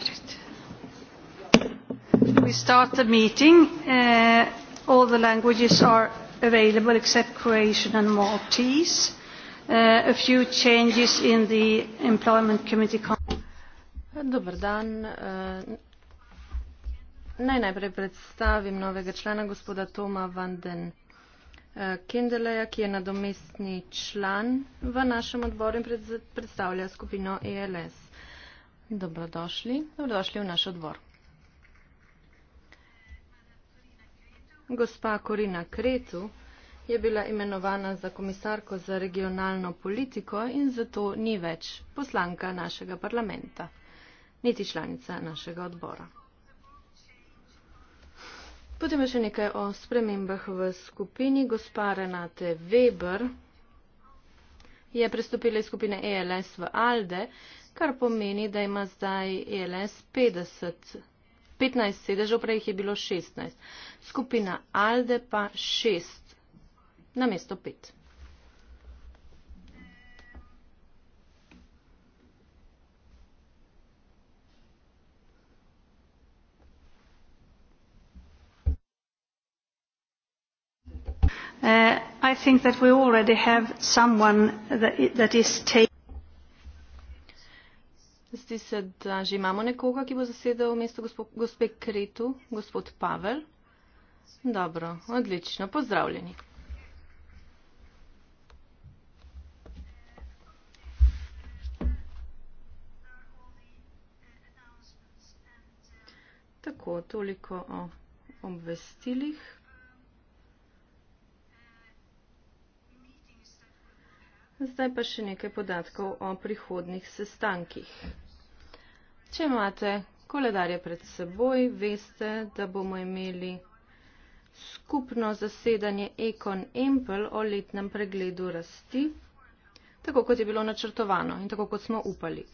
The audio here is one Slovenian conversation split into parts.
started. We start the meeting. Uh, all the languages are available except Croatian and Maltese. Uh, a few changes in the Employment Committee. Dobar dan. Uh, naj najprej predstavim novega člana, gospoda Toma van den uh, Kindeleja, ki je nadomestni član v našem odboru in pred, predstavlja skupino ELS in dobrodošli. Dobrodošli v naš odbor. Gospa Korina Kretu je bila imenovana za komisarko za regionalno politiko in zato ni več poslanka našega parlamenta, niti članica našega odbora. Potem je še nekaj o spremembah v skupini. Gospa Renate Weber je prestopila iz skupine ELS v ALDE, kar pomeni, da ima zdaj LS 50, 15 sedežev, prej jih je bilo 16. Skupina Alde pa 6 na mesto 5. Uh, I think that we already have someone that, that is taking Zdi se, da že imamo nekoga, ki bo zasedel mesto gospo, gospe Kretu, gospod Pavel. Dobro, odlično, pozdravljeni. Tako, toliko o obvestilih. Zdaj pa še nekaj podatkov o prihodnih sestankih. Če imate koledarje pred seboj, veste, da bomo imeli skupno zasedanje Ekon Empel o letnem pregledu rasti, tako kot je bilo načrtovano in tako kot smo upali.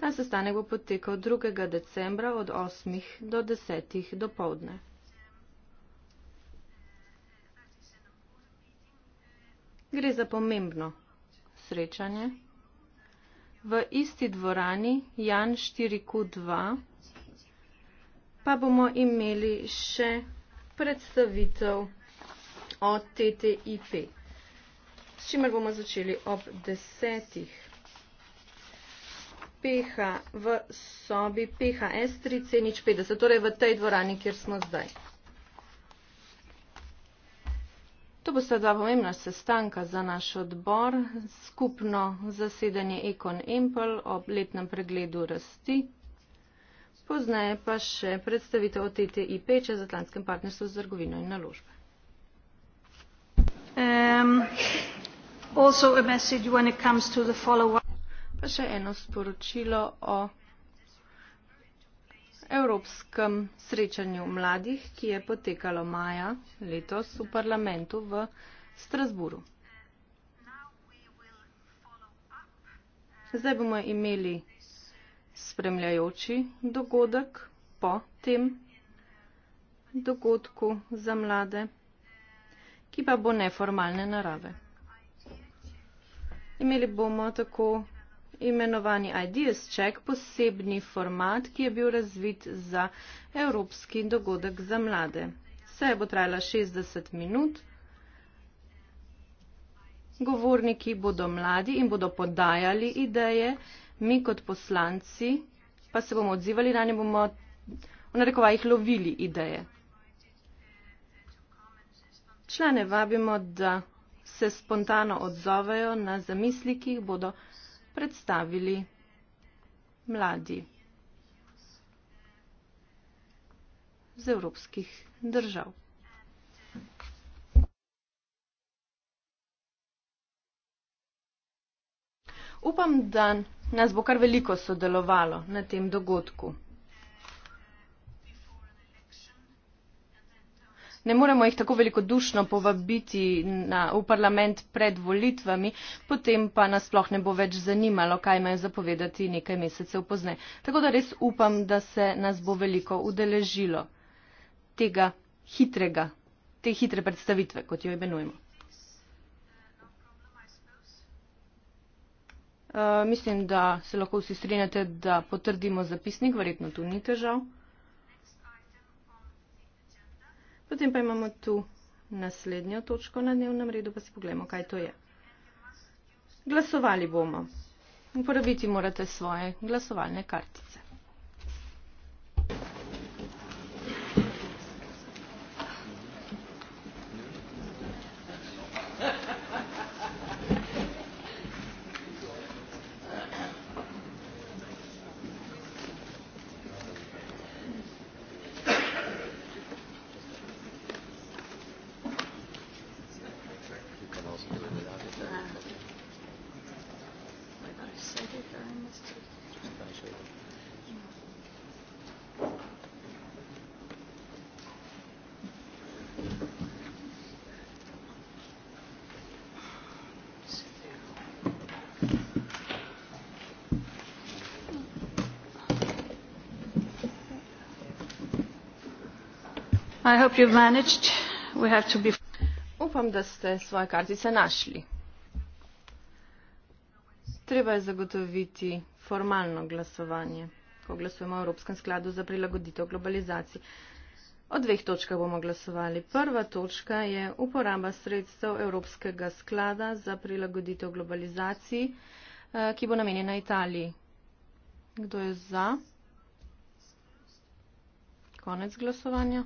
Ta sestanek bo potekal 2. decembra od 8. do 10. do povdne. Gre za pomembno srečanje v isti dvorani Jan 4Q2, pa bomo imeli še predstavitev o TTIP, s čimer bomo začeli ob desetih. PH v sobi PHS 3C050, torej v tej dvorani, kjer smo zdaj. To bo sta dva pomembna sestanka za naš odbor, skupno zasedanje Ekon Empel ob letnem pregledu rasti, poznaje pa še predstavitev o TTIP, če z Atlantskem partnerstvu za trgovino in naložbe. Um, pa še eno sporočilo o evropskem srečanju mladih, ki je potekalo maja letos v parlamentu v Strasburu. Zdaj bomo imeli spremljajoči dogodek po tem dogodku za mlade, ki pa bo neformalne narave. Imeli bomo tako imenovani Ideas Check, posebni format, ki je bil razvit za evropski dogodek za mlade. Vse bo trajala 60 minut. Govorniki bodo mladi in bodo podajali ideje, mi kot poslanci pa se bomo odzivali na nje, bomo v narekovajih lovili ideje. Člane vabimo, da se spontano odzovejo na zamisli, ki jih bodo odzovali predstavili mladi z evropskih držav. Upam, da nas bo kar veliko sodelovalo na tem dogodku. ne moremo jih tako velikodušno povabiti v parlament pred volitvami potem pa nas sploh ne bo več zanimalo kaj imajo za povedati nekaj mesecev pozneje tako da res upam da se nas bo veliko udeležilo tega hitrega te hitre predstavitve kot jo imenujemo Uh, mislim, da se lahko vsi strinjate, da potrdimo zapisnik, verjetno tu ni težav. Potem pa imamo tu naslednjo točko na dnevnem redu, pa si pogledamo, kaj to je. Glasovali bomo. Uporabiti morate svoje glasovalne kartice. upam da ste svoje kartice našli treba je zagotoviti formalno glasovanje ko glasujemo o evropskem skladu za prilagoditev globalizaciji o dveh točkah bomo glasovali prva točka je uporaba sredstev evropskega sklada za prilagoditev globalizaciji eh, ki bo namenjena italiji kdo je za konec glasovanja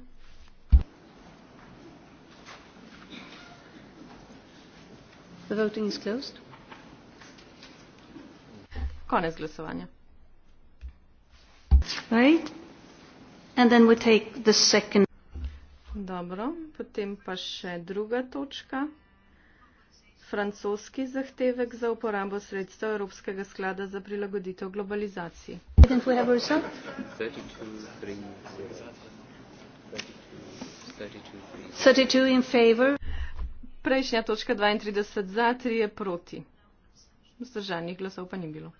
konec glasovanja right. And then we take the second. dobro potem pa še druga točka francoski zahtevek za uporabo sredstev Evropskega sklada za prilagoditev globalizaciji. Prejšnja točka 32 za, 3 je proti. Vzdržanih glasov pa ni bilo.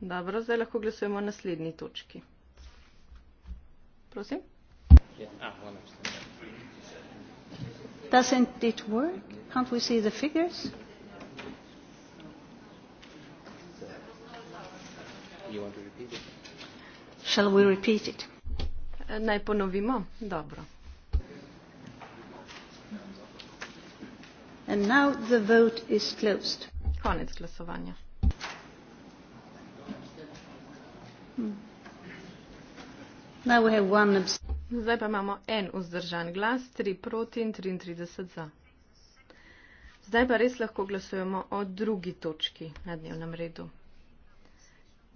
Dobro, zdaj lahko glasujemo o naslednji točki. Prosim. Ja, Doesn't it work? Can't we see the figures? Shall we repeat it? Eh, naj ponovimo. Dobro. And now the vote is closed. Koniec głosowania. Hmm. Now we have one Zdaj pa imamo en vzdržan glas, 3 proti in 33 za. Zdaj pa res lahko glasujemo o drugi točki na dnevnem redu.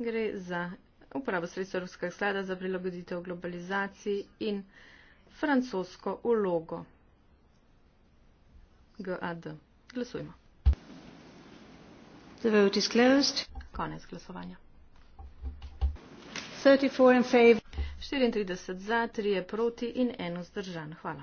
Gre za upravo sredstva Evropskega sklada za prilagoditev globalizaciji in francosko ulogo. GAD. Glasujmo. The vote is closed. Konec glasovanja. 34 in favor. 34 za, 3 je proti in 1 zdržan. Hvala.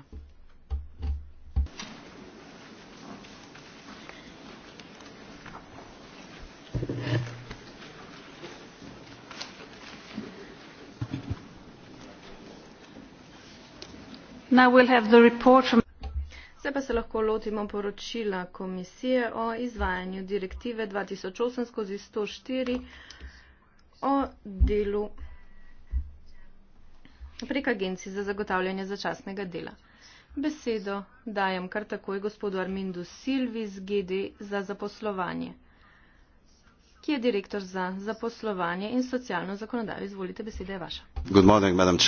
Now we'll have the report from Zdaj pa se lahko lotimo poročila komisije o izvajanju direktive 2008-104 o delu prek agencij za zagotavljanje začasnega dela. Besedo dajem kar takoj gospodu Armindu Silvi z GD za zaposlovanje, ki je direktor za zaposlovanje in socialno zakonodajo. Izvolite, beseda je vaša. Good morning, madam.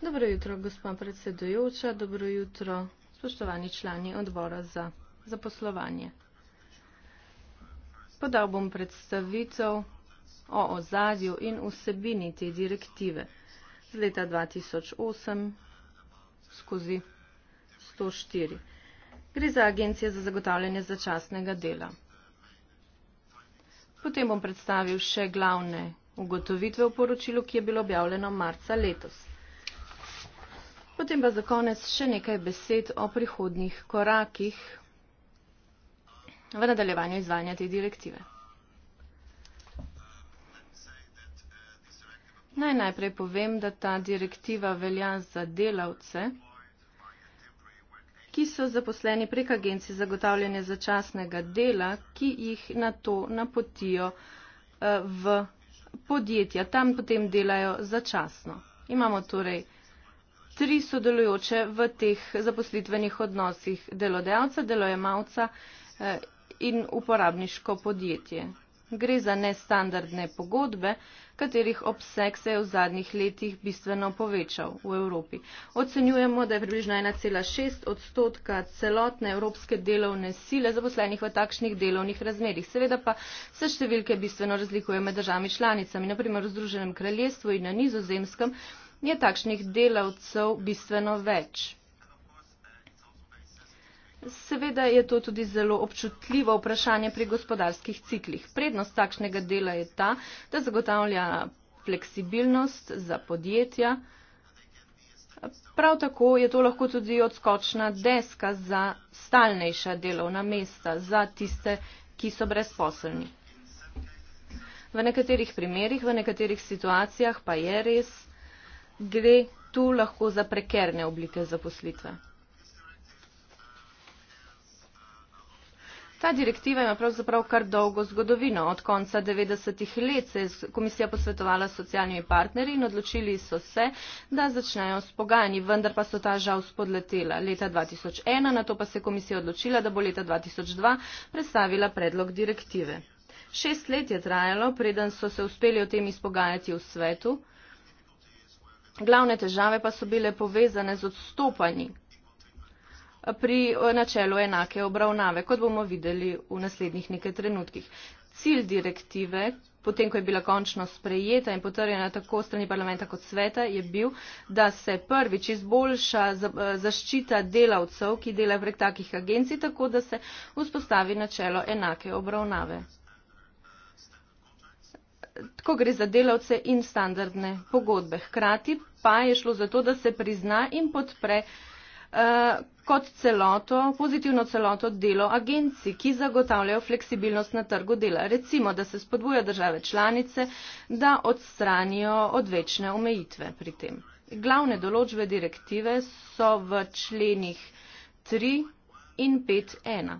Dobro jutro, gospod predsedujoča. Dobro jutro, spoštovani člani odbora za zaposlovanje. Podal bom predstavitev o ozadju in vsebini te direktive z leta 2008 skozi 104. Gre za agencije za zagotavljanje začasnega dela. Potem bom predstavil še glavne ugotovitve v poročilu, ki je bilo objavljeno marca letos. Potem pa za konec še nekaj besed o prihodnih korakih v nadaljevanju izvajanja te direktive. Naj najprej povem, da ta direktiva velja za delavce, ki so zaposleni prek agencij zagotavljanja začasnega dela, ki jih na to napotijo eh, v podjetja. Tam potem delajo začasno. Imamo torej tri sodelujoče v teh zaposlitvenih odnosih delodajalca, delojemalca eh, in uporabniško podjetje. Gre za nestandardne pogodbe, katerih obseg se je v zadnjih letih bistveno povečal v Evropi. Ocenjujemo, da je približno 1,6 odstotka celotne evropske delovne sile zaposlenih v takšnih delovnih razmerih. Seveda pa se številke bistveno razlikujejo med državami članicami, naprimer v Združenem kraljestvu in na nizozemskem je takšnih delavcev bistveno več. Seveda je to tudi zelo občutljivo vprašanje pri gospodarskih ciklih. Prednost takšnega dela je ta, da zagotavlja fleksibilnost za podjetja. Prav tako je to lahko tudi odskočna deska za stalnejša delovna mesta, za tiste, ki so brezposelni. V nekaterih primerjih, v nekaterih situacijah pa je res, gre tu lahko za prekerne oblike zaposlitve. Ta direktiva ima pravzaprav kar dolgo zgodovino. Od konca 90-ih let se je komisija posvetovala s socialnimi partnerji in odločili so se, da začnejo s pogajanji, vendar pa so ta žal spodletela. Leta 2001, na to pa se je komisija odločila, da bo leta 2002 predstavila predlog direktive. Šest let je trajalo, preden so se uspeli o tem izpogajati v svetu glavne težave pa so bile povezane z odstopanji pri eh, načelu enake obravnave, kot bomo videli v naslednjih nekaj trenutkih. Cilj direktive, potem ko je bila končno sprejeta in potrjena tako strani parlamenta kot sveta, je bil, da se prvič izboljša eh, zaščita delavcev, ki delajo prek takih agencij, tako da se vzpostavi načelo enake obravnave ko gre za delavce in standardne pogodbe. Hkrati pa je šlo za to, da se prizna in podpre eh, kot celoto, pozitivno celoto delo agencij, ki zagotavljajo fleksibilnost na trgu dela. Recimo, da se spodbuja države članice, da odstranijo odvečne omejitve pri tem. Glavne določbe direktive so v členih 3 in 5.1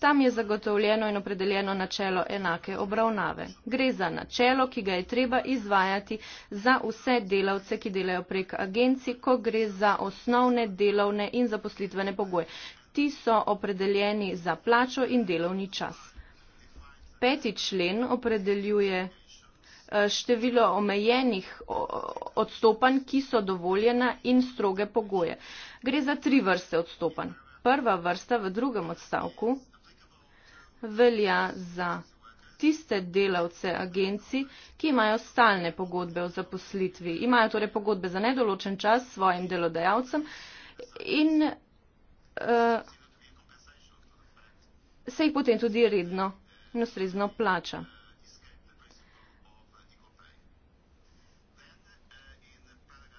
tam je zagotovljeno in opredeljeno načelo enake obravnave. Gre za načelo, ki ga je treba izvajati za vse delavce, ki delajo prek agenci, ko gre za osnovne delovne in zaposlitvene pogoje. Ti so opredeljeni za plačo in delovni čas. Peti člen opredeljuje eh, število omejenih odstopanj, ki so dovoljena in stroge pogoje. Gre za tri vrste odstopanj. Prva vrsta v drugem odstavku velja za tiste delavce agencij, ki imajo stalne pogodbe o zaposlitvi. Imajo torej pogodbe za nedoločen čas s svojim delodajalcem in uh, se jih potem tudi redno in ustrezno plača.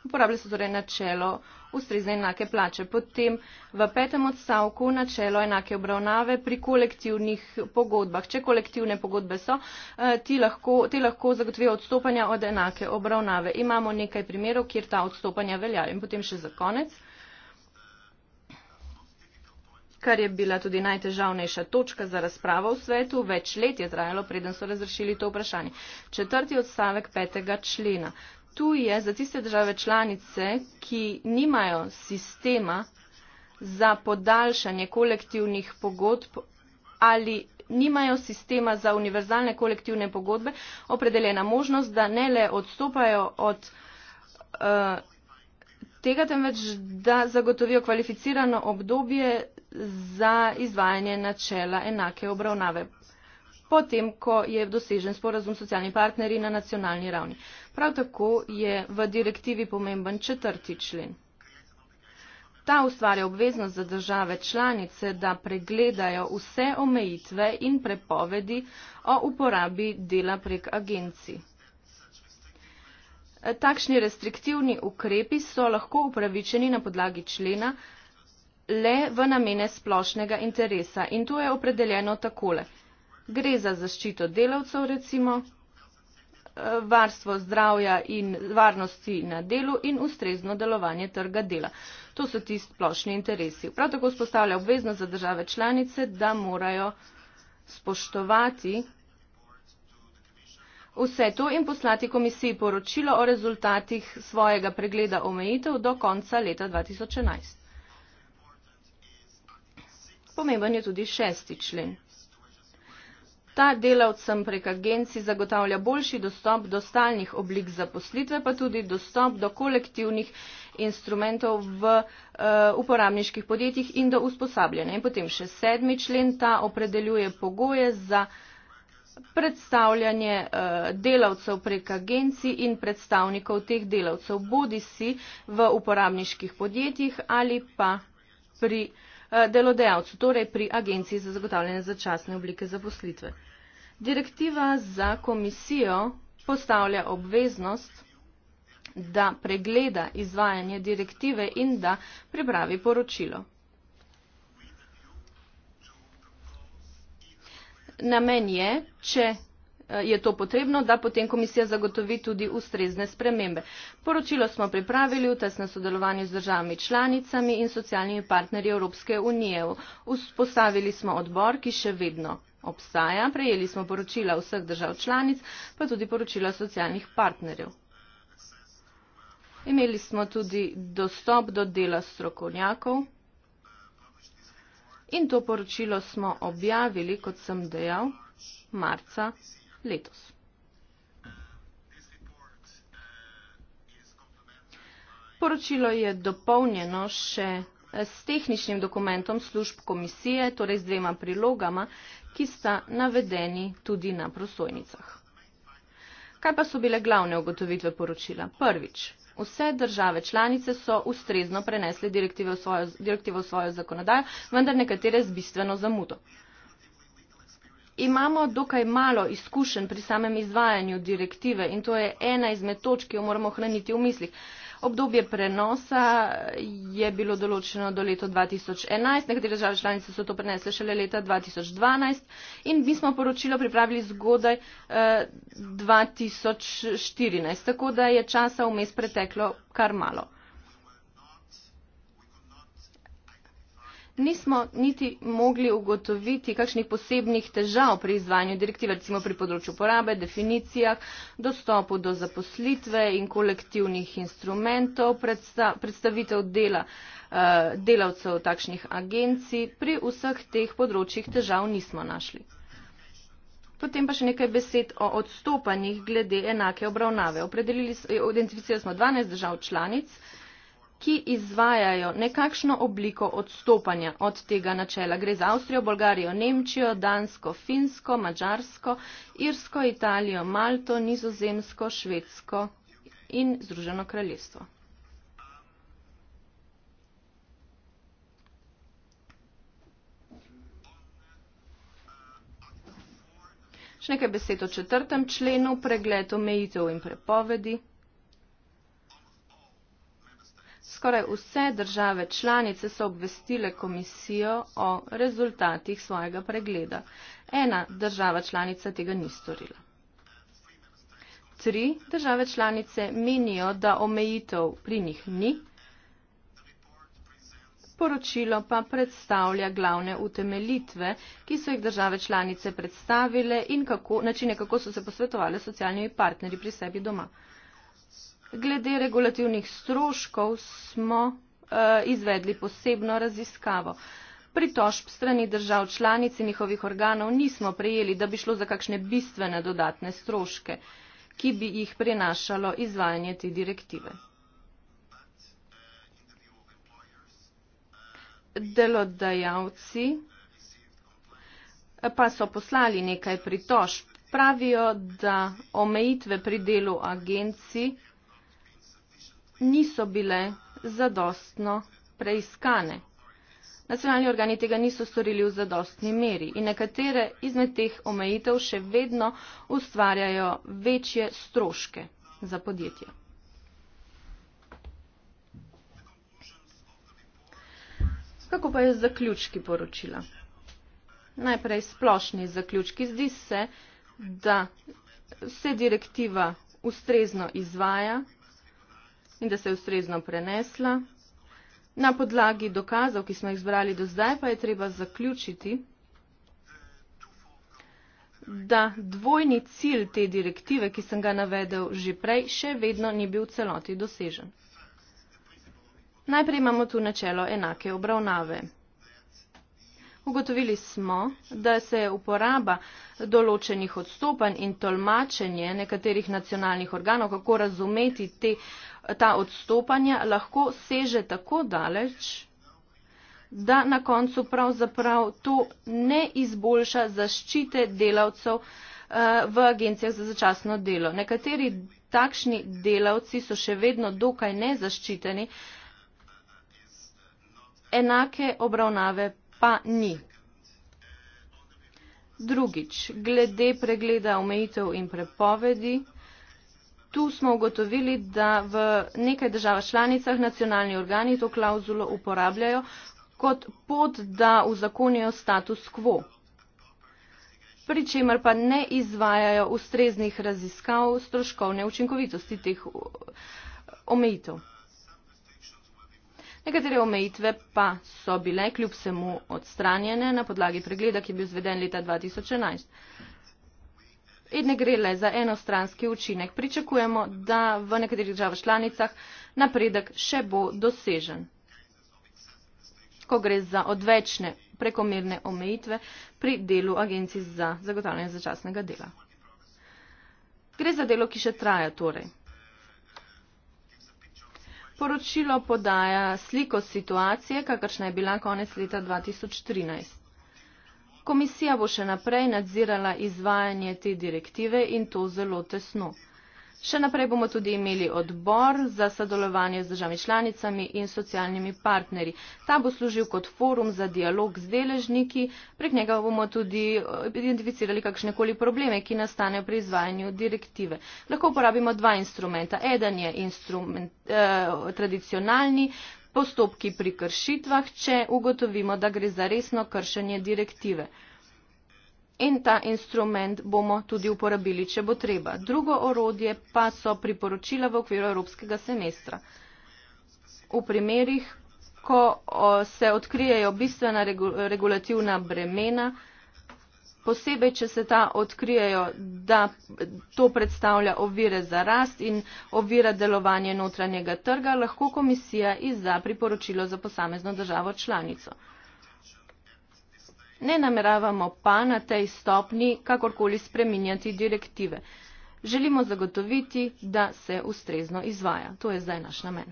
Uporablja se torej načelo ustrezne enake plače. Potem v petem odstavku načelo enake obravnave pri kolektivnih pogodbah. Če kolektivne pogodbe so, eh, ti lahko, te lahko zagotovijo odstopanja od enake obravnave. Imamo nekaj primerov, kjer ta odstopanja velja. In potem še za konec kar je bila tudi najtežavnejša točka za razpravo v svetu, več let je trajalo, preden so razrešili to vprašanje. Četrti odstavek petega člena tu je za tiste države članice, ki nimajo sistema za podaljšanje kolektivnih pogodb ali nimajo sistema za univerzalne kolektivne pogodbe, opredeljena možnost, da ne le odstopajo od uh, tega, temveč da zagotovijo kvalificirano obdobje za izvajanje načela enake obravnave potem, ko je dosežen sporazum s socialnimi partnerji na nacionalni ravni. Prav tako je v direktivi pomemben četrti člen. Ta ustvarja obveznost za države članice, da pregledajo vse omejitve in prepovedi o uporabi dela prek agencij. Takšni restriktivni ukrepi so lahko upravičeni na podlagi člena le v namene splošnega interesa in to je opredeljeno takole gre za zaščito delavcev recimo, eh, varstvo zdravja in varnosti na delu in ustrezno delovanje trga dela. To so ti splošni interesi. Prav tako spostavlja obveznost za države članice, da morajo spoštovati vse to in poslati komisiji poročilo o rezultatih svojega pregleda omejitev do konca leta 2011. Pomemben je tudi šesti člen. Ta delavcem prek agencij zagotavlja boljši dostop do stalnih oblik zaposlitve, pa tudi dostop do kolektivnih instrumentov v uh, uporabniških podjetjih in do usposabljanja. In potem še sedmi člen, ta opredeljuje pogoje za predstavljanje uh, delavcev prek agencij in predstavnikov teh delavcev, bodi si v uporabniških podjetjih ali pa pri. Uh, Eh, delodajalcu, torej pri Agenciji za zagotavljanje začasne oblike zaposlitve. Direktiva za komisijo postavlja obveznost, da pregleda izvajanje direktive in da pripravi poročilo. Namen je, če Eh, je to potrebno, da potem komisija zagotovi tudi ustrezne spremembe. Poročilo smo pripravili v tesnem sodelovanju z državami članicami in socialnimi partnerji Evropske unije. Vzpostavili smo odbor, ki še vedno obstaja. Prejeli smo poročila vseh držav članic, pa tudi poročila socialnih partnerjev. Imeli smo tudi dostop do dela strokovnjakov in to poročilo smo objavili, kot sem dejal, marca letos. Poročilo je dopolnjeno še s tehničnim dokumentom služb komisije, torej z dvema prilogama, ki sta navedeni tudi na prosojnicah. Kaj pa so bile glavne ugotovitve poročila? Prvič, vse države članice so ustrezno prenesle direktive v svojo, direktive v svojo zakonodajo, vendar nekatere z bistveno zamudo. Imamo dokaj malo izkušenj pri samem izvajanju direktive in to je ena izmed točk, ki jo moramo hraniti v mislih. Obdobje prenosa je bilo določeno do leta 2011, nekatere države članice so to prenesle šele leta 2012 in mi smo poročilo pripravili zgodaj eh, 2014, tako da je časa vmes preteklo kar malo. nismo niti mogli ugotoviti kakšnih posebnih težav pri izvajanju direktive, recimo pri področju porabe, definicijah, dostopu do zaposlitve in kolektivnih instrumentov, predsta, predstavitev dela eh, delavcev takšnih agencij. Pri vseh teh področjih težav nismo našli. Potem pa še nekaj besed o odstopanjih glede enake obravnave. Identificirali smo 12 držav članic, ki izvajajo nekakšno obliko odstopanja od tega načela. Gre za Avstrijo, Bolgarijo, Nemčijo, Dansko, Finsko, Mačarsko, Irsko, Italijo, Malto, Nizozemsko, Švedsko in Združeno kraljestvo. Še nekaj besed o četrtem členu, pregled omejitev in prepovedi. Skoraj vse države članice so obvestile komisijo o rezultatih svojega pregleda. Ena država članica tega ni storila. Tri države članice menijo, da omejitev pri njih ni. Poročilo pa predstavlja glavne utemelitve, ki so jih države članice predstavile in kako, načine, kako so se posvetovali socialnimi partnerji pri sebi doma glede regulativnih stroškov smo eh, izvedli posebno raziskavo. Pritožb strani držav članic in njihovih organov nismo prejeli, da bi šlo za kakšne bistvene dodatne stroške, ki bi jih prinašalo izvajanje te direktive. Delodajalci eh, pa so poslali nekaj pritožb. Pravijo, da omejitve pri delu agencij niso bile zadostno preiskane. Nacionalni organi tega niso storili v zadostni meri in nekatere izmed teh omejitev še vedno ustvarjajo večje stroške za podjetje. Kako pa je zaključki poročila? Najprej splošni zaključki. Zdi se, da se direktiva ustrezno izvaja in da se je ustrezno prenesla. Na podlagi dokazov, ki smo jih zbrali do zdaj, pa je treba zaključiti, da dvojni cilj te direktive, ki sem ga navedel že prej, še vedno ni bil celoti dosežen. Najprej imamo tu načelo enake obravnave. Ugotovili smo, da se uporaba določenih odstopanj in tolmačenje nekaterih nacionalnih organov, kako razumeti te, ta odstopanja, lahko seže tako daleč, da na koncu pravzaprav to ne izboljša zaščite delavcev eh, v agencijah za začasno delo. Nekateri takšni delavci so še vedno dokaj nezaščiteni, enake obravnave pa ni. Drugič, glede pregleda omejitev in prepovedi. Tu smo ugotovili, da v nekaj državah članicah nacionalni organi to klauzulo uporabljajo kot pot, da uzakonijo status quo, pri čemer pa ne izvajajo ustreznih raziskav stroškovne učinkovitosti teh omejitev. Nekatere omejitve pa so bile kljub vsemu odstranjene na podlagi pregleda, ki je bil zveden leta 2011. In ne gre le za enostranski učinek. Pričakujemo, da v nekaterih državah članicah napredek še bo dosežen. Ko gre za odvečne prekomerne omejitve pri delu agencij za zagotavljanje začasnega dela. Gre za delo, ki še traja torej. Poročilo podaja sliko situacije, kakršna je bila konec leta 2013. Komisija bo še naprej nadzirala izvajanje te direktive in to zelo tesno. Še naprej bomo tudi imeli odbor za sodelovanje z državi članicami in socialnimi partnerji. Ta bo služil kot forum za dialog z deležniki, prek njega bomo tudi eh, identificirali kakšne koli probleme, ki nastanejo pri izvajanju direktive. Lahko uporabimo dva instrumenta. Eden je instrument, eh, tradicionalni postopki pri kršitvah, če ugotovimo, da gre za resno kršenje direktive in ta instrument bomo tudi uporabili, če bo treba. Drugo orodje pa so priporočila v okviru evropskega semestra. V primerih, ko se odkrijejo bistvena regulativna bremena, posebej, če se ta odkrijejo, da to predstavlja ovire za rast in ovira delovanje notranjega trga, lahko komisija izda priporočilo za posamezno državo članico. Ne nameravamo pa na tej stopni kakorkoli spreminjati direktive. Želimo zagotoviti, da se ustrezno izvaja. To je zdaj naš namen.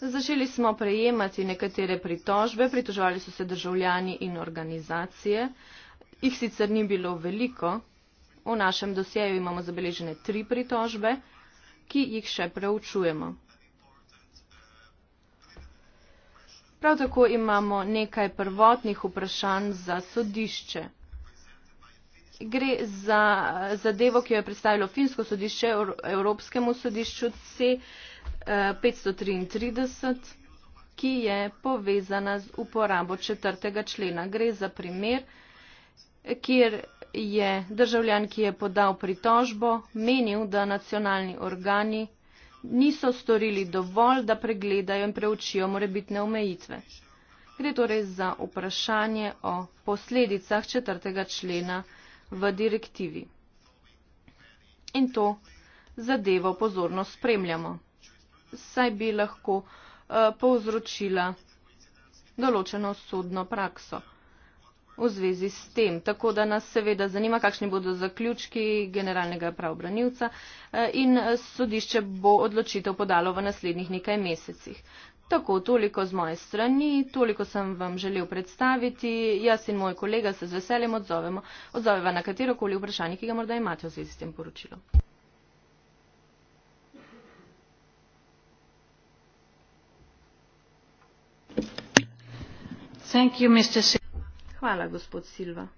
Začeli smo prejemati nekatere pritožbe, pritožovali so se državljani in organizacije. Ih sicer ni bilo veliko. V našem dosjeju imamo zabeležene tri pritožbe, ki jih še preučujemo. Prav tako imamo nekaj prvotnih vprašanj za sodišče. Gre za zadevo, ki jo je predstavilo Finsko sodišče Evropskemu sodišču C533, eh, ki je povezana z uporabo četrtega člena. Gre za primer, kjer je državljan, ki je podal pritožbo, menil, da nacionalni organi niso storili dovolj, da pregledajo in preučijo morebitne omejitve. Gre torej za vprašanje o posledicah četrtega člena v direktivi. In to zadevo pozorno spremljamo. Saj bi lahko uh, povzročila določeno sodno prakso v zvezi s tem. Tako da nas seveda zanima, kakšni bodo zaključki generalnega pravobranilca eh, in eh, sodišče bo odločitev podalo v naslednjih nekaj mesecih. Tako, toliko z moje strani, toliko sem vam želel predstaviti. Jaz in moj kolega se z veseljem odzovemo, odzoveva na katerokoli vprašanje, ki ga morda imate v zvezi s tem poročilom. Thank you, Mr. Sir. Hvala, gospod Silva.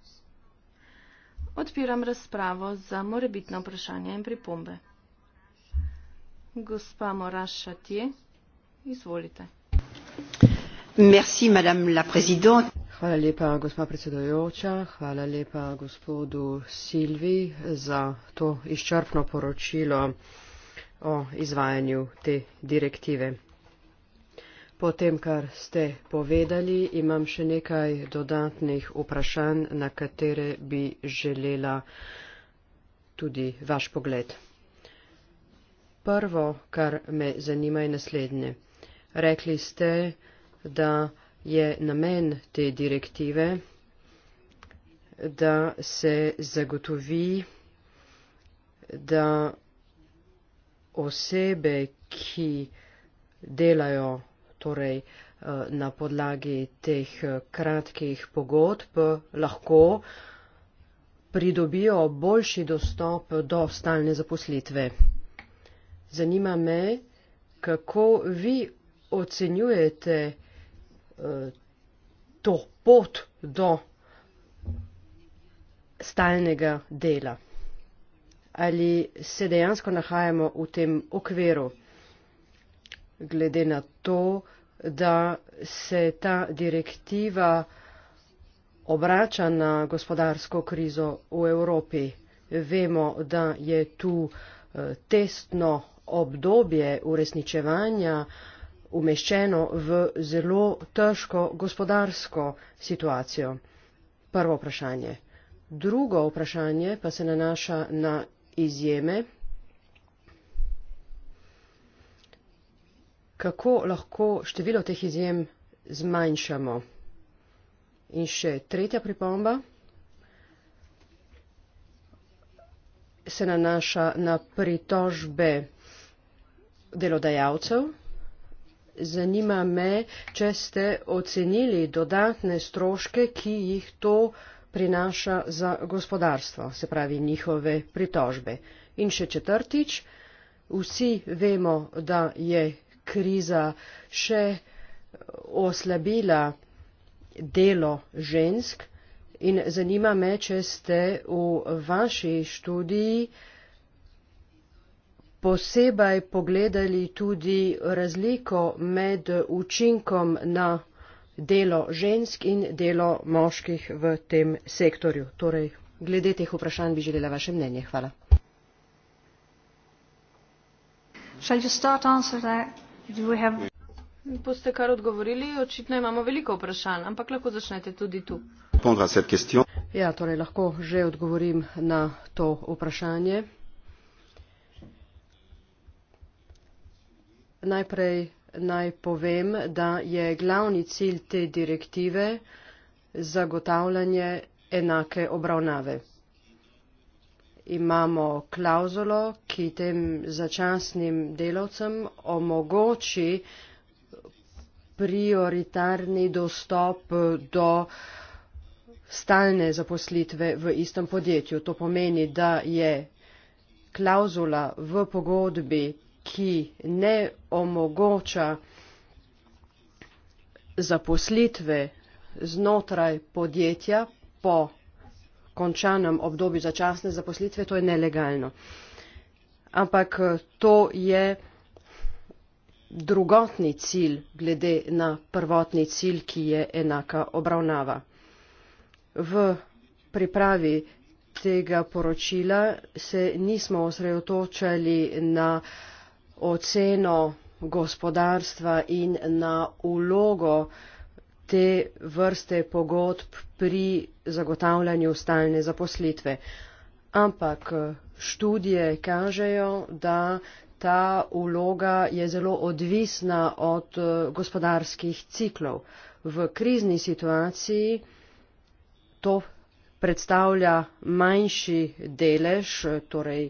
Odpiram razpravo za morebitno vprašanje in pripombe. Gospa Moraš Šatje, izvolite. Merci, madame la présidente. Hvala lepa, gospa predsedojoča, hvala lepa gospodu Silvi za to izčrpno poročilo o izvajanju te direktive. Po tem, kar ste povedali, imam še nekaj dodatnih vprašanj, na katere bi želela tudi vaš pogled. Prvo, kar me zanima, je naslednje. Rekli ste, da je namen te direktive, da se zagotovi, da osebe, ki delajo torej eh, na podlagi teh eh, kratkih pogodb eh, lahko pridobijo boljši dostop do stalne zaposlitve. Zanima me, kako vi ocenjujete to pot do stalnega dela. Ali se dejansko nahajamo v tem okviru? glede na to, da se ta direktiva obrača na gospodarsko krizo v Evropi. Vemo, da je tu eh, testno obdobje uresničevanja umeščeno v zelo težko gospodarsko situacijo. Prvo vprašanje. Drugo vprašanje pa se nanaša na izjeme kako lahko število teh izjem zmanjšamo. In še tretja pripomba se nanaša na pritožbe delodajalcev. Zanima me, če ste ocenili dodatne stroške, ki jih to prinaša za gospodarstvo, se pravi njihove pritožbe. In še četrtič, vsi vemo, da je kriza še oslabila delo žensk in zanima me, če ste v vaši študiji posebej pogledali tudi razliko med učinkom na delo žensk in delo moških v tem sektorju. Torej, glede teh vprašanj bi želela vaše mnenje. Hvala. Shall you start answer that? Do we have... Poste kar odgovorili, očitno imamo veliko vprašanj, ampak lahko začnete tudi tu. Ja, torej lahko že odgovorim na to vprašanje. Najprej naj povem, da je glavni cilj te direktive zagotavljanje enake obravnave imamo klauzulo, ki tem začasnim delavcem omogoči prioritarni dostop do stalne zaposlitve v istem podjetju. To pomeni, da je klauzula v pogodbi, ki ne omogoča zaposlitve znotraj podjetja po končanem obdobju začasne zaposlitve to je nelegalno. Ampak eh, to je drugotni cilj glede na prvotni cilj, ki je enaka obravnava. V pripravi tega poročila se nismo osredotočali na oceno gospodarstva in na ulogo uh, te vrste pogodb pri zagotavljanju stalne zaposlitve. Ampak eh, študije kažejo, da ta uloga je zelo odvisna od eh, gospodarskih ciklov. V krizni situaciji to predstavlja manjši delež, torej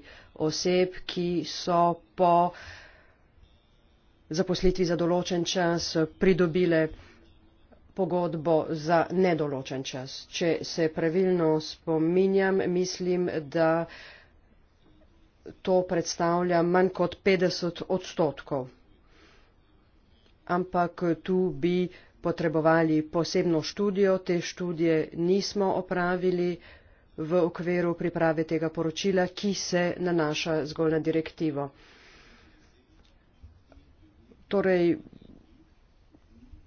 oseb, ki so po zaposlitvi za določen čas pridobile pogodbo za nedoločen čas. Če se pravilno spominjam, mislim, da to predstavlja manj kot 50 odstotkov. Ampak tu bi potrebovali posebno študijo, te študije nismo opravili v okviru priprave tega poročila, ki se nanaša zgolj na direktivo. Torej,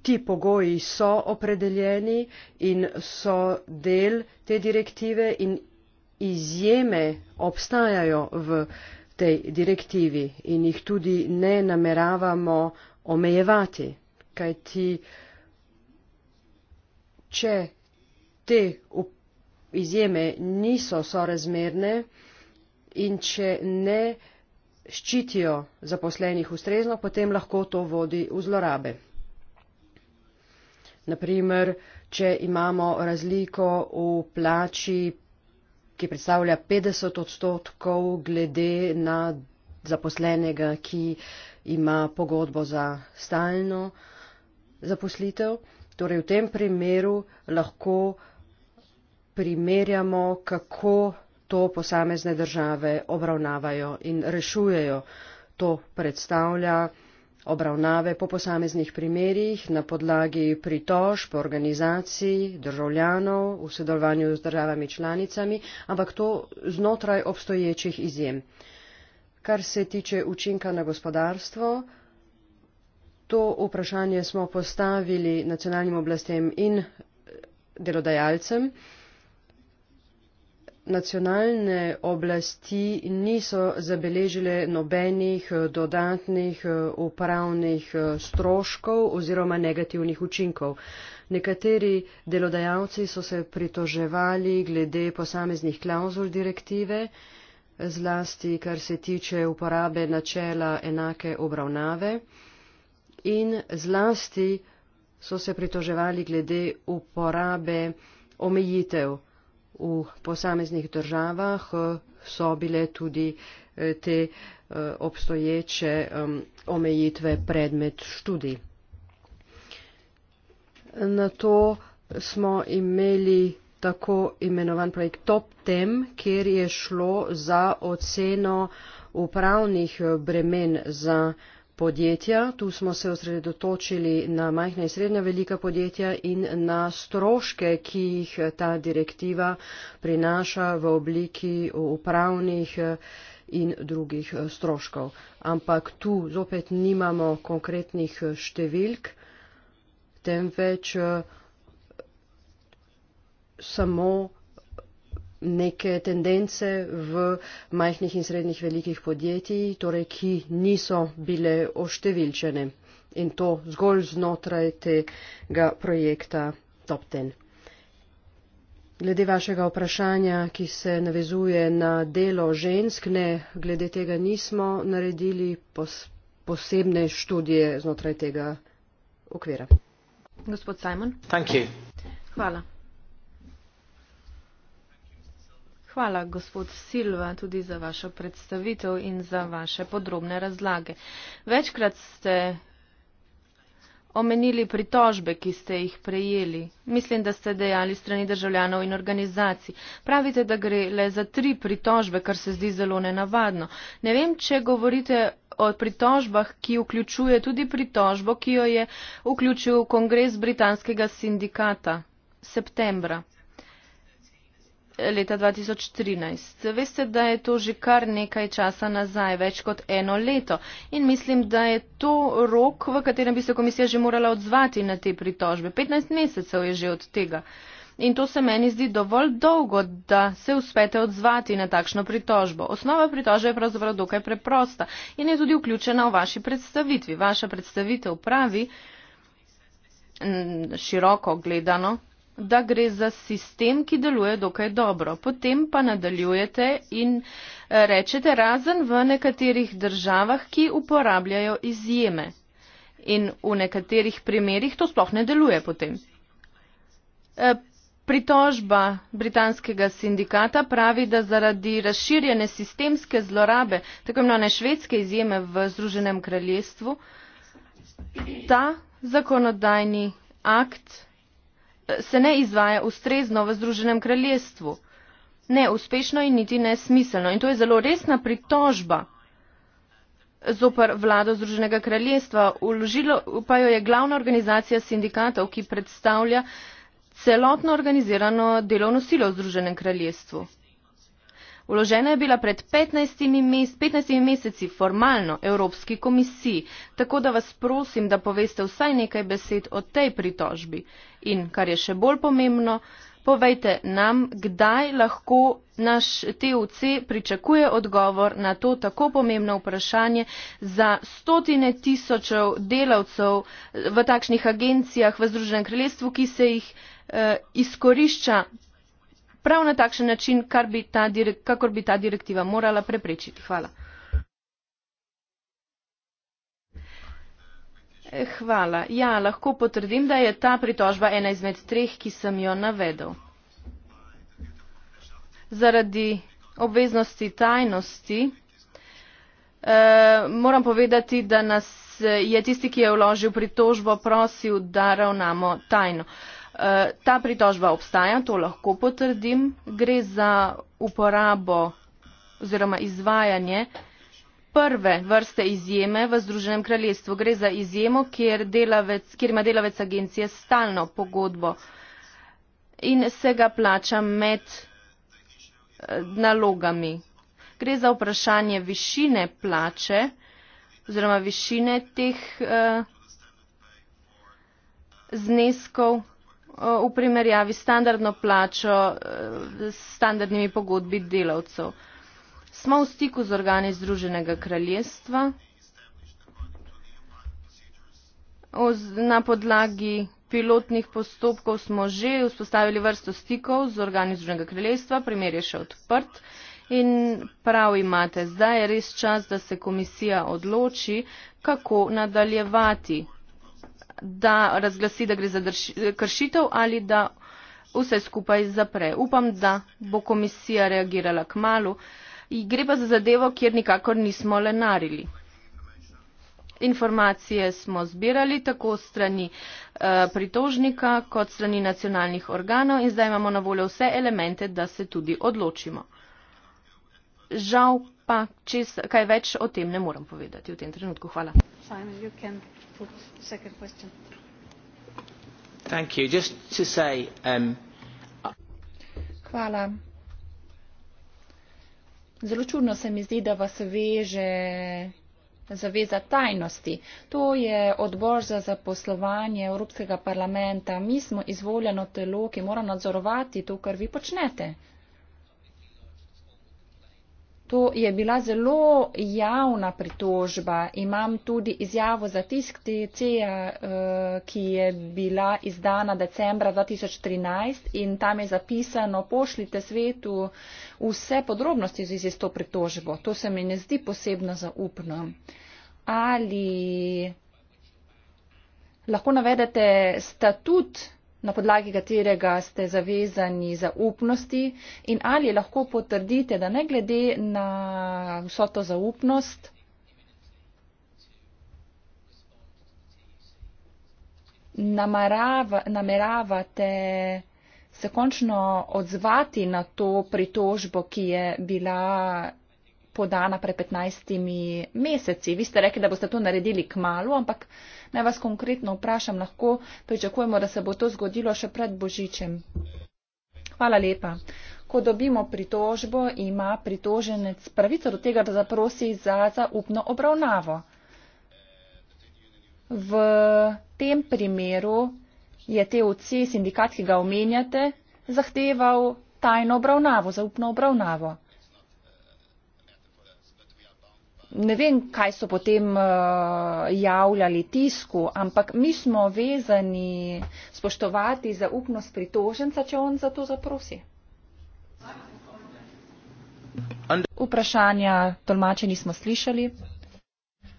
ti pogoji so opredeljeni in so del te direktive in izjeme obstajajo v tej direktivi in jih tudi ne nameravamo omejevati, kajti če te izjeme niso sorazmerne in če ne ščitijo zaposlenih ustrezno, potem lahko to vodi v zlorabe. Naprimer, če imamo razliko v plači, ki predstavlja 50 odstotkov glede na zaposlenega, ki ima pogodbo za stalno zaposlitev. Torej, v tem primeru lahko primerjamo, kako to posamezne države obravnavajo in rešujejo. To predstavlja obravnave po posameznih primerjih na podlagi pritožb organizacij, državljanov v sodelovanju z državami članicami, ampak to znotraj obstoječih izjem. Kar se tiče učinka na gospodarstvo, to vprašanje smo postavili nacionalnim oblastem in delodajalcem nacionalne oblasti niso zabeležile nobenih eh, dodatnih eh, upravnih eh, stroškov oziroma negativnih učinkov. Nekateri delodajalci so se pritoževali glede posameznih klauzul direktive, zlasti kar se tiče uporabe načela enake obravnave in zlasti so se pritoževali glede uporabe omejitev v posameznih državah eh, so bile tudi eh, te eh, obstoječe omejitve predmet študij. Na to smo imeli tako imenovan projekt Top Tem, kjer je šlo za oceno upravnih bremen za podjetja. Tu smo se osredotočili na majhna in srednja velika podjetja in na stroške, ki jih ta direktiva prinaša v obliki upravnih eh, in drugih eh, stroškov. Ampak tu zopet nimamo konkretnih eh, številk, temveč samo neke tendence v majhnih in srednjih velikih podjetjih, torej ki niso bile oštevilčene in to zgolj znotraj tega projekta Top Ten. Glede vašega vprašanja, ki se navezuje na delo žensk, ne, glede tega nismo naredili pos posebne študije znotraj tega okvira. Gospod Simon. Hvala. Hvala, gospod Silva, tudi za vašo predstavitev in za vaše podrobne razlage. Večkrat ste omenili pritožbe, ki ste jih prejeli. Mislim, da ste dejali strani državljanov in organizacij. Pravite, da gre le za tri pritožbe, kar se zdi zelo nenavadno. Ne vem, če govorite o pritožbah, ki vključuje tudi pritožbo, ki jo je vključil kongres britanskega sindikata septembra leta 2013. Veste, da je to že kar nekaj časa nazaj, več kot eno leto. In mislim, da je to rok, v katerem bi se komisija že morala odzvati na te pritožbe. 15 mesecev je že od tega. In to se meni zdi dovolj dolgo, da se uspete odzvati na takšno pritožbo. Osnova pritožbe je pravzaprav dokaj preprosta in je tudi vključena v vaši predstavitvi. Vaša predstavitev pravi, široko gledano, da gre za sistem, ki deluje dokaj dobro. Potem pa nadaljujete in eh, rečete razen v nekaterih državah, ki uporabljajo izjeme. In v nekaterih primerjih to sploh ne deluje potem. Eh, pritožba britanskega sindikata pravi, da zaradi razširjene sistemske zlorabe, tako imenovane švedske izjeme v Združenem kraljestvu, ta zakonodajni akt se ne izvaja ustrezno v Združenem kraljestvu. Ne uspešno in niti nesmiselno. In to je zelo resna pritožba zopr vlado Združenega kraljestva. Uložilo pa jo je glavna organizacija sindikatov, ki predstavlja celotno organizirano delovno silo v Združenem kraljestvu. Vložena je bila pred 15, mes, 15 meseci formalno Evropski komisiji, tako da vas prosim, da poveste vsaj nekaj besed o tej pritožbi. In, kar je še bolj pomembno, povejte nam, kdaj lahko naš TOC pričakuje odgovor na to tako pomembno vprašanje za stotine tisočev delavcev v takšnih agencijah v Združenem kraljestvu, ki se jih eh, izkorišča prav na takšen način, bi direk, kakor bi ta direktiva morala preprečiti. Hvala. Eh, hvala. Ja, lahko potrdim, da je ta pritožba ena izmed treh, ki sem jo navedel. Zaradi obveznosti tajnosti eh, moram povedati, da nas eh, je tisti, ki je vložil pritožbo, prosil, da ravnamo tajno. Eh, Eh, ta pritožba obstaja, to lahko potrdim. Gre za uporabo oziroma izvajanje prve vrste izjeme v Združenem kraljestvu. Gre za izjemo, kjer, delavec, kjer ima delavec agencije stalno pogodbo in se ga plača med eh, nalogami. Gre za vprašanje višine plače oziroma višine teh eh, zneskov Eh, v primerjavi s standardno plačo, eh, s standardnimi pogodbi delavcev. Smo v stiku z organi Združenega kraljestva na podlagi pilotnih postopkov smo že vzpostavili vrsto stikov z organi Združenega kraljestva, primer je še odprt in prav imate, zdaj je res čas, da se komisija odloči, kako nadaljevati da razglasi, da gre za kršitev ali da vse skupaj zapre. Upam, da bo komisija reagirala k malu. Gre pa za zadevo, kjer nikakor nismo lenarili. Informacije smo zbirali tako strani e, pritožnika kot strani nacionalnih organov in zdaj imamo na voljo vse elemente, da se tudi odločimo. Žal pa čez, kaj več o tem ne morem povedati v tem trenutku. Hvala. Simon, second question. Thank you. Just to say, um, Hvala. Zelo čudno se mi zdi, da vas veže zaveza tajnosti. To je odbor za zaposlovanje Evropskega parlamenta. Mi smo izvoljeno telo, ki mora nadzorovati to, kar vi počnete. To je bila zelo javna pritožba. Imam tudi izjavo za tisk TC, eh, ki je bila izdana decembra 2013 in tam je zapisano, pošljite svetu vse podrobnosti v zvezi s to pritožbo. To se mi ne zdi posebno zaupno. Ali lahko navedete statut na podlagi katerega ste zavezani za upnosti in ali lahko potrdite, da ne glede na vso to zaupnost, namarava, nameravate se končno odzvati na to pritožbo, ki je bila podana pred 15 meseci. Vi ste rekli, da boste to naredili k malu, ampak naj vas konkretno vprašam, lahko pričakujemo, da se bo to zgodilo še pred Božičem. Hvala lepa. Ko dobimo pritožbo, ima pritoženec pravico do tega, da zaprosi za zaupno obravnavo. V tem primeru je TOC sindikat, ki ga omenjate, zahteval tajno obravnavo, zaupno obravnavo. ne vem, kaj so potem eh, javljali tisku, ampak mi smo vezani spoštovati zaupnost pritoženca, če on za to zaprosi. Vprašanja tolmače nismo slišali.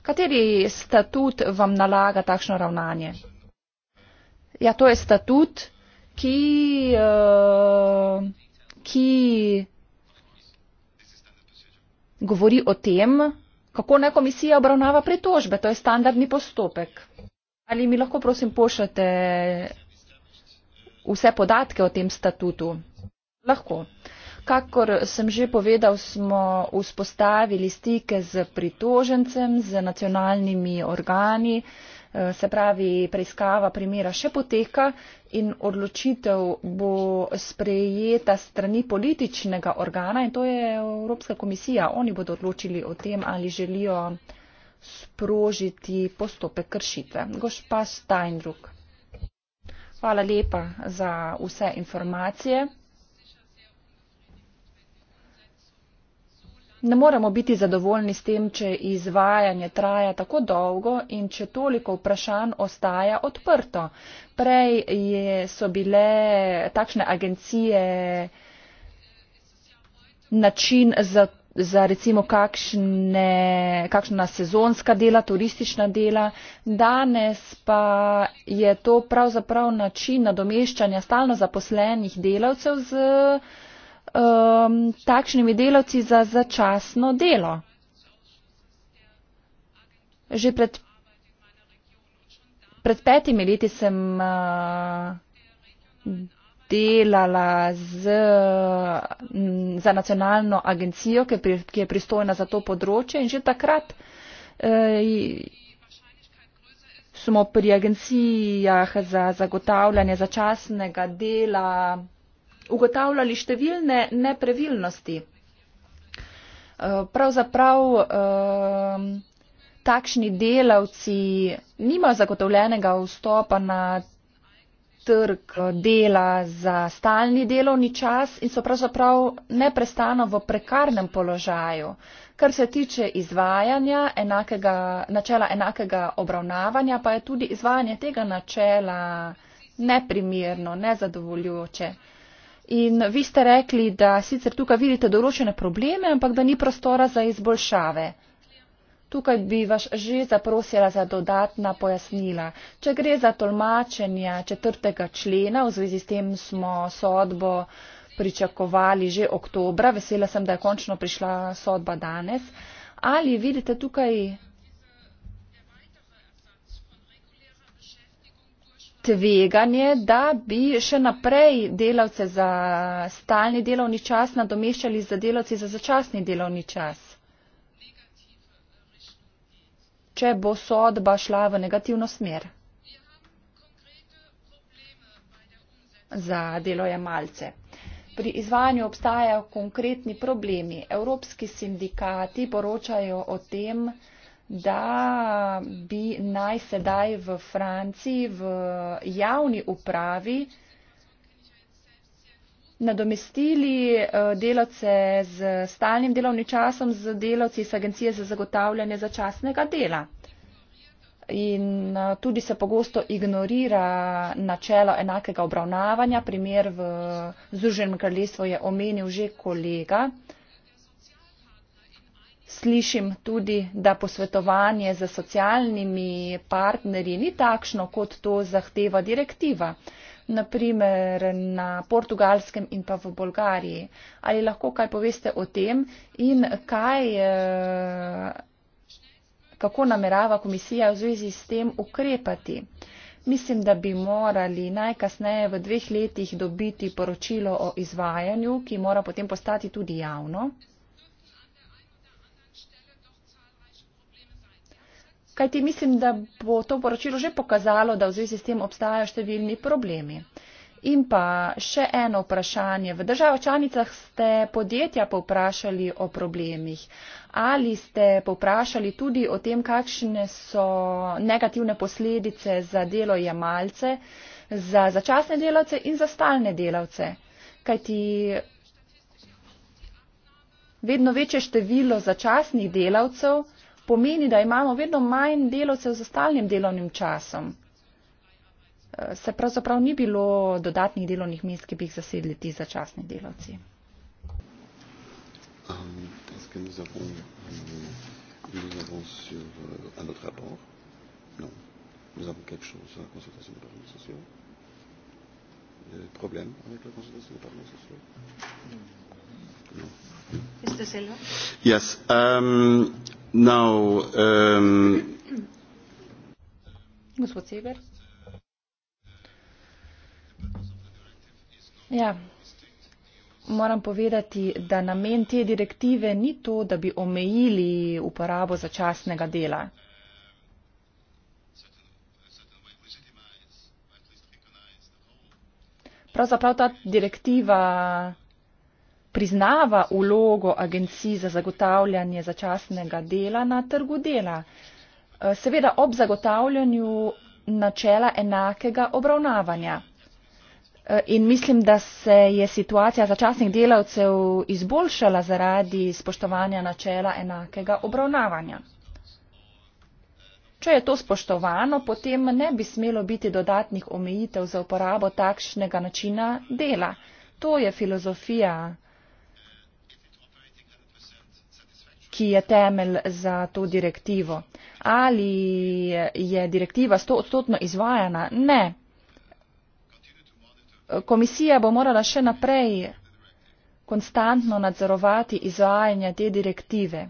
Kateri statut vam nalaga takšno ravnanje? Ja, to je statut, ki, uh, ki govori o tem, kako naj komisija obravnava pritožbe. To je standardni postopek. Ali mi lahko, prosim, pošljete vse podatke o tem statutu? Lahko. Kakor sem že povedal, smo vzpostavili stike z pritožencem, z nacionalnimi organi, se pravi preiskava primera še poteka in odločitev bo sprejeta strani političnega organa in to je Evropska komisija. Oni bodo odločili o tem, ali želijo sprožiti postopek kršitve. Gospa Steindruck. Hvala lepa za vse informacije. Ne moremo biti zadovoljni s tem, če izvajanje traja tako dolgo in če toliko vprašanj ostaja odprto. Prej je, so bile takšne agencije način za, za recimo kakšne, kakšna sezonska dela, turistična dela, danes pa je to pravzaprav način nadomeščanja stalno zaposlenih delavcev z um, takšnimi delavci za začasno delo. Že pred, pred petimi leti sem uh, delala z, za nacionalno agencijo, ki je, pri, ki je pristojna za to področje in že takrat eh, smo pri agencijah za zagotavljanje začasnega dela ugotavljali številne nepravilnosti. Eh, pravzaprav eh, takšni delavci nimajo zagotovljenega vstopa na trg eh, dela za stalni delovni čas in so pravzaprav neprestano v prekarnem položaju. Kar se tiče izvajanja enakega, načela enakega obravnavanja, pa je tudi izvajanje tega načela neprimerno, nezadovoljujoče. In vi ste rekli, da sicer tukaj vidite določene probleme, ampak da ni prostora za izboljšave. Tukaj bi vas že zaprosila za dodatna pojasnila. Če gre za tolmačenje četrtega člena, v zvezi s tem smo sodbo pričakovali že oktobra, vesela sem, da je končno prišla sodba danes, ali vidite tukaj tveganje, da bi še naprej delavce za stalni delovni čas nadomeščali za delavci za začasni delovni čas. Če bo sodba šla v negativno smer. Za delojemalce. Pri izvajanju obstajajo konkretni problemi. Evropski sindikati poročajo o tem, da bi naj sedaj v Franciji v javni upravi nadomestili eh, delavce z stalnim delovnim časom z delavci iz Agencije za zagotavljanje začasnega dela. In eh, tudi se pogosto ignorira načelo enakega obravnavanja. Primer v Združenem kraljestvu je omenil že kolega slišim tudi, da posvetovanje z socialnimi partnerji ni takšno, kot to zahteva direktiva, naprimer na portugalskem in pa v Bolgariji. Ali lahko kaj poveste o tem in kaj, eh, kako namerava komisija v zvezi s tem ukrepati? Mislim, da bi morali najkasneje v dveh letih dobiti poročilo o izvajanju, ki mora potem postati tudi javno. kajti mislim, da bo to poročilo že pokazalo, da v zvezi s tem obstajajo številni problemi. In pa še eno vprašanje. V državah članicah ste podjetja povprašali o problemih. Ali ste povprašali tudi o tem, kakšne so negativne posledice za delo jemalce, za začasne delavce in za stalne delavce? Kajti vedno večje število začasnih delavcev pomeni, da imamo vedno manj delovcev z ostalnim delovnim časom. Eh, se pravzaprav ni bilo dodatnih delovnih mest, ki bi jih zasedli ti začasni delovci. Um, euh, yes, um, Now, um, Gospod Seber. Ja. Moram povedati, da namen te direktive ni to, da bi omejili uporabo začasnega dela. Pravzaprav ta direktiva priznava vlogo agencij za zagotavljanje začasnega dela na trgu dela. Eh, seveda ob zagotavljanju načela enakega obravnavanja. Eh, in mislim, da se je situacija začasnih delavcev izboljšala zaradi spoštovanja načela enakega obravnavanja. Če je to spoštovano, potem ne bi smelo biti dodatnih omejitev za uporabo takšnega načina dela. To je filozofija ki je temelj za to direktivo. Ali je direktiva 100-odstotno izvajana? Ne. Komisija bo morala še naprej konstantno nadzorovati izvajanje te direktive.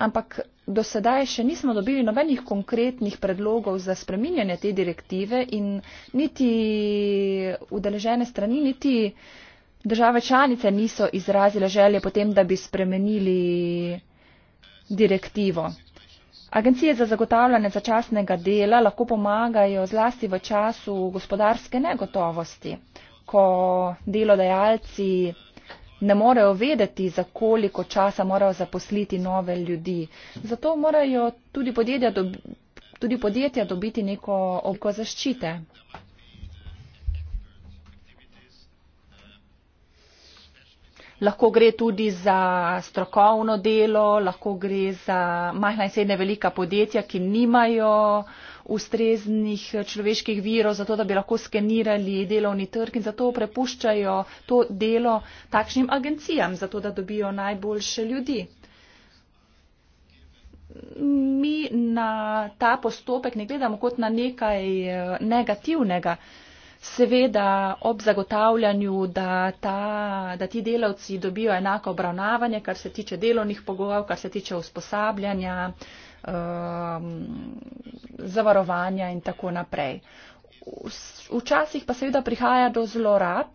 Ampak do sedaj še nismo dobili nobenih konkretnih predlogov za spreminjanje te direktive in niti udeležene strani, niti uh, Države članice niso izrazile želje potem, da bi spremenili direktivo. Agencije za zagotavljanje začasnega dela lahko pomagajo zlasti v času gospodarske negotovosti, ko delodajalci ne morejo vedeti, za koliko časa morajo zaposliti nove ljudi. Zato morajo tudi podjetja, dobi, tudi podjetja dobiti neko oko zaščite. lahko gre tudi za strokovno delo, lahko gre za majhna in srednja velika podjetja, ki nimajo ustreznih človeških virov za to, da bi lahko skenirali delovni trg in zato prepuščajo to delo takšnim agencijam, zato da dobijo najboljše ljudi. Mi na ta postopek ne gledamo kot na nekaj eh, negativnega seveda ob zagotavljanju, da, ta, da ti delavci dobijo enako obravnavanje, kar se tiče delovnih pogojev, kar se tiče usposabljanja, um, zavarovanja in tako naprej. Včasih pa seveda prihaja do zlorab.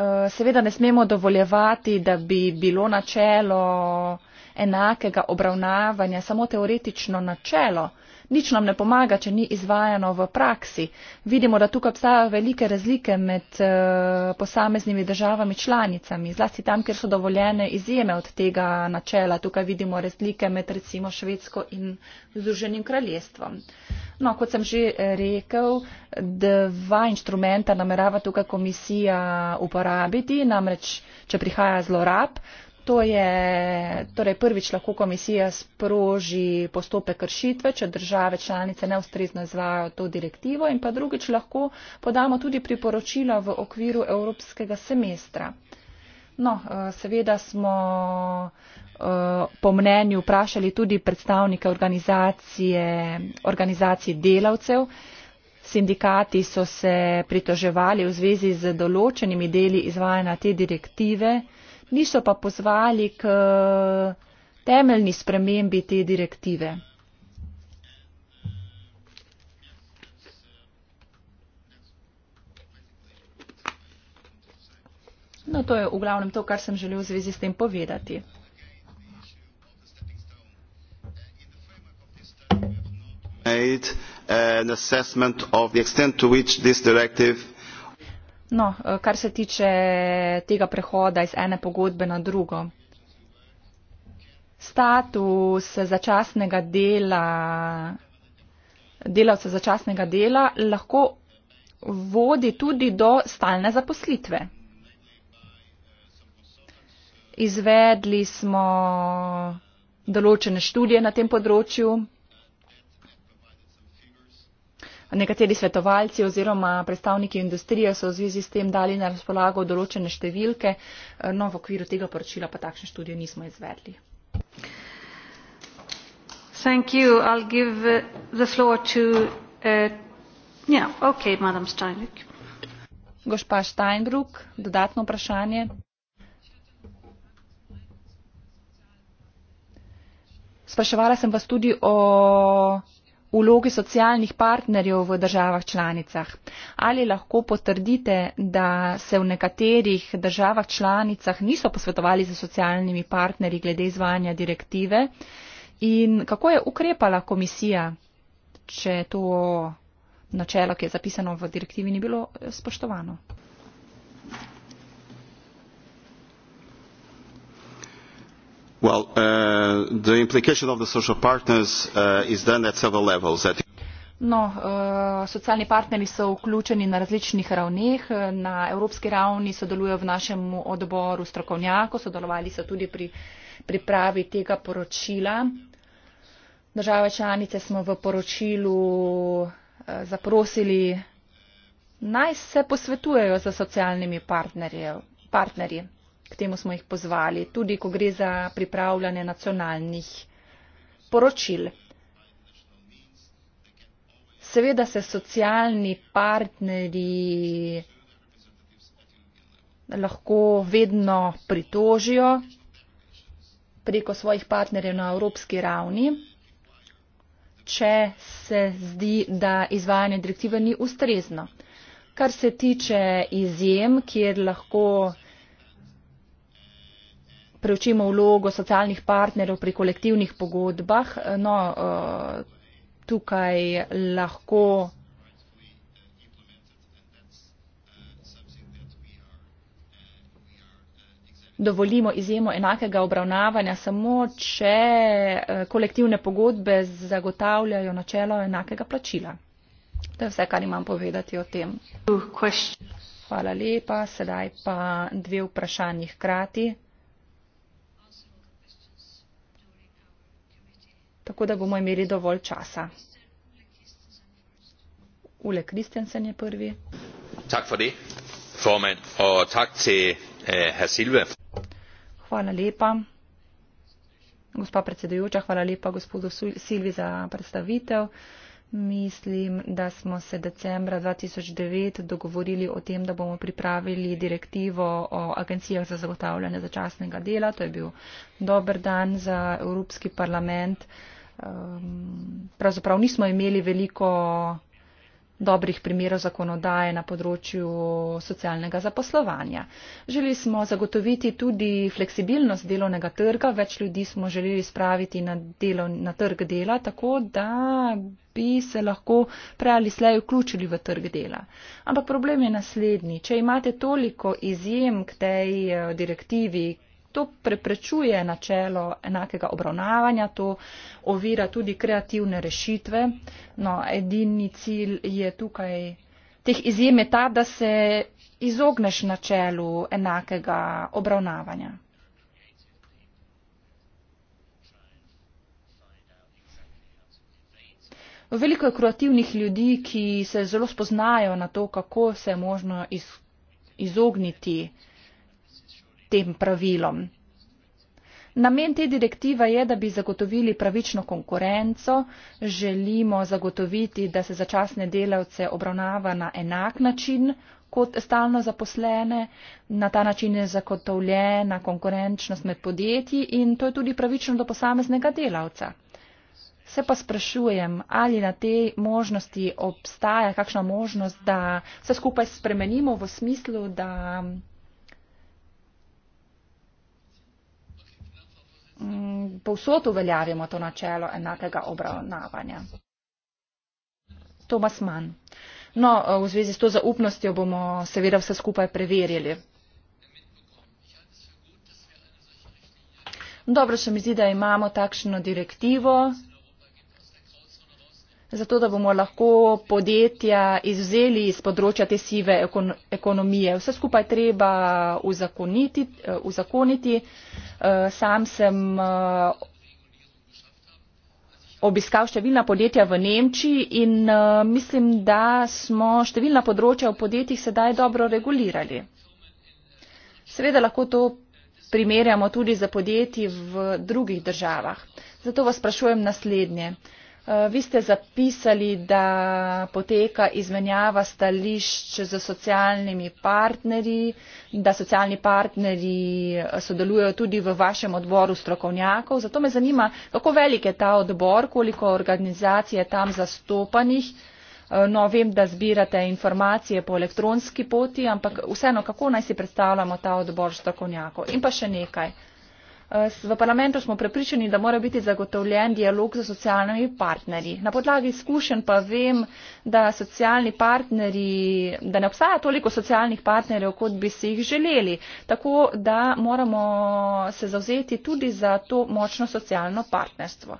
Uh, seveda ne smemo dovoljevati, da bi bilo načelo enakega obravnavanja samo teoretično načelo. Nič nam ne pomaga, če ni izvajano v praksi. Vidimo, da tukaj obstajajo velike razlike med eh, posameznimi državami članicami, zlasti tam, kjer so dovoljene izjeme od tega načela. Tukaj vidimo razlike med recimo Švedsko in Združenim kraljestvom. No, kot sem že eh, rekel, dva inštrumenta namerava tukaj komisija uporabiti, namreč, če prihaja zlorab, To je, torej prvič lahko komisija sproži postope kršitve, če države članice neustrezno izvajo to direktivo in pa drugič lahko podamo tudi priporočila v okviru evropskega semestra. No, eh, seveda smo eh, po mnenju vprašali tudi predstavnike organizacije, organizacije delavcev. Sindikati so se pritoževali v zvezi z določenimi deli izvajanja te direktive niso pa pozvali k eh, temeljni spremembi te direktive. No, to je v glavnem to, kar sem želel v zvezi s tem povedati. made an assessment of the extent to which this directive No, eh, kar se tiče tega prehoda iz ene pogodbe na drugo. Status začasnega dela, delavca začasnega dela lahko vodi tudi do stalne zaposlitve. Izvedli smo določene študije na tem področju. Nekateri svetovalci oziroma predstavniki industrije so v zvezi s tem dali na razpolago določene številke, eh, no v okviru tega poročila pa takšne študije nismo izvedli. Thank you. I'll give uh, the floor to, uh, yeah, okay, Madam Steinbrück. Gospa Steinbrück, dodatno vprašanje. Spraševala sem vas tudi o vlogi socialnih partnerjev v državah članicah. Ali lahko potrdite, da se v nekaterih državah članicah niso posvetovali z socialnimi partnerji glede izvajanja direktive in kako je ukrepala komisija, če to načelo, ki je zapisano v direktivi, ni bilo spoštovano? Well, uh, the implication of the social partners uh, is then at several levels. At No, uh, socialni partneri so vključeni na različnih ravneh. Na evropski ravni sodelujejo v našem odboru strokovnjako, sodelovali so tudi pri pripravi tega poročila. Države članice smo v poročilu uh, zaprosili, naj se posvetujejo za socialnimi partnerji. partnerji k temu smo jih pozvali, tudi ko gre za pripravljanje nacionalnih poročil. Seveda se socialni partneri lahko vedno pritožijo preko svojih partnerjev na evropski ravni, če se zdi, da izvajanje direktive ni ustrezno. Kar se tiče izjem, kjer lahko preučimo vlogo socialnih partnerjev pri kolektivnih pogodbah. No, eh, tukaj lahko. Dovolimo izjemo enakega obravnavanja samo, če eh, kolektivne pogodbe zagotavljajo načelo enakega plačila. To je vse, kar imam povedati o tem. Hvala lepa. Sedaj pa dve vprašanji hkrati. tako da bomo imeli dovolj časa. Ule Kristjansen je prvi. Tak for det, formand, og tak til eh, herr Silve. Hvala lepa. Gospa predsedujoča, hvala lepa gospodu Silvi za predstavitev. Mislim, da smo se decembra 2009 dogovorili o tem, da bomo pripravili direktivo o agencijah za zagotavljanje začasnega dela. To je bil dober dan za Evropski parlament. Uh, um, pravzaprav nismo imeli veliko dobrih primerov zakonodaje na področju socialnega zaposlovanja. Želeli smo zagotoviti tudi fleksibilnost delovnega trga, več ljudi smo želeli spraviti na, delo, na trg dela, tako da bi se lahko prej ali slej vključili v trg dela. Ampak problem je naslednji. Če imate toliko izjem k tej eh, direktivi, To preprečuje načelo enakega obravnavanja, to ovira tudi kreativne rešitve. No, edini cilj je tukaj teh izjem je ta, da se izogneš načelu enakega obravnavanja. Veliko je kreativnih ljudi, ki se zelo spoznajo na to, kako se je možno iz, izogniti tem pravilom. Namen te direktive je, da bi zagotovili pravično konkurenco, želimo zagotoviti, da se začasne delavce obravnava na enak način kot stalno zaposlene, na ta način je zagotovljena konkurenčnost med podjetji in to je tudi pravično do posameznega delavca. Se pa sprašujem, ali na tej možnosti obstaja kakšna možnost, da se skupaj spremenimo v smislu, da Mm, povsod uveljavimo to načelo enakega obravnavanja. Tomas Mann. No, v zvezi s to zaupnostjo bomo seveda vse skupaj preverili. Dobro, še mi zdi, da imamo takšno direktivo zato da bomo lahko podjetja izvzeli iz področja te sive ekonomije. Vse skupaj treba uzakoniti. Eh, uzakoniti. Eh, sam sem eh, obiskal številna podjetja v Nemčiji in mislim, da smo številna področja v podjetjih sedaj dobro regulirali. Seveda lahko to primerjamo tudi za podjetji v drugih državah. Zato vas sprašujem naslednje. Eh, vi ste zapisali, da poteka izmenjava stališč z socialnimi partnerji, da socialni partnerji eh, sodelujo tudi v vašem odboru strokovnjakov. Zato me zanima, kako velik je ta odbor, koliko organizacij je tam zastopanih. Eh, no, vem, da zbirate informacije po elektronski poti, ampak vseeno, kako naj si predstavljamo ta odbor strokovnjakov. In pa še nekaj. Eh, v parlamentu smo prepričani, da mora biti zagotovljen dialog z socialnimi partnerji. Na podlagi izkušenj pa vem, da socialni partnerji, da ne obstaja toliko socialnih partnerjev, kot bi si jih želeli. Tako da moramo se zauzeti tudi za to močno socialno partnerstvo.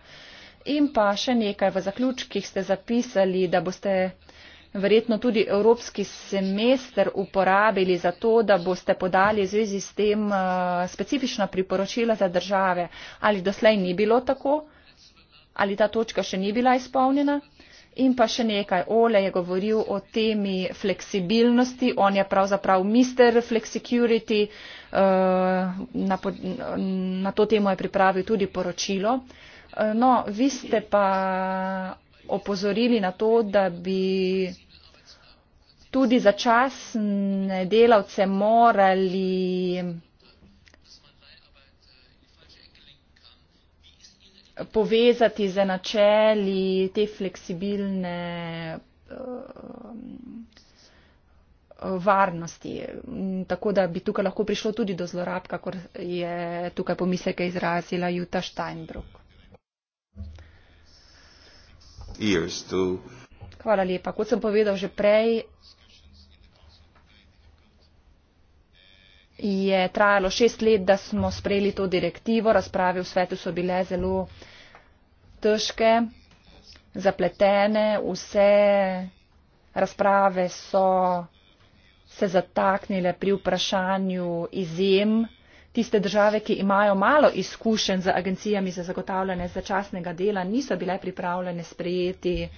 In pa še nekaj v zaključkih ste zapisali, da boste verjetno tudi evropski semester uporabili za to, da boste podali v zvezi s tem eh, specifična priporočila za države. Ali doslej ni bilo tako? Ali ta točka še ni bila izpolnjena? In pa še nekaj. Ole je govoril o temi fleksibilnosti. On je pravzaprav Mr. Flexicurity. Eh, na, na to temo je pripravil tudi poročilo. Eh, no, vi ste pa opozorili na to, da bi tudi začasne delavce morali povezati za načeli te fleksibilne eh, varnosti. Tako da bi tukaj lahko prišlo tudi do zlorab, kakor je tukaj pomisleke izrazila Juta Steinbrück. Hvala lepa. Kot sem povedal že prej, je trajalo šest let, da smo sprejeli to direktivo. Razprave v svetu so bile zelo težke, zapletene, vse razprave so se zataknile pri vprašanju izjem tiste države, ki imajo malo izkušenj z agencijami za zagotavljanje začasnega dela, niso bile pripravljene sprejeti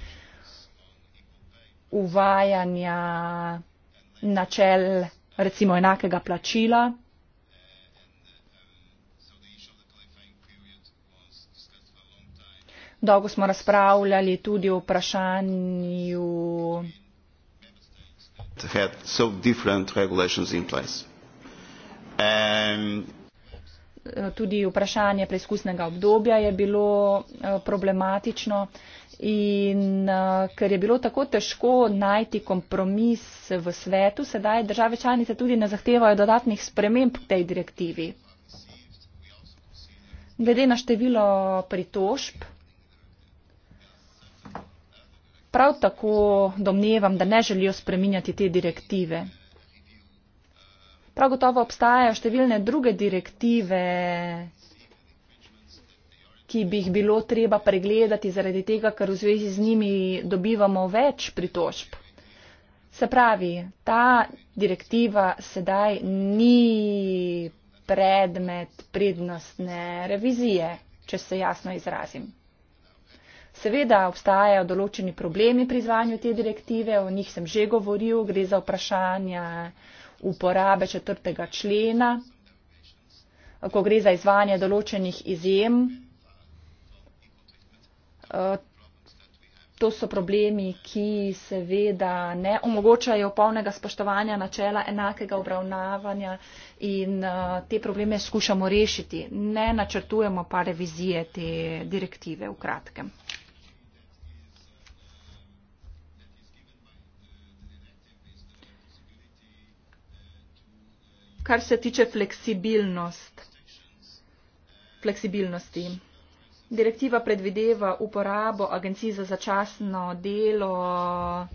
uvajanja načel recimo enakega plačila. Dolgo smo razpravljali tudi o vprašanju. To have so different regulations in place. Tudi vprašanje preizkusnega obdobja je bilo eh, problematično in eh, ker je bilo tako težko najti kompromis v svetu, sedaj države članice tudi ne zahtevajo dodatnih sprememb k tej direktivi. Glede na število pritožb, prav tako domnevam, da ne želijo spreminjati te direktive. Prav gotovo obstajajo številne druge direktive, ki bi jih bilo treba pregledati zaradi tega, ker v zvezi z njimi dobivamo več pritožb. Se pravi, ta direktiva sedaj ni predmet prednostne revizije, če se jasno izrazim. Seveda obstajajo določeni problemi pri izvanju te direktive, o njih sem že govoril, gre za vprašanja uporabe četrtega člena, ko gre za izvanje določenih izjem. Eh, to so problemi, ki seveda ne omogočajo polnega spoštovanja načela enakega obravnavanja in eh, te probleme skušamo rešiti. Ne načrtujemo pa revizije te direktive v kratkem. kar se tiče fleksibilnost. fleksibilnosti. Direktiva predvideva uporabo agencij za začasno delo uh,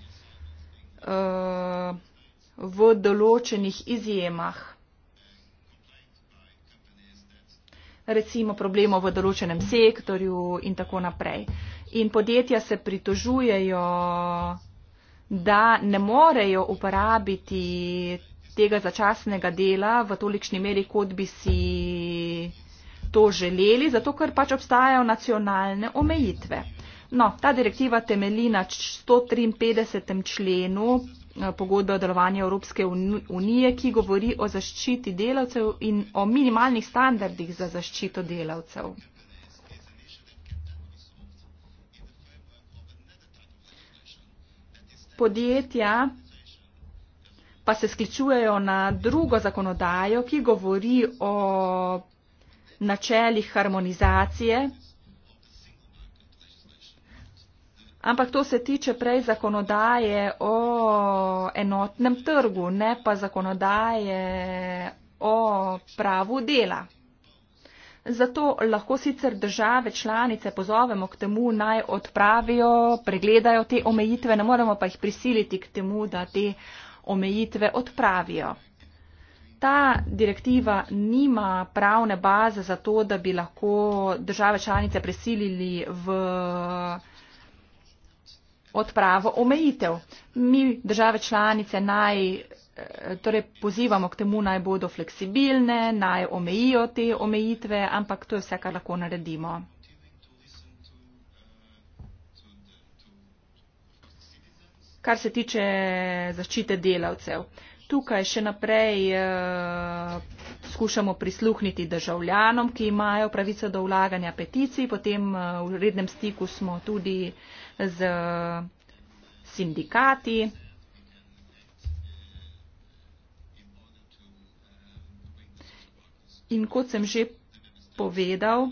v določenih izjemah. recimo problemov v določenem sektorju in tako naprej. In podjetja se pritožujejo, da ne morejo uporabiti tega začasnega dela v tolikšni meri, kot bi si to želeli, zato ker pač obstajajo nacionalne omejitve. No, ta direktiva temeli na 153. členu eh, pogodbe o delovanju Evropske unije, ki govori o zaščiti delavcev in o minimalnih standardih za zaščito delavcev. Podjetja pa se skličujejo na drugo zakonodajo, ki govori o načelih harmonizacije, ampak to se tiče prej zakonodaje o enotnem trgu, ne pa zakonodaje o pravu dela. Zato lahko sicer države članice pozovemo k temu, naj odpravijo, pregledajo te omejitve, ne moremo pa jih prisiliti k temu, da te omejitve odpravijo. Ta direktiva nima pravne baze za to, da bi lahko države članice presilili v odpravo omejitev. Mi države članice naj, eh, torej pozivamo k temu, naj bodo fleksibilne, naj omejijo te omejitve, ampak to je vse, kar lahko naredimo. kar se tiče zaščite delavcev. Tukaj še naprej uh, skušamo prisluhniti državljanom, ki imajo pravico do vlaganja peticij, potem uh, v rednem stiku smo tudi z uh, sindikati. In kot sem že povedal,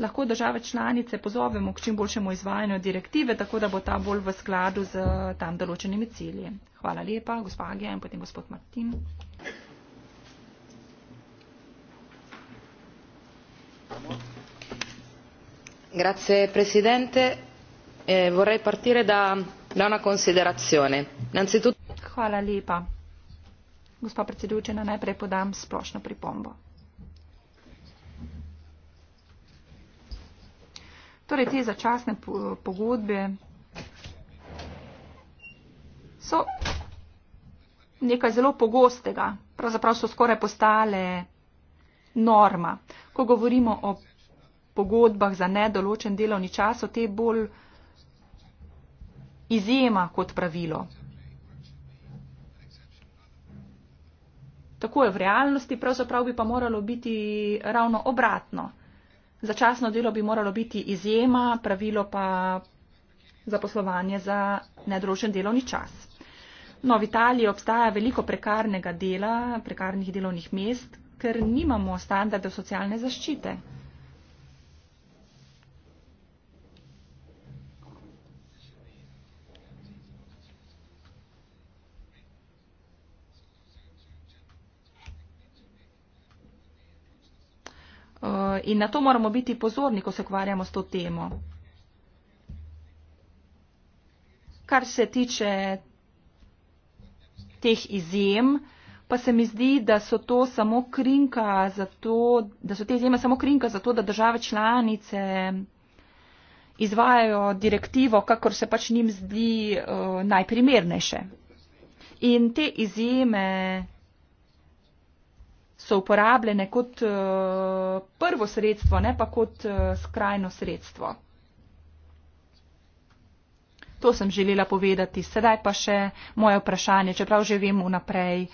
lahko države članice pozovemo k čim boljšemu izvajanju direktive, tako da bo ta bolj v skladu z tam določenimi cilji. Hvala lepa, gospod Agija in potem gospod Martin. Grazie presidente, eh, vorrei partire da, da una considerazione. Innanzitutto... Hvala lepa. Gospod predsedujoče, najprej podam splošno pripombo. Torej, te začasne pogodbe so nekaj zelo pogostega, pravzaprav so skoraj postale norma. Ko govorimo o pogodbah za nedoločen delovni čas, so te bolj izjema kot pravilo. Tako je v realnosti, pravzaprav bi pa moralo biti ravno obratno. Začasno delo bi moralo biti izjema, pravilo pa zaposlovanje za nedrožen delovni čas. No, v Italiji obstaja veliko prekarnega dela, prekarnih delovnih mest, ker nimamo standardov socialne zaščite. Eh, in na to moramo biti pozorni, ko se ukvarjamo s to temo. Kar se tiče teh izjem, pa se mi zdi, da so, to samo krinka za to, da so te izjeme samo krinka za to, da države članice izvajajo direktivo, kakor se pač njim zdi uh, najprimernejše. In te izjeme so uporabljene kot eh, prvo sredstvo, ne pa kot eh, skrajno sredstvo. To sem želela povedati. Sedaj pa še moje vprašanje, čeprav že vem vnaprej,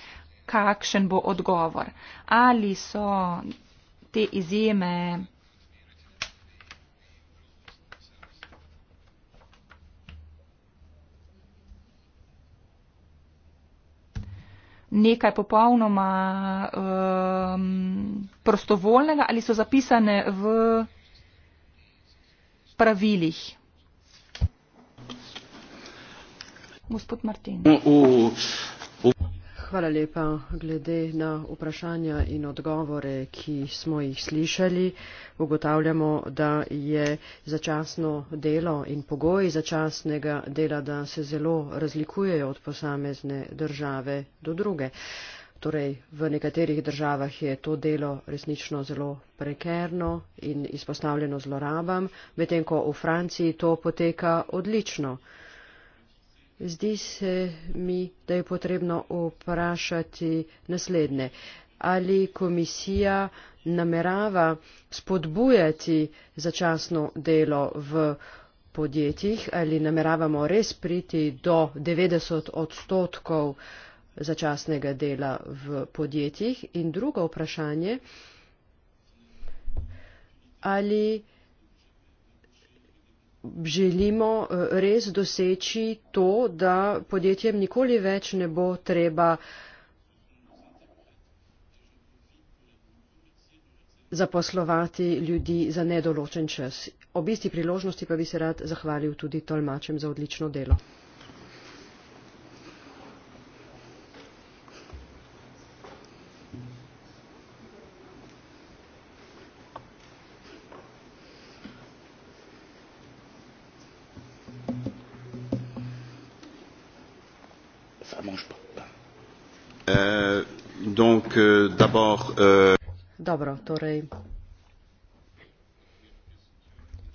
kakšen bo odgovor. Ali so te izjeme nekaj popolnoma um, prostovoljnega ali so zapisane v pravilih. Gospod Martin. U, u, u. Hvala lepa. Glede na vprašanja in odgovore, ki smo jih slišali, ugotavljamo, da je začasno delo in pogoji začasnega dela, da se zelo razlikujejo od posamezne države do druge. Torej, v nekaterih državah je to delo resnično zelo prekerno in izpostavljeno zlorabam, medtem ko v Franciji to poteka odlično. Zdi se mi, da je potrebno vprašati naslednje. Ali komisija namerava spodbujati začasno delo v podjetjih, ali nameravamo res priti do 90 odstotkov začasnega dela v podjetjih? In drugo vprašanje, ali želimo eh, res doseči to, da podjetjem nikoli več ne bo treba zaposlovati ljudi za nedoločen čas. Ob isti priložnosti pa bi se rad zahvalil tudi tolmačem za odlično delo. d'abord. Euh... Dobro, torej.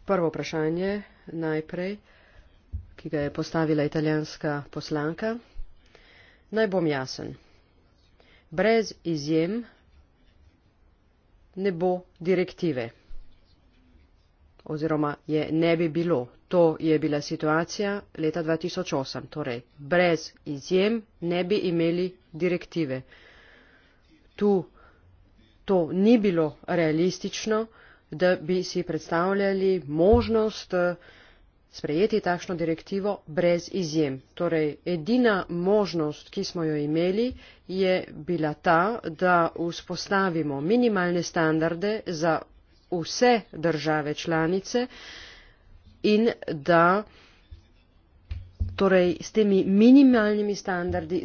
Prvo vprašanje najprej, ki ga je postavila italijanska poslanka. Naj bom jasen. Brez izjem ne bo direktive. Oziroma je ne bi bilo. To je bila situacija leta 2008. Torej, brez izjem ne bi imeli direktive tu to ni bilo realistično, da bi si predstavljali možnost eh, sprejeti takšno direktivo brez izjem. Torej, edina možnost, ki smo jo imeli, je bila ta, da vzpostavimo minimalne standarde za vse države članice in da uh, torej s temi minimalnimi standardi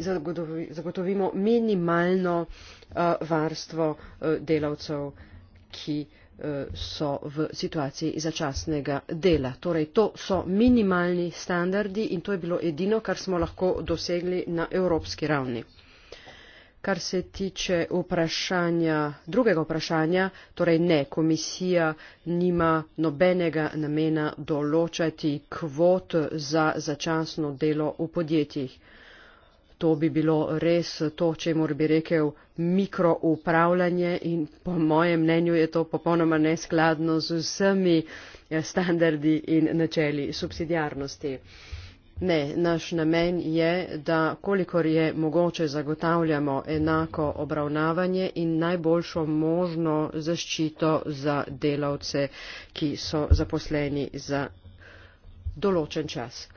zagotovimo minimalno eh, varstvo eh, delavcev, ki eh, so v situaciji začasnega dela. Torej, to so minimalni standardi in to je bilo edino, kar smo lahko dosegli na evropski ravni kar se tiče vprašanja, drugega vprašanja, torej ne, komisija nima nobenega namena določati kvot za začasno delo v podjetjih. To bi bilo res to, če mor bi rekel, mikroupravljanje in po mojem mnenju je to popolnoma neskladno z vsemi eh, standardi in načeli subsidijarnosti. Ne, naš namen je, da kolikor je mogoče zagotavljamo enako obravnavanje in najboljšo možno zaščito za delavce, ki so zaposleni za določen čas.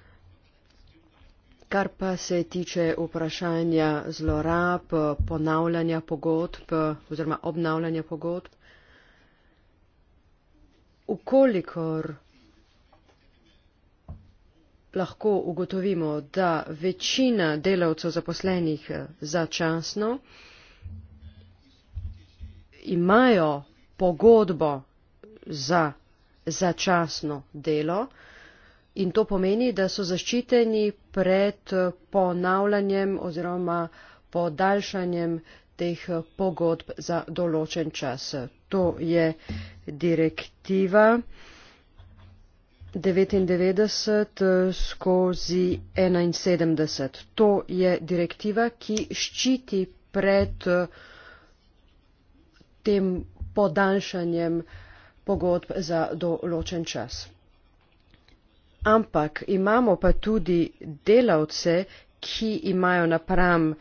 Kar pa se tiče vprašanja zlorab, ponavljanja pogodb oziroma obnavljanja pogodb, ukolikor lahko ugotovimo, da večina delavcev zaposlenih eh, začasno imajo pogodbo za začasno delo in to pomeni, da so zaščiteni pred ponavljanjem oziroma podaljšanjem teh eh, pogodb za določen čas. To je direktiva devetindevetdeset eh, skozi enainsedemdeset to je direktiva ki ščiti pred eh, tem podaljšanjem pogodb za določen čas ampak imamo pa tudi delavce ki imajo napram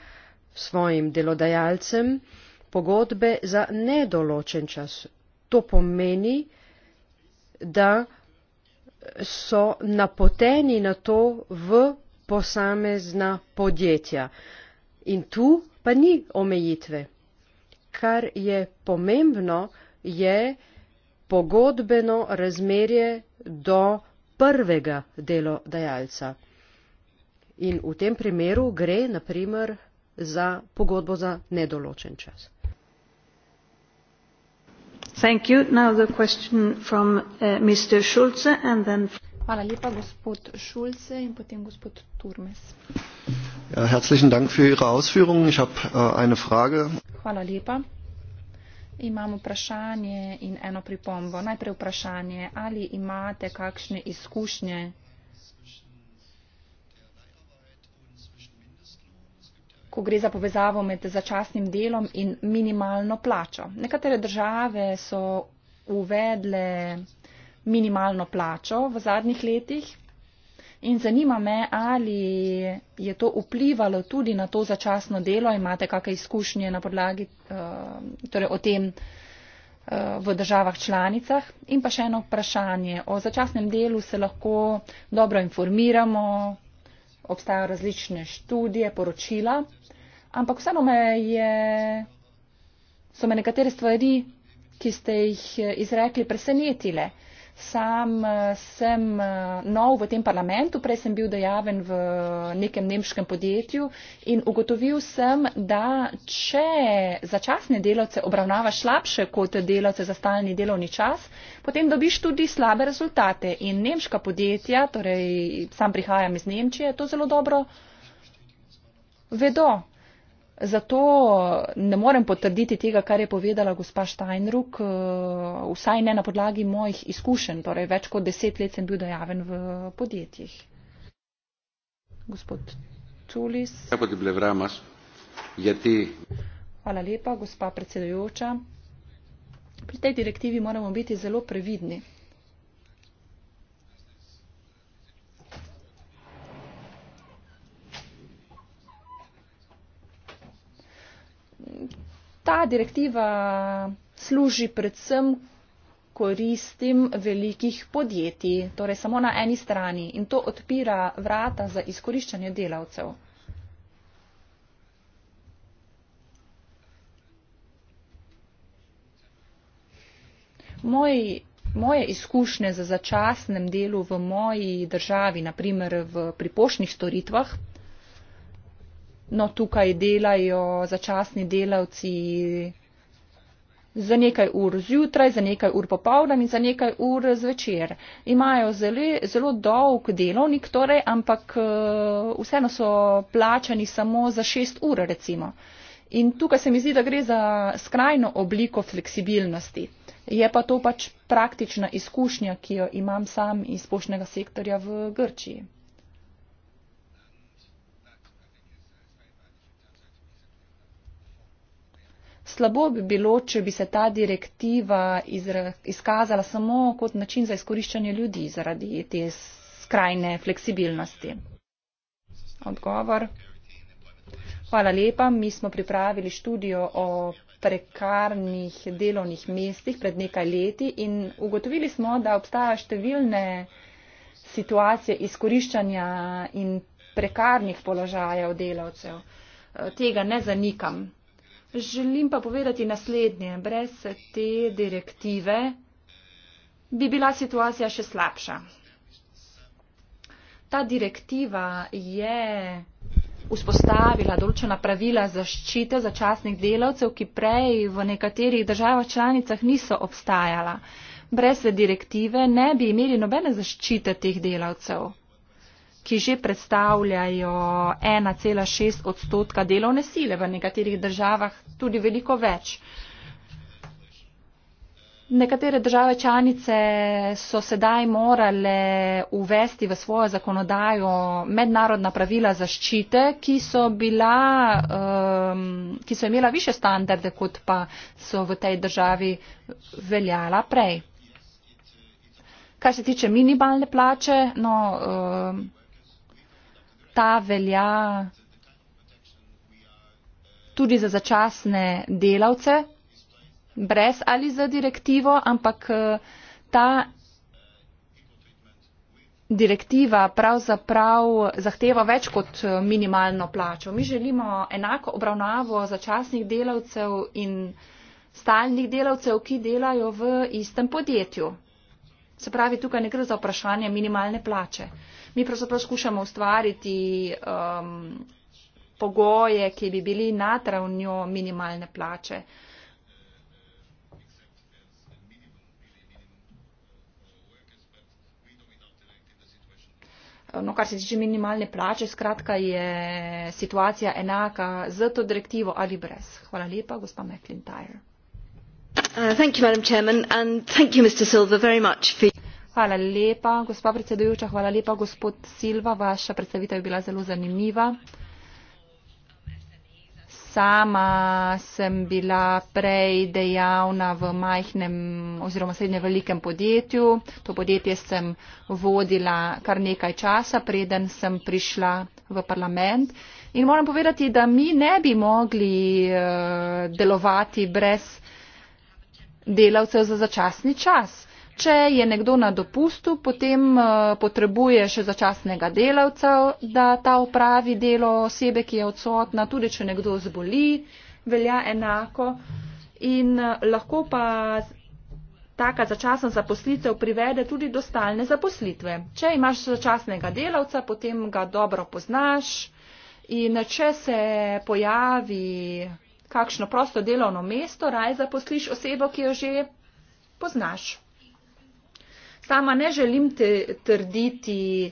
svojim delodajalcem pogodbe za nedoločen čas to pomeni da so napoteni na to v posamezna podjetja. In tu pa ni omejitve. Kar je pomembno, je pogodbeno razmerje do prvega delodajalca. In v tem primeru gre, naprimer, za pogodbo za nedoločen čas. Uh, ja, herzlichen Dank für Ihre Ausführungen. Ich habe äh, eine Frage. Hvala lepa. Imam vprašanje in eno pripombo. Najprej vprašanje, ali imate kakšne izkušnje ko gre za povezavo med začasnim delom in minimalno plačo. Nekatere države so uvedle minimalno plačo v zadnjih letih in zanima me, ali je to vplivalo tudi na to začasno delo, imate kakšne izkušnje na podlagi eh, torej o tem eh, v državah članicah. In pa še eno vprašanje. O začasnem delu se lahko dobro informiramo, obstajajo različne študije, poročila, ampak vseeno me je, so me nekatere stvari, ki ste jih izrekli, presenetile. Sam eh, sem eh, nov v tem parlamentu, prej sem bil dejaven v eh, nekem nemškem podjetju in ugotovil sem, da če začasne delavce obravnavaš slabše kot delavce za stalni delovni čas, potem dobiš tudi slabe rezultate. In nemška podjetja, torej sam prihajam iz Nemčije, to zelo dobro vedo. Zato ne morem potrditi tega, kar je povedala gospa Steinruck, eh, vsaj ne na podlagi mojih izkušenj, torej več kot deset let sem bil dejaven v podjetjih. Gospod Culis. Hvala lepa, gospa predsedujoča. Pri tej direktivi moramo biti zelo previdni. ta direktiva služi predvsem koristim velikih podjetij, torej samo na eni strani in to odpira vrata za izkoriščanje delavcev. Moj, moje izkušnje za začasnem delu v moji državi, naprimer v pripošnih storitvah, no tukaj delajo začasni delavci za nekaj ur zjutraj, za nekaj ur popovdan in za nekaj ur zvečer. Imajo zelo, zelo dolg delovnik, torej, ampak eh, vseeno so plačani samo za 6 ur recimo. In tukaj se mi zdi, da gre za skrajno obliko fleksibilnosti. Je pa to pač praktična izkušnja, ki jo imam sam iz poštnega sektorja v Grčiji. Slabo bi bilo, če bi se ta direktiva izkazala samo kot način za izkoriščanje ljudi zaradi te skrajne fleksibilnosti. Odgovor. Hvala lepa. Mi smo pripravili študijo o prekarnih delovnih mestih pred nekaj leti in ugotovili smo, da obstaja številne situacije izkoriščanja in prekarnih položajev delavcev. Tega ne zanikam. Želim pa povedati naslednje. Brez te direktive bi bila situacija še slabša. Ta direktiva je vzpostavila določena pravila zaščite začasnih delavcev, ki prej v nekaterih državah članicah niso obstajala. Brez direktive ne bi imeli nobene zaščite teh delavcev ki že predstavljajo 1,6 odstotka delovne sile v nekaterih državah, tudi veliko več. Nekatere države članice so sedaj morale uvesti v svojo zakonodajo mednarodna pravila zaščite, ki so, bila, um, ki so imela više standarde, kot pa so v tej državi veljala prej. Kar se tiče minimalne plače, no, um, ta velja tudi za začasne delavce, brez ali za direktivo, ampak eh, ta direktiva pravzaprav zahteva več kot eh, minimalno plačo. Mi želimo enako obravnavo začasnih delavcev in stalnih delavcev, ki delajo v istem podjetju. Se pravi, tukaj ne gre za vprašanje minimalne plače. Mi pravzaprav skušamo ustvariti um, pogoje, ki bi bili nad ravnjo minimalne plače. No, kar se tiče minimalne plače, skratka je situacija enaka z to direktivo ali brez. Hvala lepa, gospa McIntyre. Uh, thank you, Madam Chairman, and thank you, Mr. Silver, very much for... Hvala lepa, gospod predsedujoča, hvala lepa, gospod Silva, vaša predstavitev je bila zelo zanimiva. Sama sem bila prej dejavna v majhnem oziroma srednje velikem podjetju. To podjetje sem vodila kar nekaj časa, preden sem prišla v parlament. In moram povedati, da mi ne bi mogli eh, delovati brez delavcev za začasni čas. Če je nekdo na dopustu, potem eh, potrebuje še začasnega delavca, da ta upravi delo osebe, ki je odsotna, tudi če nekdo zboli, velja enako. In eh, lahko pa taka začasna zaposlitev privede tudi do stalne zaposlitve. Če imaš začasnega delavca, potem ga dobro poznaš in eh, če se pojavi kakšno prosto delovno mesto, raj zaposliš osebo, ki jo že poznaš sama ne želim te trditi,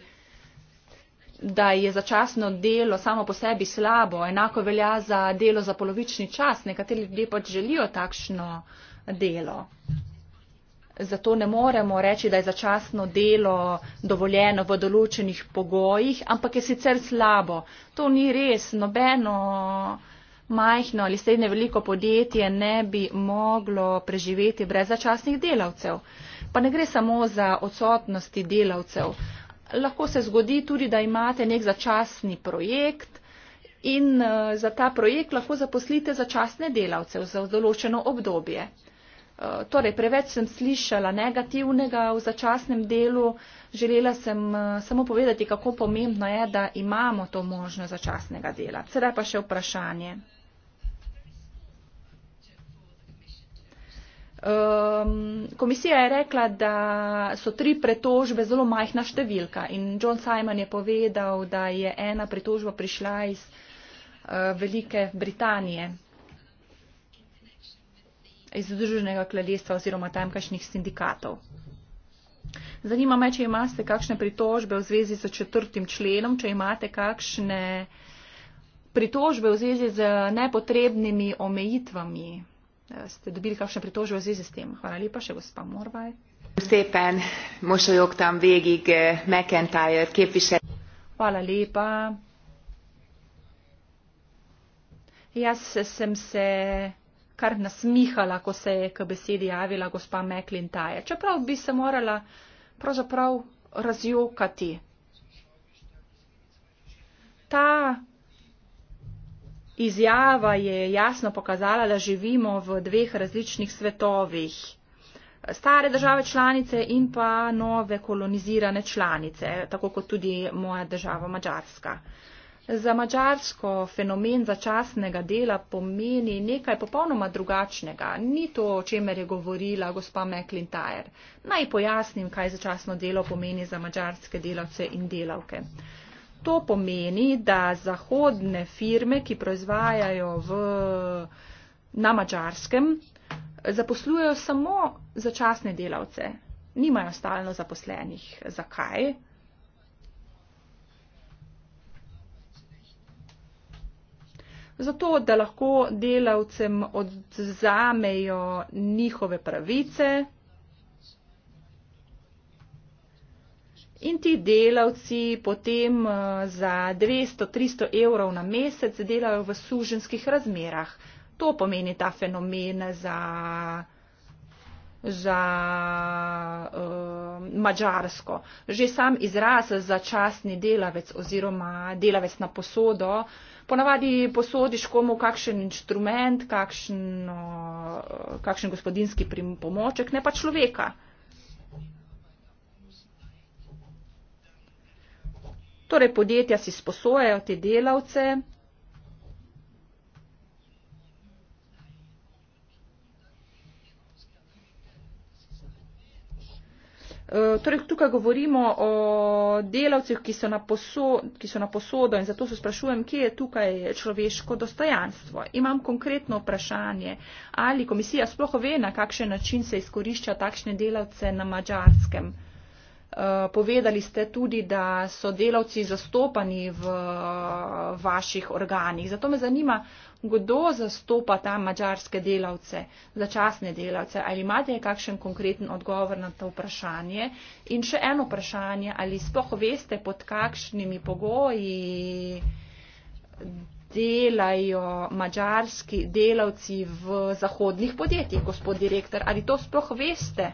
da je začasno delo samo po sebi slabo. Enako velja za delo za polovični čas. Nekateri ljudje pač želijo takšno delo. Zato ne moremo reči, da je začasno delo dovoljeno v določenih pogojih, ampak je sicer slabo. To ni res. Nobeno majhno ali srednje veliko podjetje ne bi moglo preživeti brez začasnih delavcev pa ne gre samo za odsotnosti delavcev. Lahko se zgodi tudi, da imate nek začasni projekt in eh, za ta projekt lahko zaposlite začasne delavce za določeno obdobje. Eh, torej, preveč sem slišala negativnega v začasnem delu, želela sem eh, samo povedati, kako pomembno je, da imamo to možnost začasnega dela. Sedaj pa še vprašanje. Um, komisija je rekla, da so tri pretožbe zelo majhna številka in John Simon je povedal, da je ena pretožba prišla iz uh, Velike Britanije, iz Združenega kraljestva oziroma tamkajšnjih sindikatov. Zanima me, če imate kakšne pritožbe v zvezi s četrtim členom, če imate kakšne pritožbe v zvezi z nepotrebnimi omejitvami. Eh, ste dobili kakšne pritožbe v zvezi s tem. Hvala lepa še gospa Morvaj. Szépen mosolyogtam végig eh, McIntyre képviselő. Hvala lepa. Jaz sem se kar nasmihala, ko se je k besedi javila gospa McIntyre. Čeprav bi se morala pravzaprav razjokati. Ta izjava je jasno pokazala, da živimo v dveh različnih svetovih. Stare države članice in pa nove kolonizirane članice, tako kot tudi moja država Mačarska. Za Mačarsko fenomen začasnega dela pomeni nekaj popolnoma drugačnega. Ni to, o čemer je govorila gospa McIntyre. Naj pojasnim, kaj začasno delo pomeni za mačarske delavce in delavke to pomeni, da zahodne firme, ki proizvajajo v, na mačarskem, zaposlujejo samo začasne delavce, nimajo stalno zaposlenih. Zakaj? Zato, da lahko delavcem odzamejo njihove pravice. In ti delavci potem eh, za 200-300 evrov na mesec delajo v suženskih razmerah. To pomeni ta fenomen za, za uh, eh, Mačarsko. Že sam izraz za časni delavec oziroma delavec na posodo. Ponavadi posodiš komu kakšen inštrument, eh, kakšen, uh, kakšen gospodinski pomoček, ne pa človeka. Torej podjetja si sposojajo te delavce. E, torej, tukaj govorimo o delavcih, ki so, na poso, ki so na posodo in zato se sprašujem, kje je tukaj človeško dostojanstvo. Imam konkretno vprašanje, ali komisija sploh ve, na kakšen način se izkorišča takšne delavce na mačarskem. Eh, povedali ste tudi, da so delavci zastopani v eh, vaših organih. Zato me zanima, kdo zastopa ta mačarske delavce, začasne delavce. Ali imate kakšen konkreten odgovor na to vprašanje? In še eno vprašanje, ali spoh veste, pod kakšnimi pogoji delajo mačarski delavci v zahodnih podjetjih, gospod direktor? Ali to spoh veste?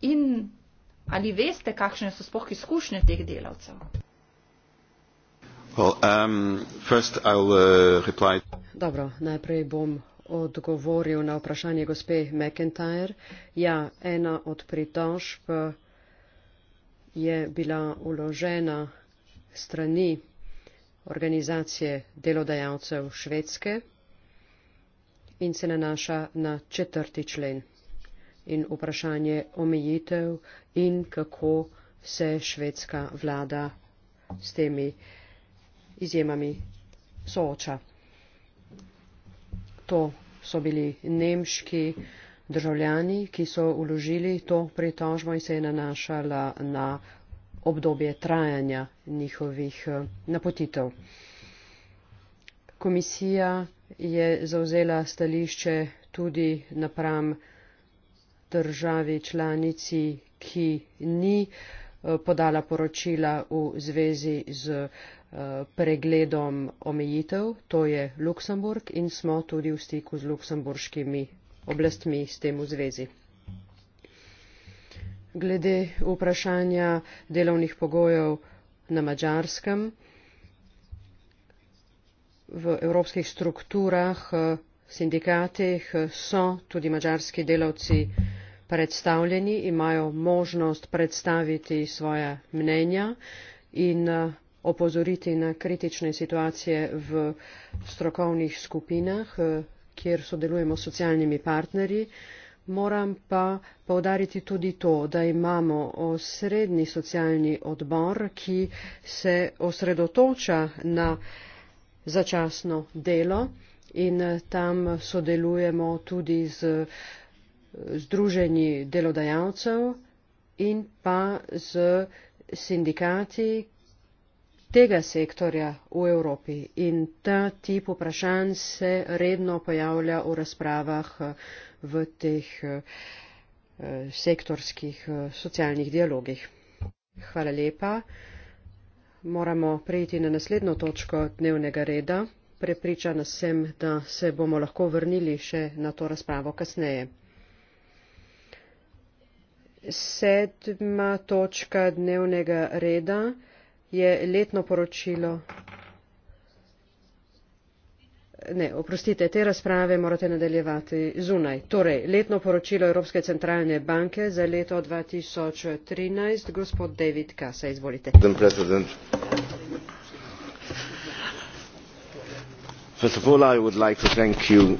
In ali veste, kakšne so spoh izkušnje teh delavcev? Well, um, first I'll, uh, reply. Dobro, najprej bom odgovoril na vprašanje gospe McIntyre. Ja, ena od pritožb je bila uložena strani organizacije delodajalcev Švedske in se nanaša na četrti člen in vprašanje omejitev in kako se švedska vlada s temi izjemami sooča. To so bili nemški državljani, ki so uložili to pritožbo in se je nanašala na obdobje trajanja njihovih eh, napotitev. Komisija je zauzela stališče tudi napram državi članici, ki ni eh, podala poročila v zvezi z eh, pregledom omejitev, to je Luksemburg in smo tudi v stiku z luksemburškimi oblastmi s tem v zvezi. Glede vprašanja delovnih pogojev na mačarskem, v evropskih strukturah, eh, sindikatih so tudi mačarski delavci predstavljeni imajo možnost predstaviti svoja mnenja in eh, opozoriti na kritične situacije v strokovnih skupinah, eh, kjer sodelujemo s socialnimi partnerji. Moram pa povdariti tudi to, da imamo osrednji socialni odbor, ki se osredotoča na začasno delo in eh, tam sodelujemo tudi z uh, združenji delodajalcev in pa z sindikati tega sektorja v Evropi. In ta tip vprašanj se redno pojavlja v razpravah eh, v teh eh, sektorskih eh, socialnih dialogih. Hvala lepa. Moramo prejiti na naslednjo točko dnevnega reda. Prepričana sem, da se bomo lahko vrnili še na to razpravo kasneje. Sedma točka dnevnega reda je letno poročilo. Ne, oprostite, te razprave morate nadaljevati zunaj. Torej, letno poročilo Evropske centralne banke za leto 2013, gospod David Kasa, izvolite. First of all, I would like to thank you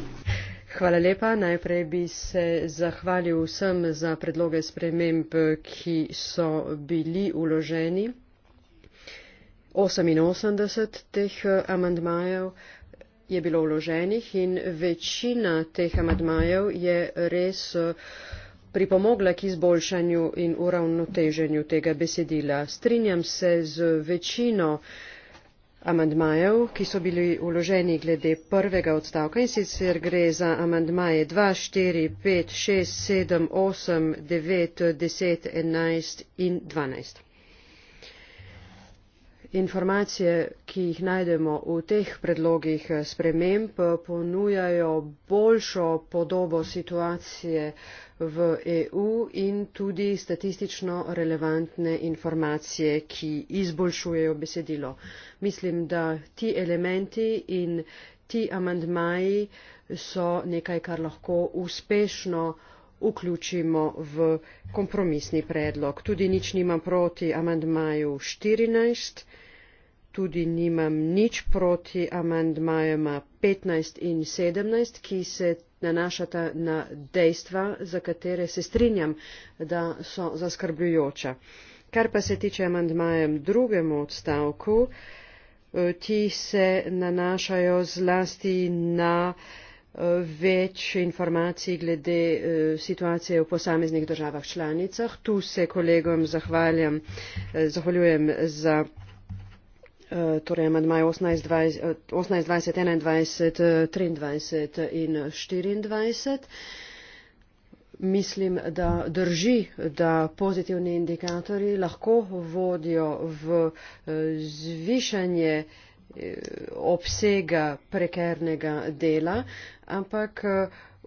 Hvala lepa. Najprej bi se zahvalil vsem za predloge sprememb, ki so bili uloženi. 88 teh amandmajev je bilo uloženih in večina teh amandmajev je res pripomogla k izboljšanju in uravnoteženju tega besedila. Strinjam se z večino uh, amandmajev ki so bili vloženi glede prvega odstavka in sicer gre za amandmaje dva štiri pet šest sedem osem devet deset enajst in dvanajst informacije ki jih najdemo v teh predlogih sprememb ponujajo boljšo podobo situacije v EU in tudi statistično relevantne informacije, ki izboljšujejo besedilo. Mislim, da ti elementi in ti amandmaji so nekaj, kar lahko uspešno vključimo v kompromisni predlog. Tudi nič nimam proti amandmaju 14 tudi nimam nič proti amandmajema 15 in 17, ki se nanašata na dejstva, za katere se strinjam, da so zaskrbljujoča. Kar pa se tiče amandmajem drugemu odstavku, eh, ti se nanašajo zlasti na eh, več informacij glede eh, situacije v posameznih državah članicah. Tu se kolegom zahvaljujem za torej amadmaje osemnajst dvajset enaindvajset eh, triindvajset in štiriindvajset mislim da drži da pozitivni indikatorji lahko vodijo v eh, zvišanje eh, obsega prekernega dela ampak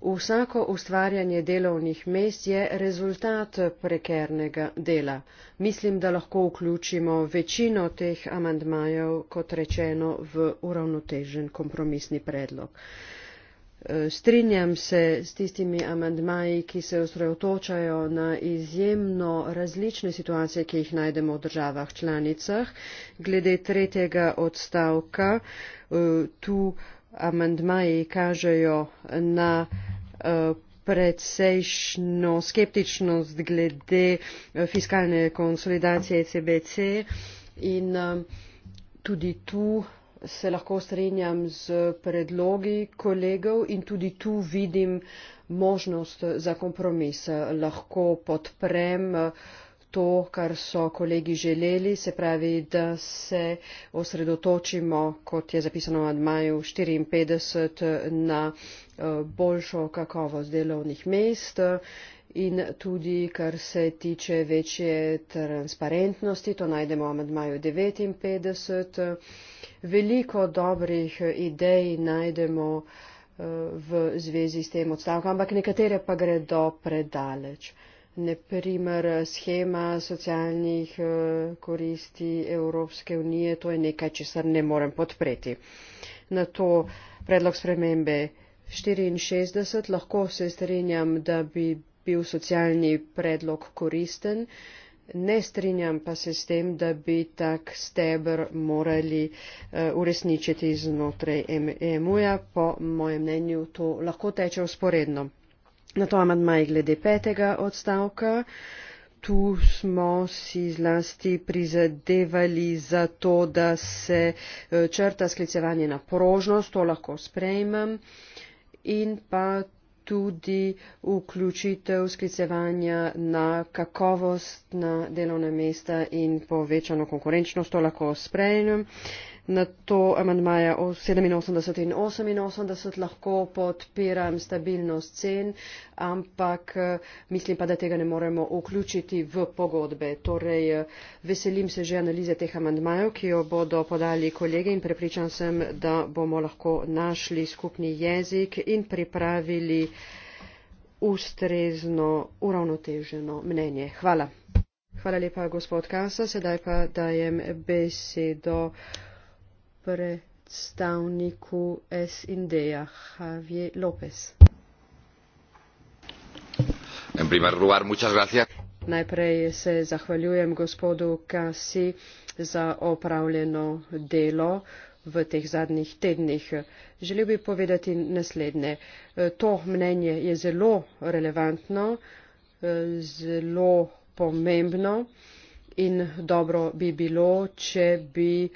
Vsako ustvarjanje delovnih mest je rezultat prekernega dela. Mislim, da lahko vključimo večino teh amandmajev, kot rečeno, v uravnotežen kompromisni predlog. E, strinjam se s tistimi amandmaji, ki se osredotočajo na izjemno različne situacije, ki jih najdemo v državah članicah. Glede tretjega odstavka, e, tu amandmaji kažejo na eh, predsejšno skeptičnost glede eh, fiskalne konsolidacije ECBC in eh, tudi tu se lahko strinjam z predlogi kolegov in tudi tu vidim možnost za kompromis. Lahko podprem uh, to, kar so kolegi želeli, se pravi, da se osredotočimo, kot je zapisano v admaju 54, na eh, boljšo kakovost delovnih mest in tudi, kar se tiče večje transparentnosti, to najdemo v admaju 59. Veliko dobrih idej najdemo eh, v zvezi s tem odstavkom, ampak nekatere pa gredo predaleč neprimer schema socialnih eh, koristi Evropske unije, to je nekaj, česar ne morem podpreti. Na to predlog spremembe 64 lahko se strinjam, da bi bil socialni predlog koristen, ne strinjam pa se s tem, da bi tak stebr morali eh, uresničiti znotraj EMU-ja, po mojem mnenju to lahko teče usporedno nato amadmaji glede petega odstavka. Tu smo si zlasti prizadevali za to, da se e, črta sklicevanje na porožnost, to lahko sprejmem, in pa tudi vključitev sklicevanja na kakovost na delovne mesta in povečano konkurenčnost, to lahko sprejmem na to amandmaja o 87 in 88 lahko podpiram stabilnost cen, ampak mislim pa, da tega ne moremo vključiti v pogodbe. Torej, veselim se že analize teh amandmajev, ki jo bodo podali kolege in prepričan sem, da bomo lahko našli skupni jezik in pripravili ustrezno, uravnoteženo mnenje. Hvala. Hvala lepa, gospod Kasa. Sedaj pa dajem besedo predstavniku SND-ja Javier López. Najprej se zahvaljujem gospodu Kasi za opravljeno delo v teh zadnjih tednih. Želel bi povedati naslednje. To mnenje je zelo relevantno, zelo pomembno in dobro bi bilo, če bi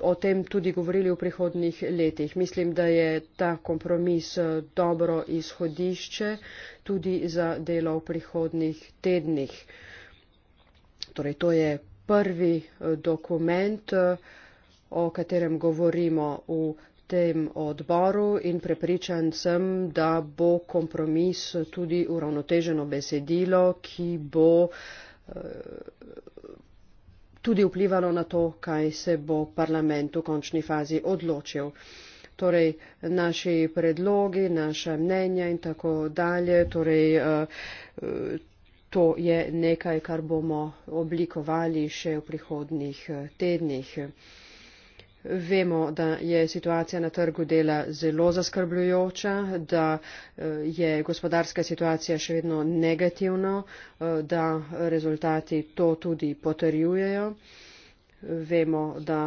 o tem tudi govorili v prihodnih letih. Mislim, da je ta kompromis eh, dobro izhodišče tudi za delo v prihodnih tednih. Torej, to je prvi eh, dokument, eh, o katerem govorimo v tem odboru in prepričan sem, da bo kompromis tudi uravnoteženo besedilo, ki bo tudi vplivalo na to, kaj se bo parlament v končni fazi odločil. Torej, naši predlogi, naša mnenja in tako dalje, torej, eh, eh, to je nekaj, kar bomo oblikovali še v prihodnih eh, tednih. Vemo, da je situacija na trgu dela zelo zaskrbljujoča, da eh, je gospodarska situacija še vedno negativna, eh, da rezultati to tudi potrjujejo. Vemo, da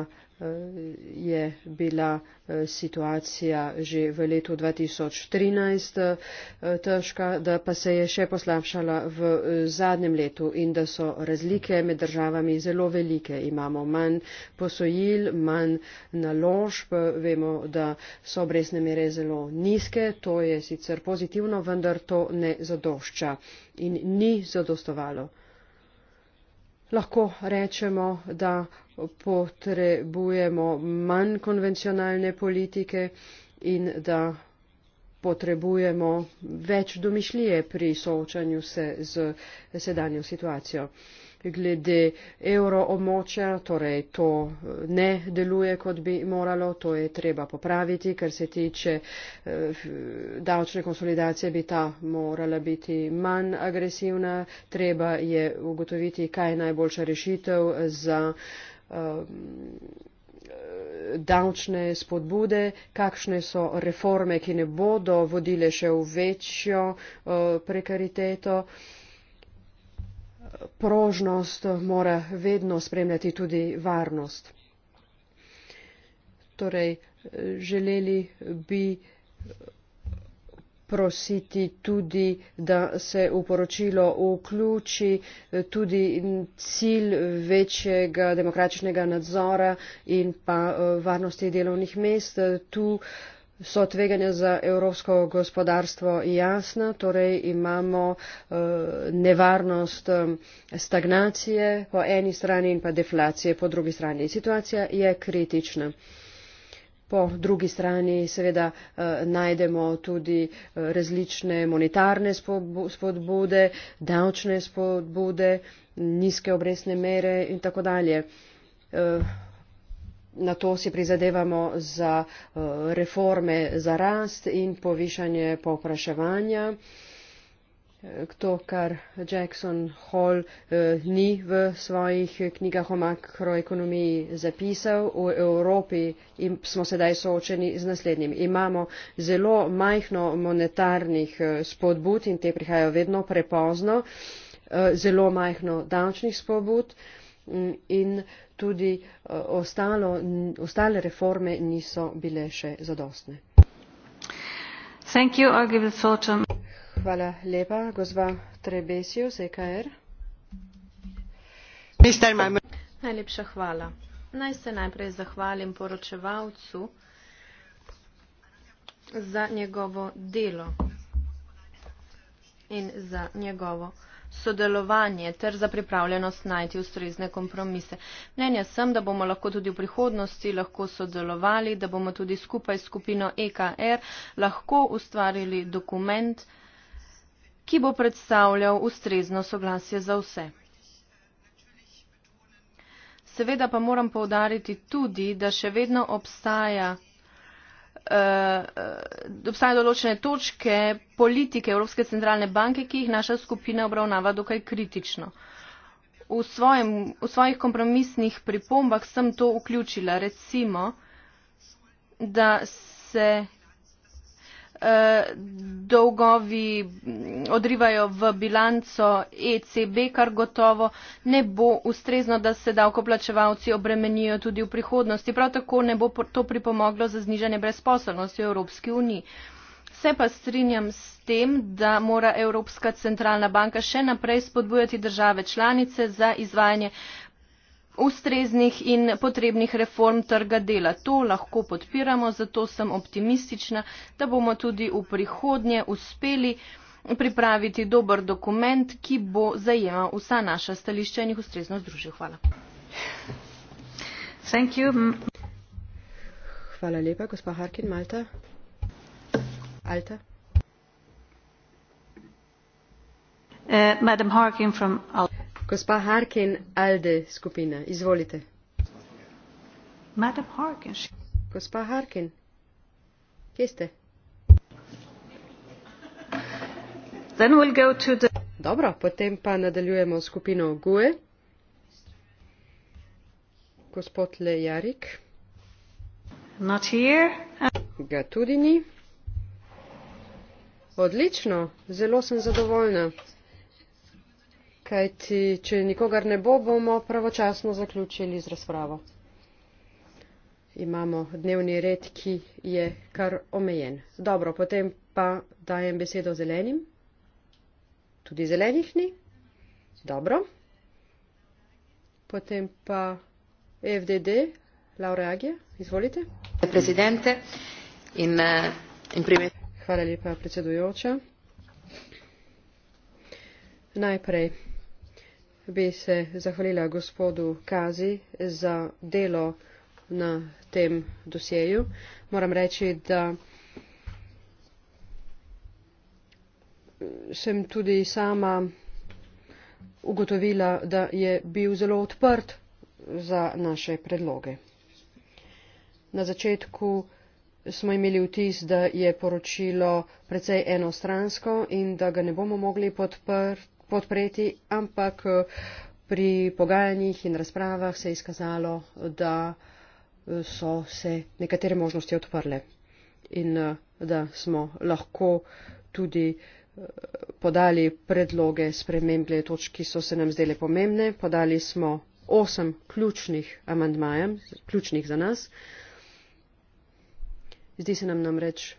Eh, je bila eh, situacija že v letu 2013 eh, težka, da pa se je še poslabšala v zadnjem letu in da so razlike med državami zelo velike. Imamo manj posojil, manj naložb, vemo, da so obresne mere zelo nizke, to je sicer pozitivno, vendar to ne zadošča in ni zadostovalo lahko rečemo, da potrebujemo manj konvencionalne politike in da potrebujemo več domišljije pri soočanju se z sedanjo situacijo glede evroomočja, torej to eh, ne deluje, kot bi moralo, to je treba popraviti, ker se tiče eh, davčne konsolidacije bi ta morala biti manj agresivna, treba je ugotoviti, kaj je najboljša rešitev za eh, davčne spodbude, kakšne so reforme, ki ne bodo vodile še v večjo prekariteto prožnost mora vedno spremljati tudi varnost. Torej, želeli bi prositi tudi, da se v poročilo vključi tudi cilj večjega demokratičnega nadzora in pa eh, varnosti delovnih mest. Tu uh, So tveganja za evropsko gospodarstvo jasna, torej imamo eh, nevarnost eh, stagnacije po eni strani in pa deflacije po drugi strani. Situacija je kritična. Po drugi strani seveda eh, najdemo tudi različne monetarne spodbude, davčne spodbude, nizke obresne mere in tako dalje na to si prizadevamo za eh, reforme za rast in povišanje popraševanja. Eh, to, kar Jackson Hall eh, ni v svojih knjigah o makroekonomiji zapisal, v Evropi im, smo sedaj soočeni z naslednjim. Imamo zelo majhno monetarnih eh, spodbud in te prihajajo vedno prepozno, eh, zelo majhno davčnih spodbud mm, in eh, tudi eh, ostalo, ostale reforme niso bile še zadostne. You, Hvala lepa, gozva Trebesijo, ZKR. Najlepša hvala. Naj se najprej zahvalim poročevalcu za njegovo delo in za njegovo sodelovanje ter za pripravljenost najti ustrezne kompromise. Mnenja sem, da bomo lahko tudi v prihodnosti lahko sodelovali, da bomo tudi skupaj s skupino EKR lahko ustvarili dokument, ki bo predstavljal ustrezno soglasje za vse. Seveda pa moram povdariti tudi, da še vedno obstaja uh, obstajajo določene točke politike Evropske centralne banke, ki jih naša skupina obravnava dokaj kritično. V, svojem, v svojih kompromisnih pripombah sem to vključila. Recimo, da se Eh, dolgovi mm, odrivajo v bilanco ECB, kar gotovo ne bo ustrezno, da se davkoplačevalci obremenijo tudi v prihodnosti. Prav tako ne bo to pripomoglo za znižanje brezposobnosti v Evropski uniji. Se pa strinjam s tem, da mora Evropska centralna banka še naprej spodbujati države članice za izvajanje ustreznih in potrebnih reform trga dela. To lahko podpiramo, zato sem optimistična, da bomo tudi v prihodnje uspeli pripraviti dober dokument, ki bo zajemal vsa naša stališča in jih ustrezno združil. Hvala. Hvala lepa, gospa Harkin, Malta. Alta. Uh, Madam Harkin from Alta. Gospa Harkin, Alde skupina, izvolite. Madam Harkin. Gospa Harkin, kje ste? Then we'll go to the... Dobro, potem pa nadaljujemo skupino Gue. Gospod Lejarik. Not here. Ga tudi ni. Odlično, zelo sem zadovoljna kajti če nikogar ne bo, bomo pravočasno zaključili z razpravo. Imamo dnevni red, ki je kar omejen. Dobro, potem pa dajem besedo zelenim. Tudi zelenih ni. Dobro. Potem pa FDD, Laura Agija, izvolite. In, eh, in Hvala lepa, predsedujoča. Najprej bi se zahvalila gospodu Kazi za delo na tem dosjeju. Moram reči, da sem tudi sama ugotovila, da je bil zelo odprt za naše predloge. Na začetku smo imeli vtis, da je poročilo precej enostransko in da ga ne bomo mogli podprt, podpreti, ampak eh, pri pogajanjih in razpravah se je izkazalo, da eh, so se nekatere možnosti odprle in eh, da smo lahko tudi podali predloge sprememb glede točk, ki so se nam zdele pomembne. Podali smo osem ključnih amandmajem, ključnih za nas. Zdi se nam namreč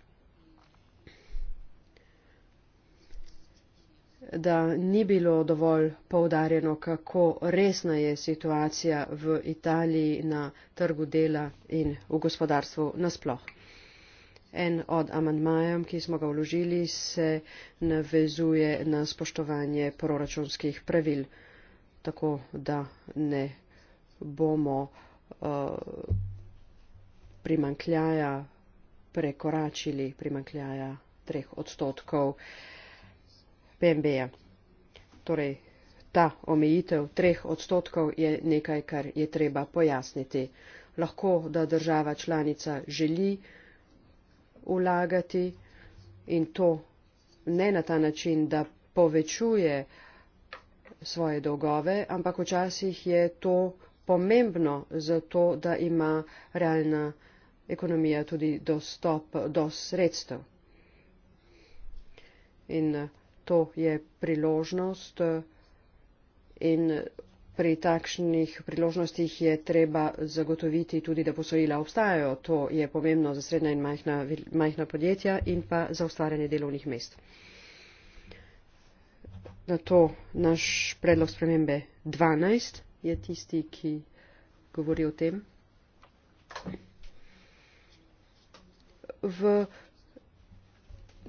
da ni bilo dovolj poudarjeno, kako resna je situacija v Italiji na trgu dela in v gospodarstvu nasploh. En od amandmajev, ki smo ga vložili, se navezuje na spoštovanje proračunskih pravil, tako da ne bomo uh, primankljaja prekoračili, primankljaja treh odstotkov uh, PMB-ja. Torej, ta omejitev treh odstotkov je nekaj, kar je treba pojasniti. Lahko, da država članica želi vlagati in to ne na ta način, da povečuje svoje dolgove, ampak včasih je to pomembno za to, da ima realna ekonomija tudi dostop do sredstev. In to je priložnost eh, in pri takšnih priložnostih je treba zagotoviti tudi, da posojila obstajajo. To je pomembno za srednja in majhna, majhna podjetja in pa za ustvarjanje delovnih mest. Na to naš predlog spremembe 12 je tisti, ki govori o tem. V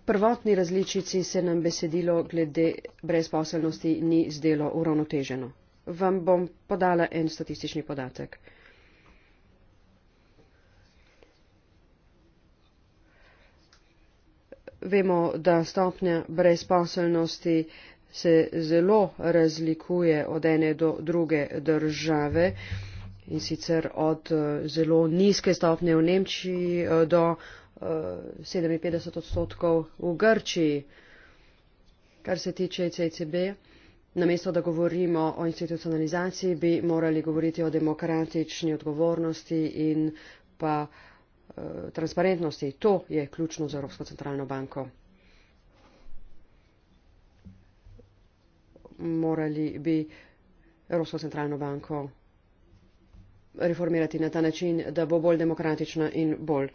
prvotni različici se nam besedilo glede brezposelnosti ni zdelo uravnoteženo. Vam bom podala en statistični podatek. Vemo, da stopnja brezposelnosti se zelo razlikuje od ene do druge države in sicer od eh, zelo nizke stopnje v Nemčiji eh, do 57 odstotkov v Grčiji. Kar se tiče CCB, namesto da govorimo o institucionalizaciji, bi morali govoriti o demokratični odgovornosti in pa e, transparentnosti. To je ključno za Evropsko centralno banko. Morali bi Evropsko centralno banko reformirati na ta način, da bo bolj demokratična in bolj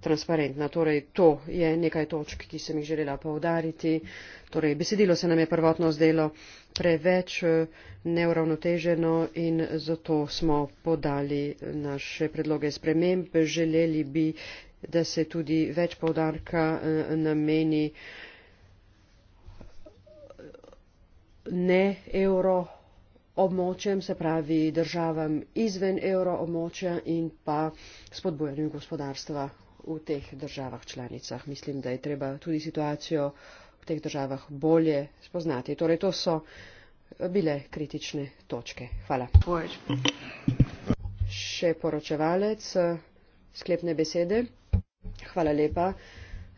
transparentna. Torej, to je nekaj točk, ki sem jih želela povdariti. Torej, besedilo se nam je prvotno zdelo preveč eh, neuravnoteženo in zato smo podali naše predloge sprememb. Želeli bi, da se tudi več povdarka eh, nameni ne evro območjem, se pravi državam izven evro območja in pa spodbojanju gospodarstva v teh državah članicah. Mislim, da je treba tudi situacijo v teh državah bolje spoznati. Torej, to so bile kritične točke. Hvala. Še poročevalec sklepne besede. Hvala lepa.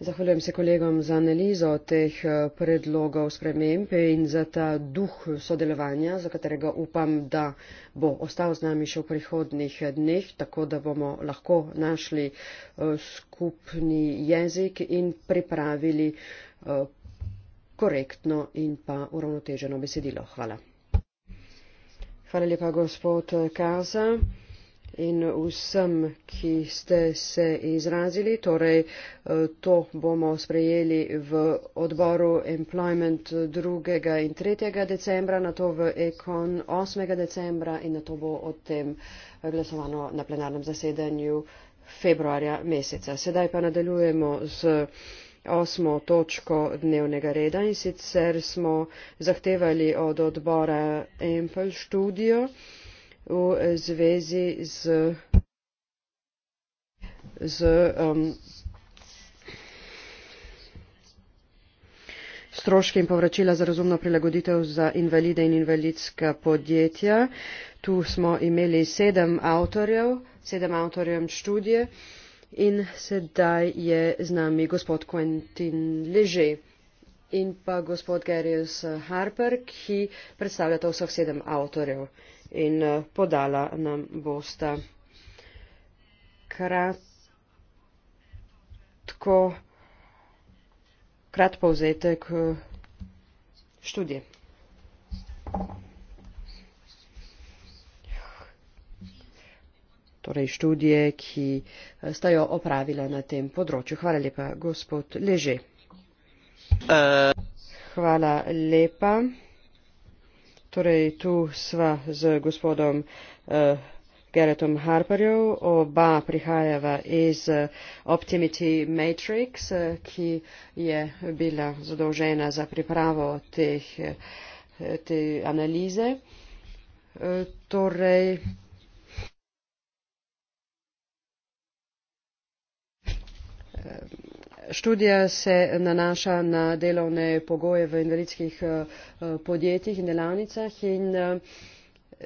Zahvaljujem se kolegom za analizo teh eh, predlogov spremembe in za ta duh sodelovanja, za katerega upam, da bo ostal z nami še v prihodnih dneh, tako da bomo lahko našli eh, skupni jezik in pripravili eh, korektno in pa uravnoteženo besedilo. Hvala. Hvala lepa, gospod Kaza in vsem, ki ste se izrazili. Torej, eh, to bomo sprejeli v odboru Employment 2. in 3. decembra, na to v Econ 8. decembra in na to bo o tem glasovano na plenarnem zasedanju februarja meseca. Sedaj pa nadaljujemo z osmo točko dnevnega reda in sicer smo zahtevali od odbora Empel študijo, v zvezi z, z um, stroški in povračila za razumno prilagoditev za invalide in invalidska podjetja. Tu smo imeli sedem avtorjev, sedem avtorjev študije in sedaj je z nami gospod Quentin Leže in pa gospod Gerius Harper, ki predstavljata vseh sedem avtorjev in eh, podala nam bosta. Kratko, krat povzetek eh, študije. Torej študije, ki eh, sta jo opravila na tem področju. Hvala lepa, gospod Leže. Uh. Hvala lepa. Torej, tu sva z gospodom uh, Geretom Harperjev, oba prihajava iz eh, Optimity Matrix, uh, ki je bila zadolžena za pripravo teh, te analize. Uh, torej, um, študija se nanaša na delovne pogoje v invalidskih eh, podjetjih in delavnicah in eh,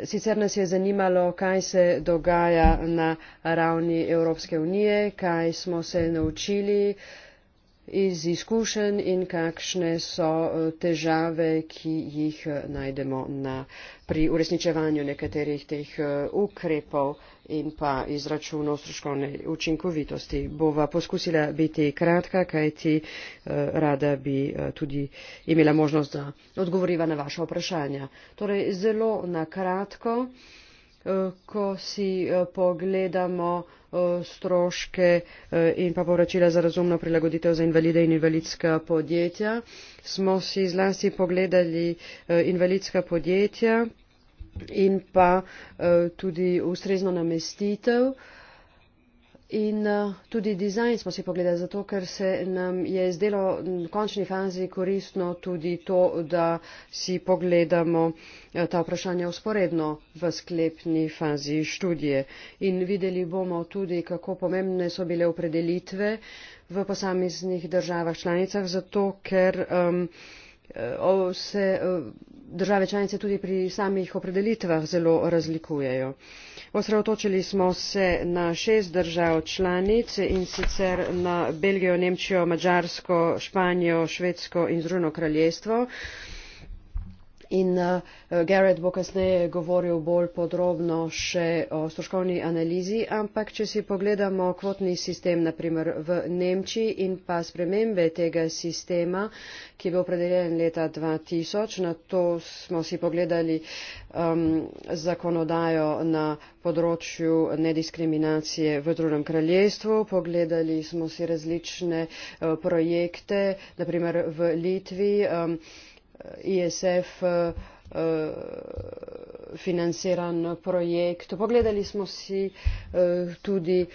sicer nas je zanimalo kaj se dogaja na ravni evropske unije kaj smo se naučili iz izkušenj in kakšne so eh, težave, ki jih eh, najdemo na, pri uresničevanju nekaterih teh eh, ukrepov in pa izračunov stroškovne učinkovitosti. Bova poskusila biti kratka, kajti rada bi tudi imela možnost, da odgovoriva na vaše vprašanja. Torej, zelo na kratko, ko si pogledamo Eh, stroške eh, in pa povračila za razumno prilagoditev za invalide in invalidska podjetja. Smo si zlasti pogledali eh, invalidska podjetja in pa tudi ustrezno namestitev in eh, tudi dizajn smo si pogledali zato ker se nam je zdelo v končni fazi koristno tudi to da si pogledamo eh, ta vprašanja usporedno v sklepni fazi študije in videli bomo tudi kako pomembne so bile opredelitve v posameznih državah članicah zato ker um, se države članice tudi pri samih opredelitvah zelo razlikujejo. osredotočili smo se na šest držav članic in sicer na belgijo nemčijo madžarsko španijo švedsko in združeno kraljestvo. In uh, eh, Garrett bo kasneje govoril bolj podrobno še o stroškovni analizi, ampak če si pogledamo kvotni sistem, naprimer v Nemčiji in pa spremembe tega sistema, ki bo opredeljen leta 2000, na to smo si pogledali um, zakonodajo na področju nediskriminacije v drugem kraljestvu, pogledali smo si različne uh, projekte, naprimer v Litvi. Um, esf eh, eh, financiran projekt. Pogledali smo si eh, tudi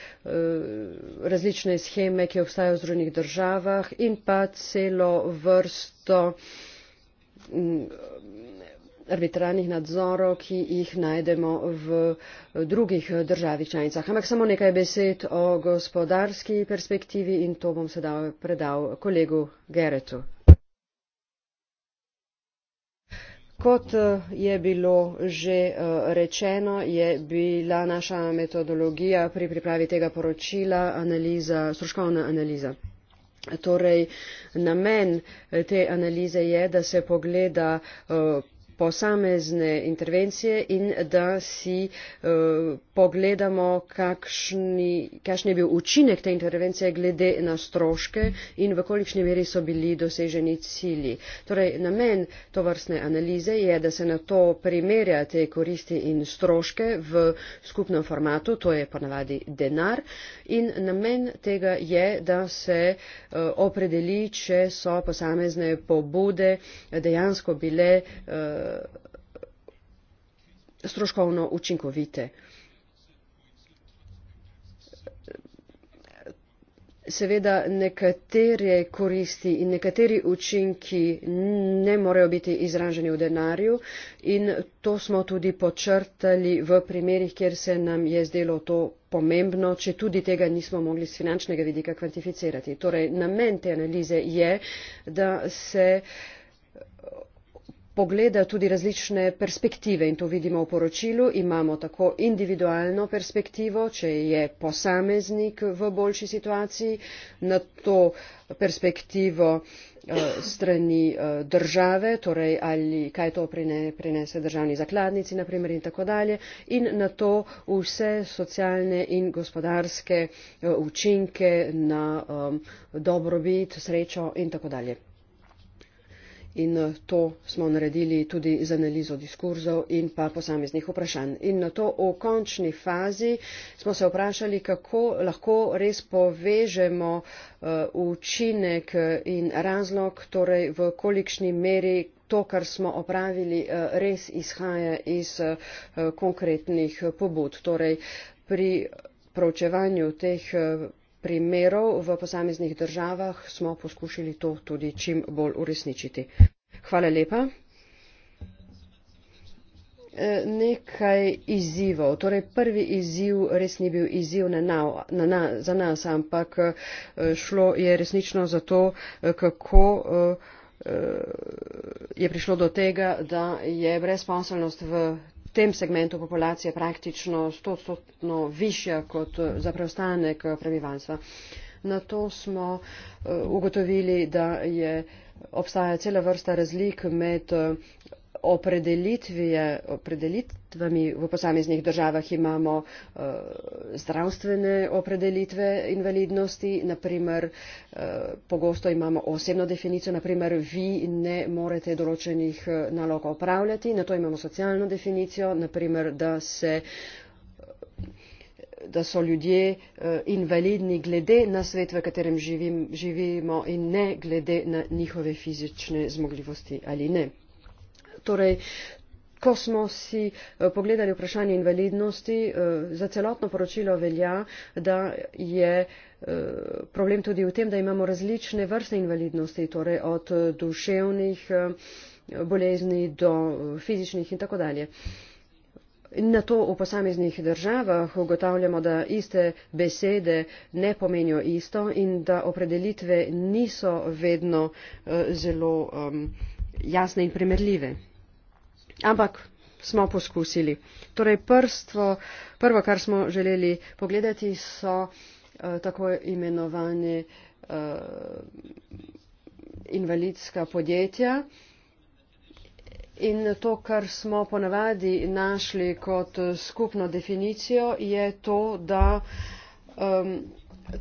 različne scheme, ki obstajajo v zrunih državah in pa celo vrsto mm, arbitrarnih nadzorov, ki jih najdemo v drugih državih članicah. Ampak samo nekaj besed o gospodarski perspektivi in to bom sedaj predal kolegu Geretu. Kot eh, je bilo že eh, rečeno, je bila naša metodologija pri pripravi tega poročila analiza, stroškovna analiza. Torej, namen eh, te analize je, da se pogleda posamezne intervencije in da si eh, pogledamo, kakšni, kakšen je bil učinek te intervencije glede na stroške in v kolikšni meri so bili doseženi cilji. Torej, namen to vrstne analize je, da se na to primerja te koristi in stroške v skupnem formatu, to je ponavadi denar. In namen tega je, da se eh, opredeli, če so posamezne pobude dejansko bile eh, stroškovno učinkovite. Seveda nekatere koristi in nekateri učinki ne morejo biti izraženi v denarju in to smo tudi počrtali v primerih, kjer se nam je zdelo to pomembno, če tudi tega nismo mogli z finančnega vidika kvantificirati. Torej, namen te analize je, da se uh, pogleda tudi različne perspektive in to vidimo v poročilu. Imamo tako individualno perspektivo, če je posameznik v boljši situaciji, na to perspektivo eh, strani eh, države, torej ali kaj to prinese državni zakladnici naprimer in tako dalje in na to vse socialne in gospodarske eh, učinke na dobrobit, srečo in tako dalje in eh, to smo naredili tudi z analizo diskurzov in pa posameznih vprašanj. In na to v končni fazi smo se vprašali, kako lahko res povežemo eh, učinek eh, in razlog, torej v kolikšni meri to, kar smo opravili, res izhaja iz konkretnih pobud. Torej, pri proučevanju teh primerov v posameznih državah smo poskušali to tudi čim bolj uresničiti. Hvala lepa. E, nekaj izzivov. Torej, prvi izziv res ni bil izziv na na, na, na, za nas, ampak e, šlo je resnično za to, e, kako je prišlo do tega, da je brezposobnost v v tem segmentu populacije praktično stotno višja kot eh, za preostanek eh, prebivalstva. Na to smo eh, ugotovili, da je, obstaja cela vrsta razlik med opredelitvami v posameznih državah imamo eh, zdravstvene opredelitve invalidnosti naprimer eh, pogosto imamo osebno definicijo naprimer vi ne morete določenih eh, nalog opravljati na to imamo socialno definicijo naprimer da se da so ljudje invalidni glede na svet, v katerem živim, živimo in ne glede na njihove fizične zmogljivosti ali ne torej, ko smo si eh, pogledali vprašanje invalidnosti, eh, za celotno poročilo velja, da je eh, problem tudi v tem, da imamo različne vrste invalidnosti, torej od duševnih bolezni do fizičnih in tako dalje. Na to v posameznih državah ugotavljamo, da iste besede ne pomenijo isto in da opredelitve niso vedno zelo jasne in primerljive ampak smo poskusili. Torej prstvo, prvo, kar smo želeli pogledati, so uh, tako imenovane uh, invalidska podjetja. In to, kar smo ponavadi našli kot skupno definicijo, je to, da um,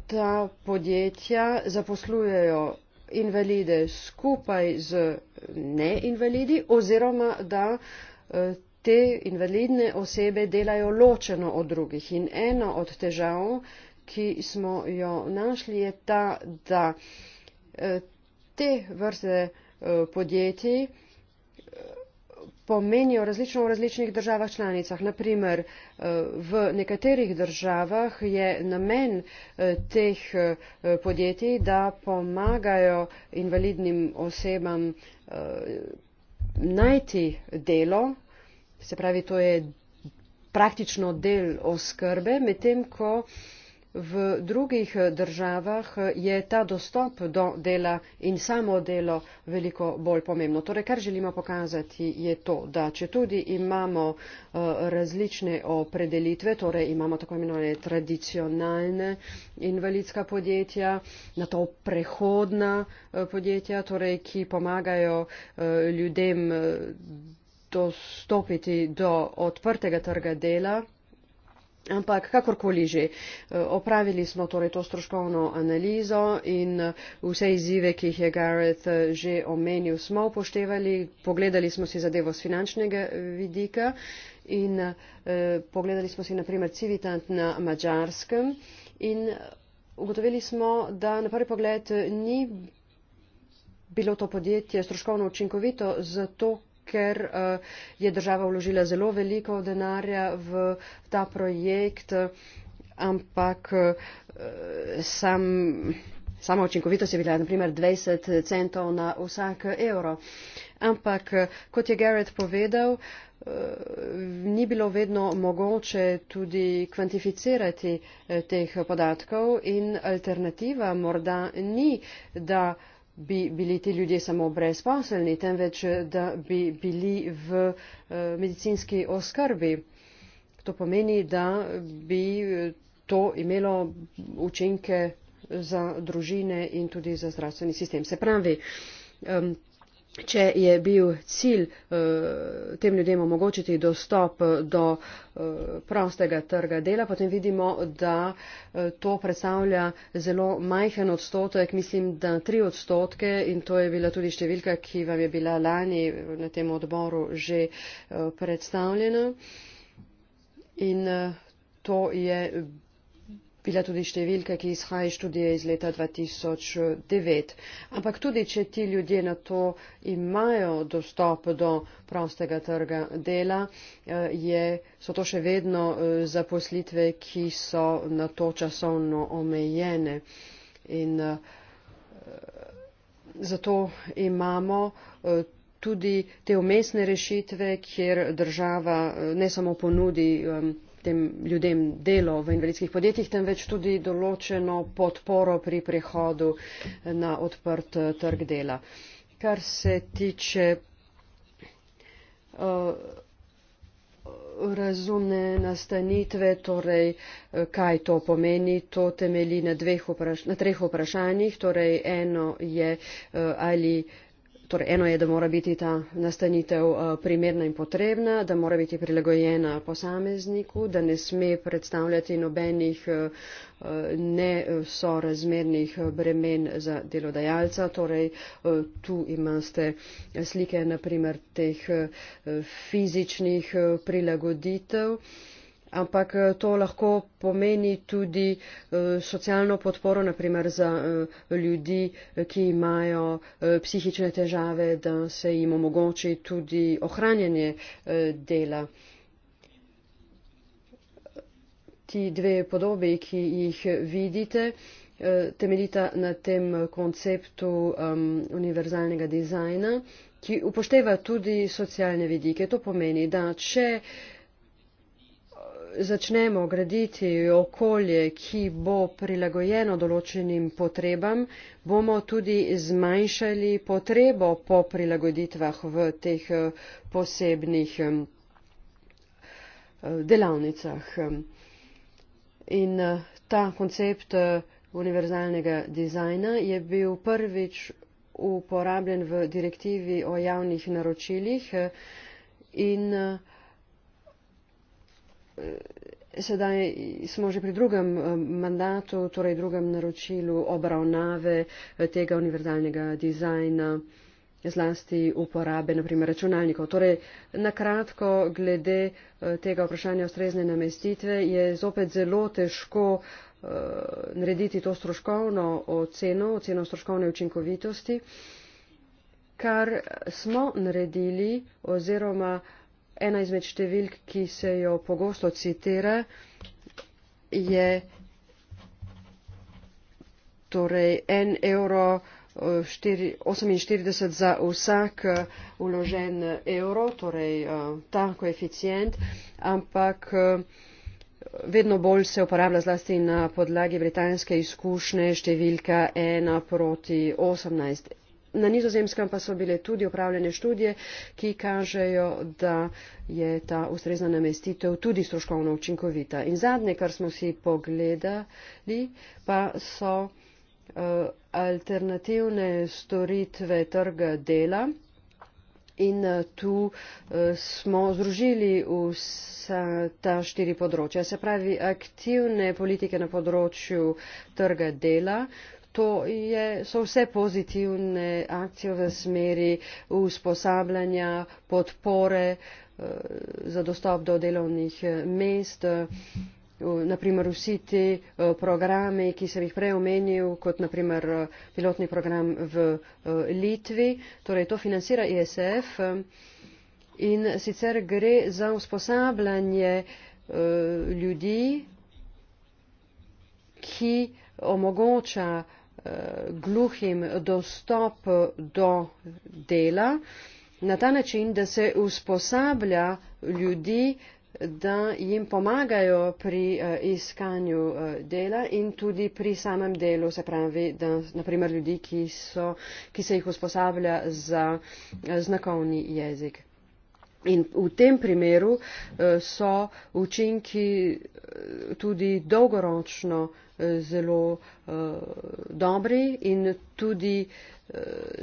ta podjetja zaposlujejo invalide skupaj z neinvalidi oziroma da eh, te invalidne osebe delajo ločeno od drugih. In ena od težav, ki smo jo našli, je ta, da eh, te vrste eh, podjetij pomenijo različno v različnih državah članicah. Naprimer, eh, v nekaterih državah je namen eh, teh eh, podjetij, da pomagajo invalidnim osebam najti delo, se pravi, to je praktično del oskrbe, medtem ko V drugih državah je ta dostop do dela in samo delo veliko bolj pomembno. Torej, kar želimo pokazati je to, da če tudi imamo uh, različne opredelitve, torej imamo tako imenovane tradicionalne invalidska podjetja, na to prehodna uh, podjetja, torej, ki pomagajo uh, ljudem. Uh, dostopiti do odprtega trga dela Ampak kakorkoli že, eh, opravili smo torej to stroškovno analizo in eh, vse izzive, ki jih je Gareth eh, že omenil, smo upoštevali, pogledali smo si zadevo z finančnega vidika in eh, pogledali smo si naprimer civitant na mačarskem in ugotovili smo, da na prvi pogled ni bilo to podjetje stroškovno učinkovito, zato ker eh, je država vložila zelo veliko denarja v ta projekt, ampak eh, sam, sama očinkovitost je bila naprimer 20 centov na vsak evro. Ampak, kot je Garrett povedal, eh, ni bilo vedno mogoče tudi kvantificirati teh podatkov in alternativa morda ni, da bi bili ti ljudje samo brezposelni, temveč da bi bili v eh, medicinski oskrbi. To pomeni, da bi eh, to imelo učinke za družine in tudi za zdravstveni sistem. Se pravi, če je bil cilj uh, tem ljudem omogočiti dostop do eh, prostega trga dela, potem vidimo, da eh, to predstavlja zelo majhen odstotek, mislim, da tri odstotke in to je bila tudi številka, ki vam je bila lani na tem odboru že predstavljena. In to je bila tudi številka, ki izhaja študija iz leta 2009. Ampak tudi, če ti ljudje na to imajo dostop do prostega trga dela, eh, je, so to še vedno eh, zaposlitve, ki so na to časovno omejene. In eh, zato imamo tudi te umestne rešitve, kjer država ne samo ponudi tem ljudem delo v invalidskih podjetjih, temveč tudi določeno podporo pri prihodu eh, na odprt eh, trg dela. Kar se tiče eh, razumne nastanitve, torej kaj to pomeni, to temeli na, dveh vpraš na treh vprašanjih. Torej eno je, ali Torej, eno je, da mora biti ta nastanitev eh, primerna in potrebna, da mora biti prilagojena posamezniku, da ne sme predstavljati nobenih eh, eh, nesorazmernih bremen za delodajalca. Torej, tu imate slike naprimer teh fizičnih prilagoditev ampak eh, to lahko pomeni tudi eh, socialno podporo, naprimer za eh, ljudi, ki imajo psihične težave, da se jim omogoči tudi ohranjanje dela. Ti dve podobi, ki jih vidite, temeljita na tem konceptu um, univerzalnega dizajna, ki upošteva tudi socialne vidike. To pomeni, da če uh, začnemo graditi okolje, ki bo prilagojeno določenim potrebam, bomo tudi zmanjšali potrebo po prilagoditvah v teh eh, posebnih eh, eh, delavnicah. In ta koncept univerzalnega dizajna je bil prvič uporabljen v direktivi o javnih naročilih in Sedaj smo že pri drugem eh, mandatu, torej drugem naročilu obravnave eh, tega univerzalnega dizajna, zlasti uporabe, naprimer računalnikov. Torej, nakratko, glede eh, tega vprašanja ustrezne namestitve je zopet zelo težko narediti to stroškovno oceno, oceno stroškovne učinkovitosti, kar smo naredili oziroma Ena izmed številk, ki se jo pogosto citira, je torej 1 evro 48 eh, za vsak uložen eh, eh, evro, torej ta koeficient, ampak vedno bolj se uporablja zlasti na podlagi britanske izkušnje številka 1 proti 18 na nizozemskem pa so bile tudi opravljene študije, ki kažejo, da je ta ustrezna namestitev tudi stroškovno učinkovita. In zadnje, kar smo si pogledali, pa so uh, alternativne storitve trga dela. In eh, tu eh, smo združili vsa ta štiri področja, se pravi aktivne politike na področju trga dela, to je, so vse pozitivne akcije v smeri usposabljanja, podpore eh, za dostop do delovnih eh, mest. Eh, naprimer vsi ti programi, ki sem jih prej omenil, kot naprimer pilotni program v Litvi, torej to financira ISF e in sicer gre za usposabljanje ljudi, ki omogoča gluhim dostop do dela na ta način, da se usposablja ljudi, da jim pomagajo pri eh, iskanju eh, dela in tudi pri samem delu, se pravi, da naprimer ljudi, ki, so, ki se jih usposablja za eh, znakovni jezik. In v tem primeru eh, so učinki eh, tudi dolgoročno eh, zelo dobri in tudi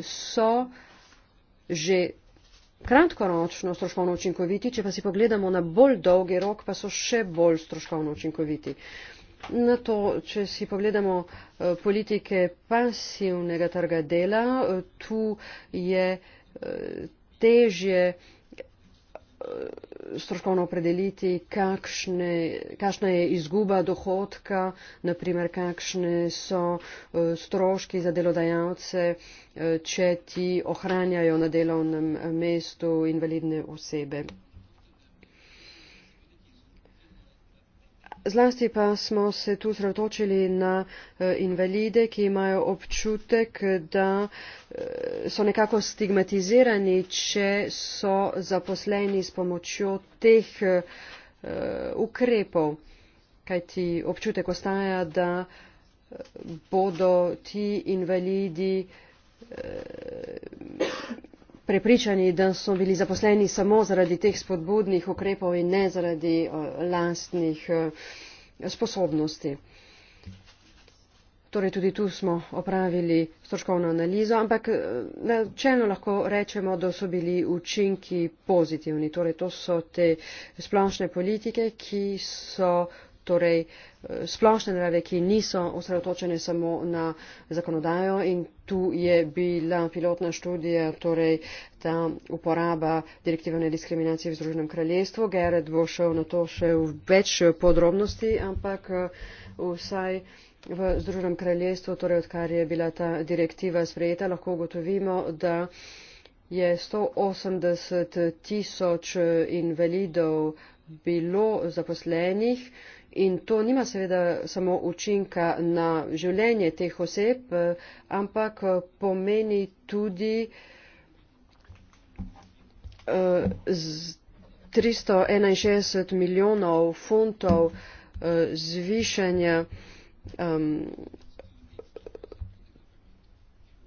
so že kratkoročno stroškovno učinkoviti, če pa si pogledamo na bolj dolgi rok, pa so še bolj stroškovno učinkoviti. Na to, če si pogledamo politike pasivnega trga dela, tu je težje strokovno opredeliti, kakšne, kakšna je izguba dohodka, naprimer kakšne so e, stroški za delodajalce, e, če ti ohranjajo na delovnem e, mestu invalidne osebe. Zlasti pa smo se tu sravtočili na eh, invalide, ki imajo občutek, da eh, so nekako stigmatizirani, če so zaposleni s pomočjo teh eh, ukrepov, kajti občutek ostaja, da bodo ti invalidi prepričani, da so bili zaposleni samo zaradi teh spodbudnih ukrepov in ne zaradi uh, lastnih uh, sposobnosti. Torej tudi tu smo opravili stroškovno analizo, ampak eh, načelno lahko rečemo, da so bili učinki pozitivni. Torej to so te splošne politike, ki so torej eh, splošne narave, ki niso osredotočene samo na zakonodajo in tu je bila pilotna študija, torej ta uporaba direktive o nediskriminaciji v Združenem kraljestvu. Gered bo šel na to še v več podrobnosti, ampak eh, vsaj v Združenem kraljestvu, torej odkar je bila ta direktiva sprejeta, lahko ugotovimo, da je 180 tisoč invalidov bilo zaposlenih. In to nima seveda samo učinka na življenje teh oseb, eh, ampak eh, pomeni tudi eh, z 361 milijonov funtov zvišanja ehm,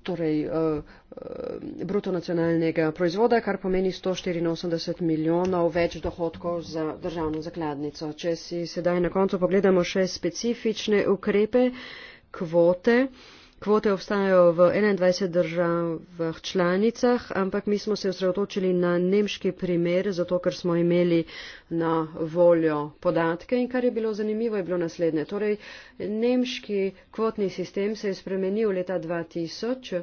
torej eh, eh, bruto nacionalnega proizvoda, kar pomeni 184 milijonov več dohodkov za državno zakladnico. Če si sedaj na koncu pogledamo še specifične ukrepe, kvote. Kvote obstajajo v 21 državah članicah, ampak mi smo se osredotočili na nemški primer, zato ker smo imeli na voljo podatke in kar je bilo zanimivo, je bilo naslednje. Torej, nemški kvotni sistem se je spremenil leta 2000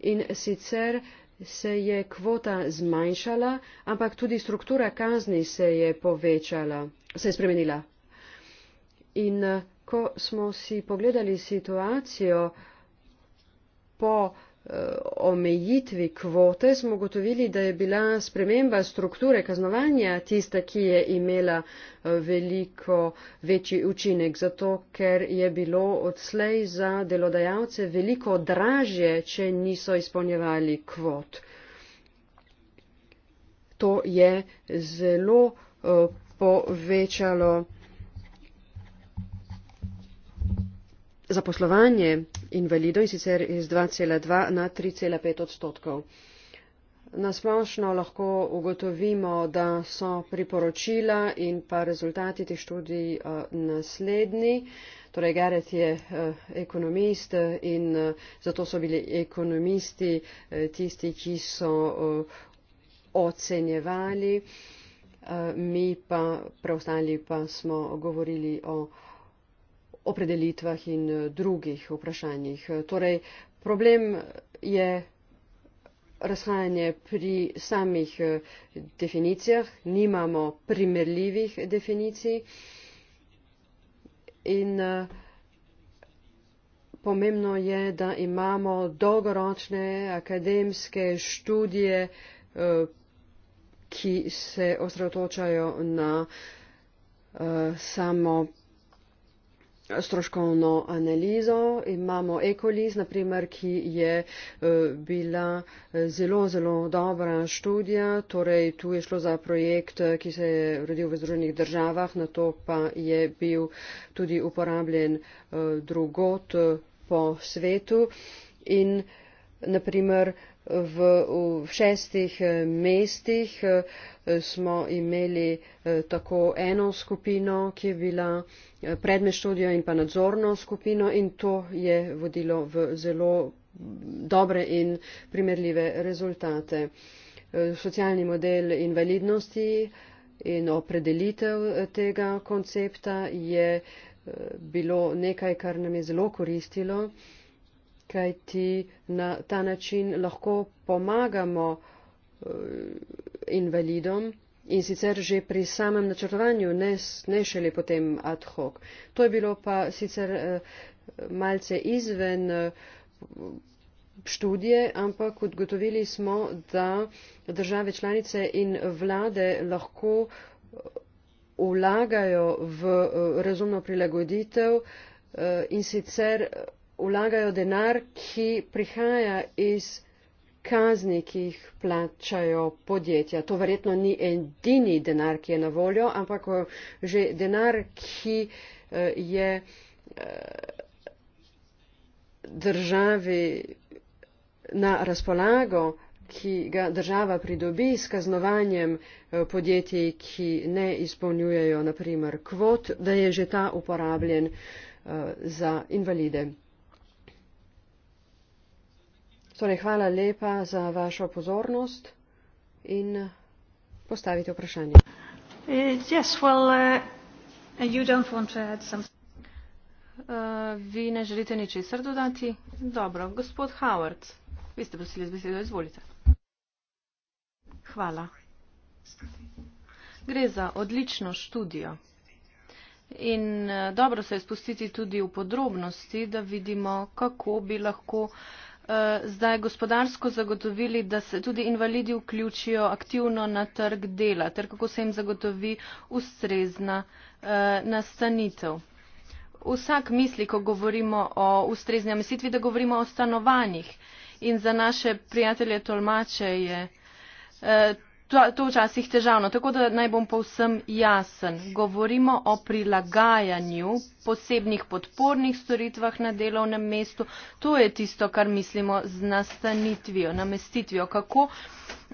in sicer se je kvota zmanjšala, ampak tudi struktura kazni se je povečala, se je spremenila. In ko smo si pogledali situacijo, po eh, omejitvi kvote smo gotovili, da je bila sprememba strukture kaznovanja tista, ki je imela eh, veliko večji učinek, zato ker je bilo odslej za delodajalce veliko dražje, če niso izpolnjevali kvot. To je zelo eh, povečalo zaposlovanje invalidov in sicer iz 2,2 na 3,5 odstotkov. Nasplošno lahko ugotovimo, da so priporočila in pa rezultati teh študij uh, naslednji. Torej, Gareth je uh, ekonomist eh, in uh, zato so bili ekonomisti uh, tisti, ki so uh, ocenjevali. Uh, mi pa preostali pa smo govorili o. Uh, opredelitvah in eh, drugih vprašanjih. Torej, problem je razhajanje pri samih eh, definicijah, nimamo primerljivih definicij in eh, pomembno je, da imamo dolgoročne akademske študije, ki se osredotočajo na samo stroškovno analizo. Imamo Ecolis, naprimer, ki je eh, bila eh, zelo, zelo dobra študija. Torej, tu je šlo za projekt, eh, ki se je rodil v Združenih državah, na to pa je bil tudi uporabljen drugot po svetu. In uh, naprimer v, v šestih eh, mestih eh, smo imeli eh, tako eno skupino, ki je bila predmet študija in pa nadzorno skupino in to je vodilo v zelo dobre in primerljive rezultate. Socialni model invalidnosti in opredelitev tega koncepta je bilo nekaj, kar nam je zelo koristilo kaj ti na ta način lahko pomagamo eh, invalidom in sicer že pri samem načrtovanju, ne, ne šele potem ad hoc. To je bilo pa sicer eh, malce izven eh, študije, ampak odgotovili smo, da države članice in vlade lahko vlagajo v razumno prilagoditev in sicer vlagajo denar, ki prihaja iz kazni, ki jih plačajo podjetja. To verjetno ni edini denar, ki je na voljo, ampak eh, že denar, ki eh, je eh, državi na razpolago, ki ga država pridobi s kaznovanjem podjetij, ki ne izpolnjujejo, naprimer, kvot, da je že ta uporabljen za invalide. Torej, hvala lepa za vašo pozornost in postavite vprašanje. Uh, yes, well, uh, some... uh, vi ne želite ničesar dodati? Dobro, gospod Howard, vi ste prosili z besedo, izvolite. Hvala. Gre za odlično študijo. In dobro se je spustiti tudi v podrobnosti, da vidimo, kako bi lahko uh, Eh, zdaj gospodarsko zagotovili, da se tudi invalidi vključijo aktivno na trg dela, ter kako se jim zagotovi ustrezna eh, nastanitev. Vsak misli, ko govorimo o ustrezni namestitvi, da govorimo o stanovanjih. In za naše prijatelje tolmače je eh, to včasih težavno. Tako da naj bom povsem jasen. Govorimo o prilagajanju posebnih podpornih storitvah na delovnem mestu. To je tisto, kar mislimo z nastanitvijo, namestitvijo. Kako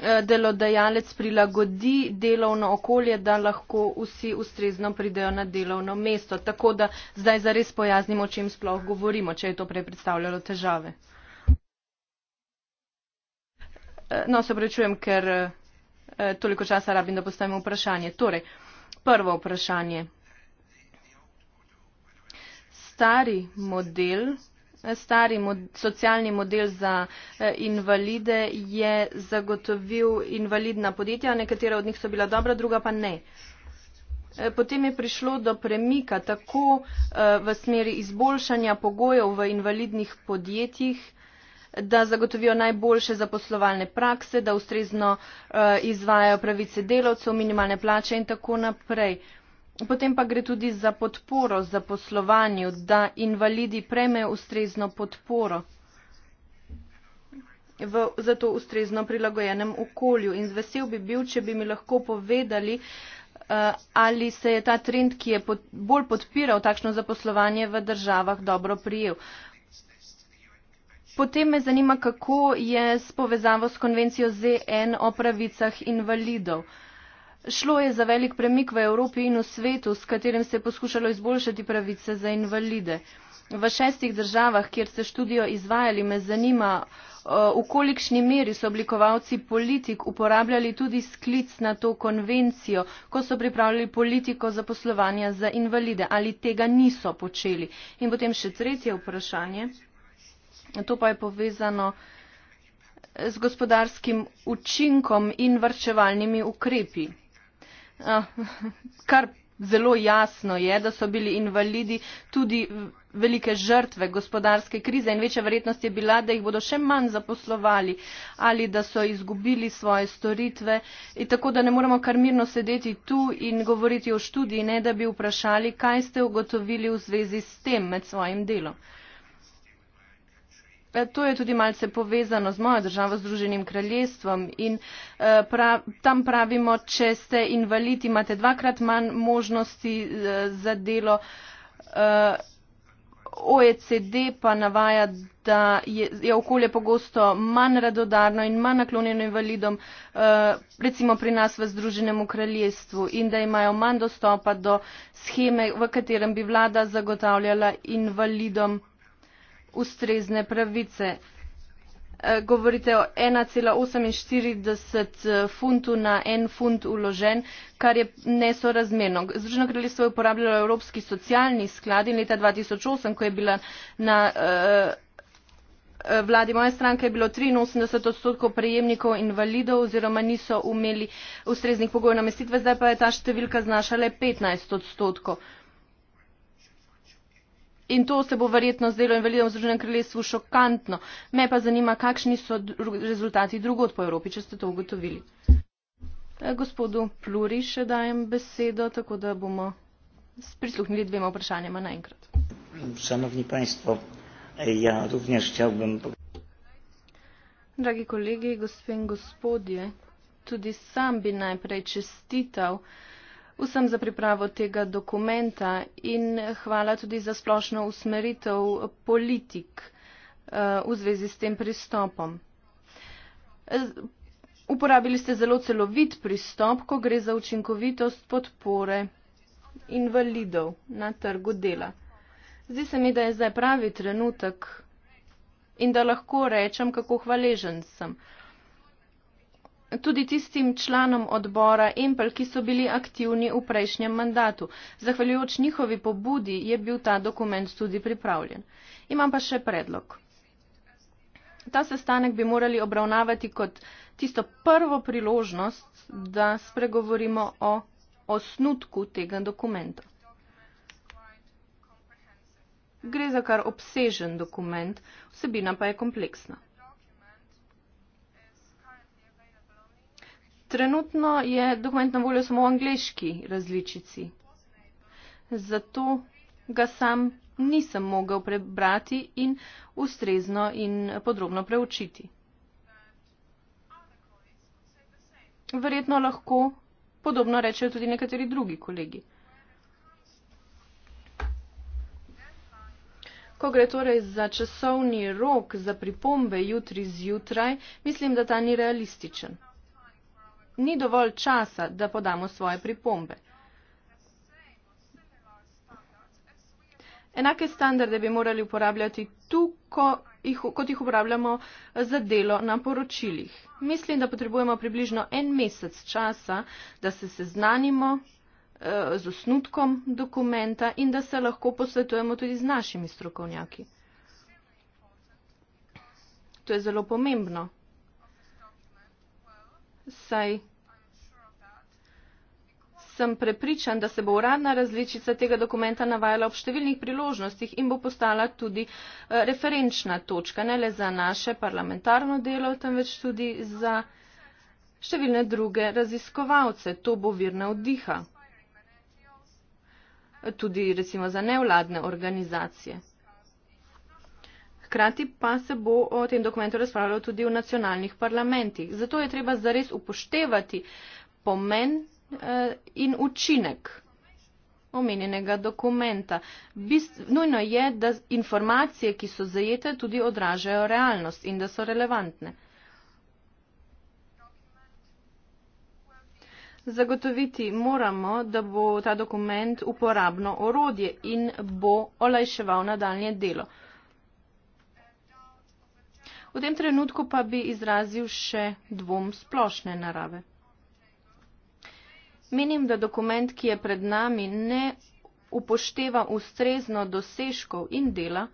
eh, delodajalec prilagodi delovno okolje, da lahko vsi ustrezno pridejo na delovno mesto. Tako da zdaj zares pojasnimo, o čem sploh govorimo, če je to prej predstavljalo težave. Eh, no, se prečujem, ker eh, Eh, toliko časa rabim, da postavimo vprašanje. Torej, prvo vprašanje. Stari model, eh, stari mod, socialni model za eh, invalide je zagotovil invalidna podjetja, nekatera od njih so bila dobra, druga pa ne. Potem je prišlo do premika tako v smeri izboljšanja pogojev v invalidnih podjetjih, da zagotovijo najboljše zaposlovalne prakse da ustrezno eh, izvajajo pravice delavcev minimalne plače in tako naprej. Potem pa gre tudi za podporo zaposlovanju, da invalidi prejmejo ustrezno podporo v zato ustrezno prilagojenem okolju. In vesel bi bil, če bi mi lahko povedali, eh, ali se je ta trend, ki je bolj podpiral takšno zaposlovanje v državah, dobro prijel. Potem me zanima, kako je s povezavo s konvencijo ZN o pravicah invalidov. Šlo je za velik premik v Evropi in v svetu, s katerim se je poskušalo izboljšati pravice za invalide. V šestih državah, kjer ste študijo izvajali, me zanima, v kolikšni meri so oblikovalci politik uporabljali tudi sklic na to konvencijo, ko so pripravljali politiko za poslovanje za invalide. Ali tega niso počeli? In potem še tretje vprašanje. To pa je povezano z gospodarskim učinkom in vrčevalnimi ukrepi. Kar zelo jasno je, da so bili invalidi tudi velike žrtve gospodarske krize in večja verjetnost je bila, da jih bodo še manj zaposlovali ali da so izgubili svoje storitve. In tako da ne moramo kar mirno sedeti tu in govoriti o študiji, ne da bi vprašali, kaj ste ugotovili v zvezi s tem med svojim delom. E, to je tudi malce povezano z mojo državo, Združenim kraljestvom. In, e, pra, tam pravimo, če ste invalid, imate dvakrat manj možnosti e, za delo. OECD pa navaja, da je, je okolje pogosto manj radodarno in manj naklonjeno invalidom, recimo pri nas v Združenem kraljestvu, in da imajo manj dostopa do scheme, v katerem bi vlada zagotavljala invalidom ustrezne pravice. E, govorite o 1,48 e, funtu na en funt uložen, kar je nesorazmerno. Združeno kraljestvo je uporabljalo Evropski socialni sklad in leta 2008, ko je bila na e, vladi moje stranke, je bilo 83 odstotkov prejemnikov invalidov oziroma niso imeli ustreznih pogojev namestitve, zdaj pa je ta številka znašala 15 odstotkov. In to se bo verjetno zdelo invalidom v Združenem kraljestvu šokantno. Me pa zanima, kakšni so dru rezultati drugod po Evropi, če ste to ugotovili. E, gospodu Pluri še dajem besedo, tako da bomo prisluhnili dvema vprašanjama naenkrat. Šanovni panjstvo, ja, również chciałbym... Dragi kolegi, gospe in gospodje, tudi sam bi najprej čestital vsem za pripravo tega dokumenta in hvala tudi za splošno usmeritev politik eh, v zvezi s tem pristopom. Eh, uporabili ste zelo celovit pristop, ko gre za učinkovitost podpore invalidov na trgu dela. Zdi se mi, da je zdaj pravi trenutek in da lahko rečem, kako hvaležen sem tudi tistim članom odbora Empel, ki so bili aktivni v prejšnjem mandatu. Zahvaljujoč njihovi pobudi je bil ta dokument tudi pripravljen. Imam pa še predlog. Ta sestanek bi morali obravnavati kot tisto prvo priložnost, da spregovorimo o osnutku tega dokumenta. Gre za kar obsežen dokument, vsebina pa je kompleksna. Trenutno je dokument na voljo samo v angliški različici. Zato ga sam nisem mogel prebrati in ustrezno in podrobno preučiti. Verjetno lahko podobno rečejo tudi nekateri drugi kolegi. Ko gre torej za časovni rok za pripombe jutri zjutraj, mislim, da ta ni realističen ni dovolj časa, da podamo svoje pripombe. Enake standarde bi morali uporabljati tu, ko jih, kot jih uporabljamo za delo na poročilih. Mislim, da potrebujemo približno en mesec časa, da se seznanimo eh, z osnutkom dokumenta in da se lahko posvetujemo tudi z našimi strokovnjaki. To je zelo pomembno saj sem prepričan, da se bo uradna različica tega dokumenta navajala ob številnih priložnostih in bo postala tudi eh, referenčna točka, ne le za naše parlamentarno delo, temveč tudi za številne druge raziskovalce. To bo virna vdiha. Tudi recimo za nevladne organizacije hkrati pa se bo o tem dokumentu razpravljalo tudi v nacionalnih parlamentih. Zato je treba zares upoštevati pomen eh, in učinek omenjenega dokumenta. Nujno je, da informacije, ki so zajete, tudi odražajo realnost in da so relevantne. Zagotoviti moramo, da bo ta dokument uporabno orodje in bo olajševal nadaljnje delo. V tem trenutku pa bi izrazil še dvom splošne narave. Menim, da dokument, ki je pred nami, ne upošteva ustrezno dosežkov in dela,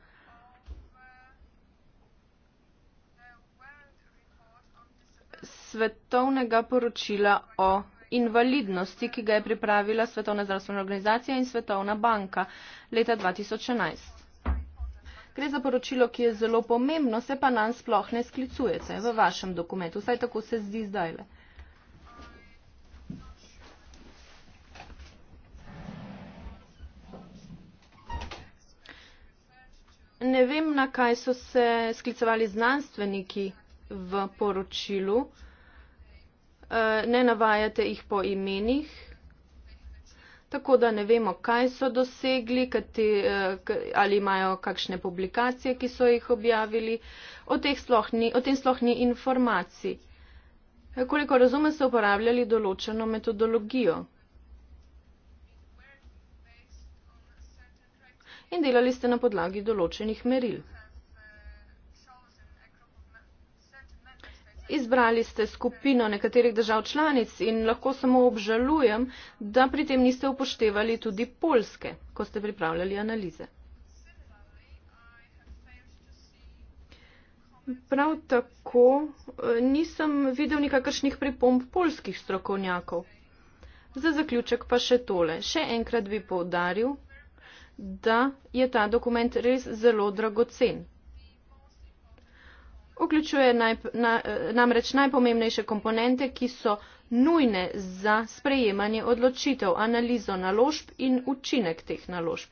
svetovnega poročila o invalidnosti, ki ga je pripravila Svetovna zdravstvena organizacija in Svetovna banka leta 2011. Gre za poročilo, ki je zelo pomembno, se pa nam sploh ne sklicujete v vašem dokumentu. Vsaj tako se zdi zdaj. Le. Ne vem, na kaj so se sklicovali znanstveniki v poročilu. Eh, ne navajate jih po imenih tako da ne vemo, kaj so dosegli, kati, eh, ali imajo kakšne publikacije, ki so jih objavili. O, ni, o tem sploh ni informacij. Eh, koliko razumem, so uporabljali določeno metodologijo. In delali ste na podlagi določenih meril. Izbrali ste skupino nekaterih držav članic in lahko samo obžalujem, da pri tem niste upoštevali tudi Polske, ko ste pripravljali analize. Prav tako eh, nisem videl nikakršnih pripomb polskih strokovnjakov. Za zaključek pa še tole. Še enkrat bi poudaril, da je ta dokument res zelo dragocen vključuje naj, na, namreč najpomembnejše komponente, ki so nujne za sprejemanje odločitev, analizo naložb in učinek teh naložb.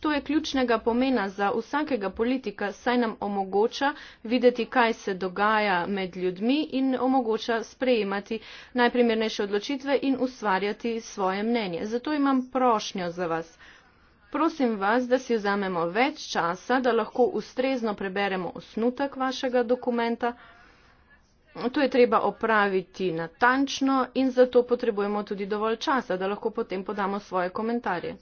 To je ključnega pomena za vsakega politika, saj nam omogoča videti, kaj se dogaja med ljudmi in omogoča sprejemati najprimernejše odločitve in ustvarjati svoje mnenje. Zato imam prošnjo za vas. Prosim vas, da si vzamemo več časa, da lahko ustrezno preberemo osnutek vašega dokumenta. To je treba opraviti natančno in zato potrebujemo tudi dovolj časa, da lahko potem podamo svoje komentarje.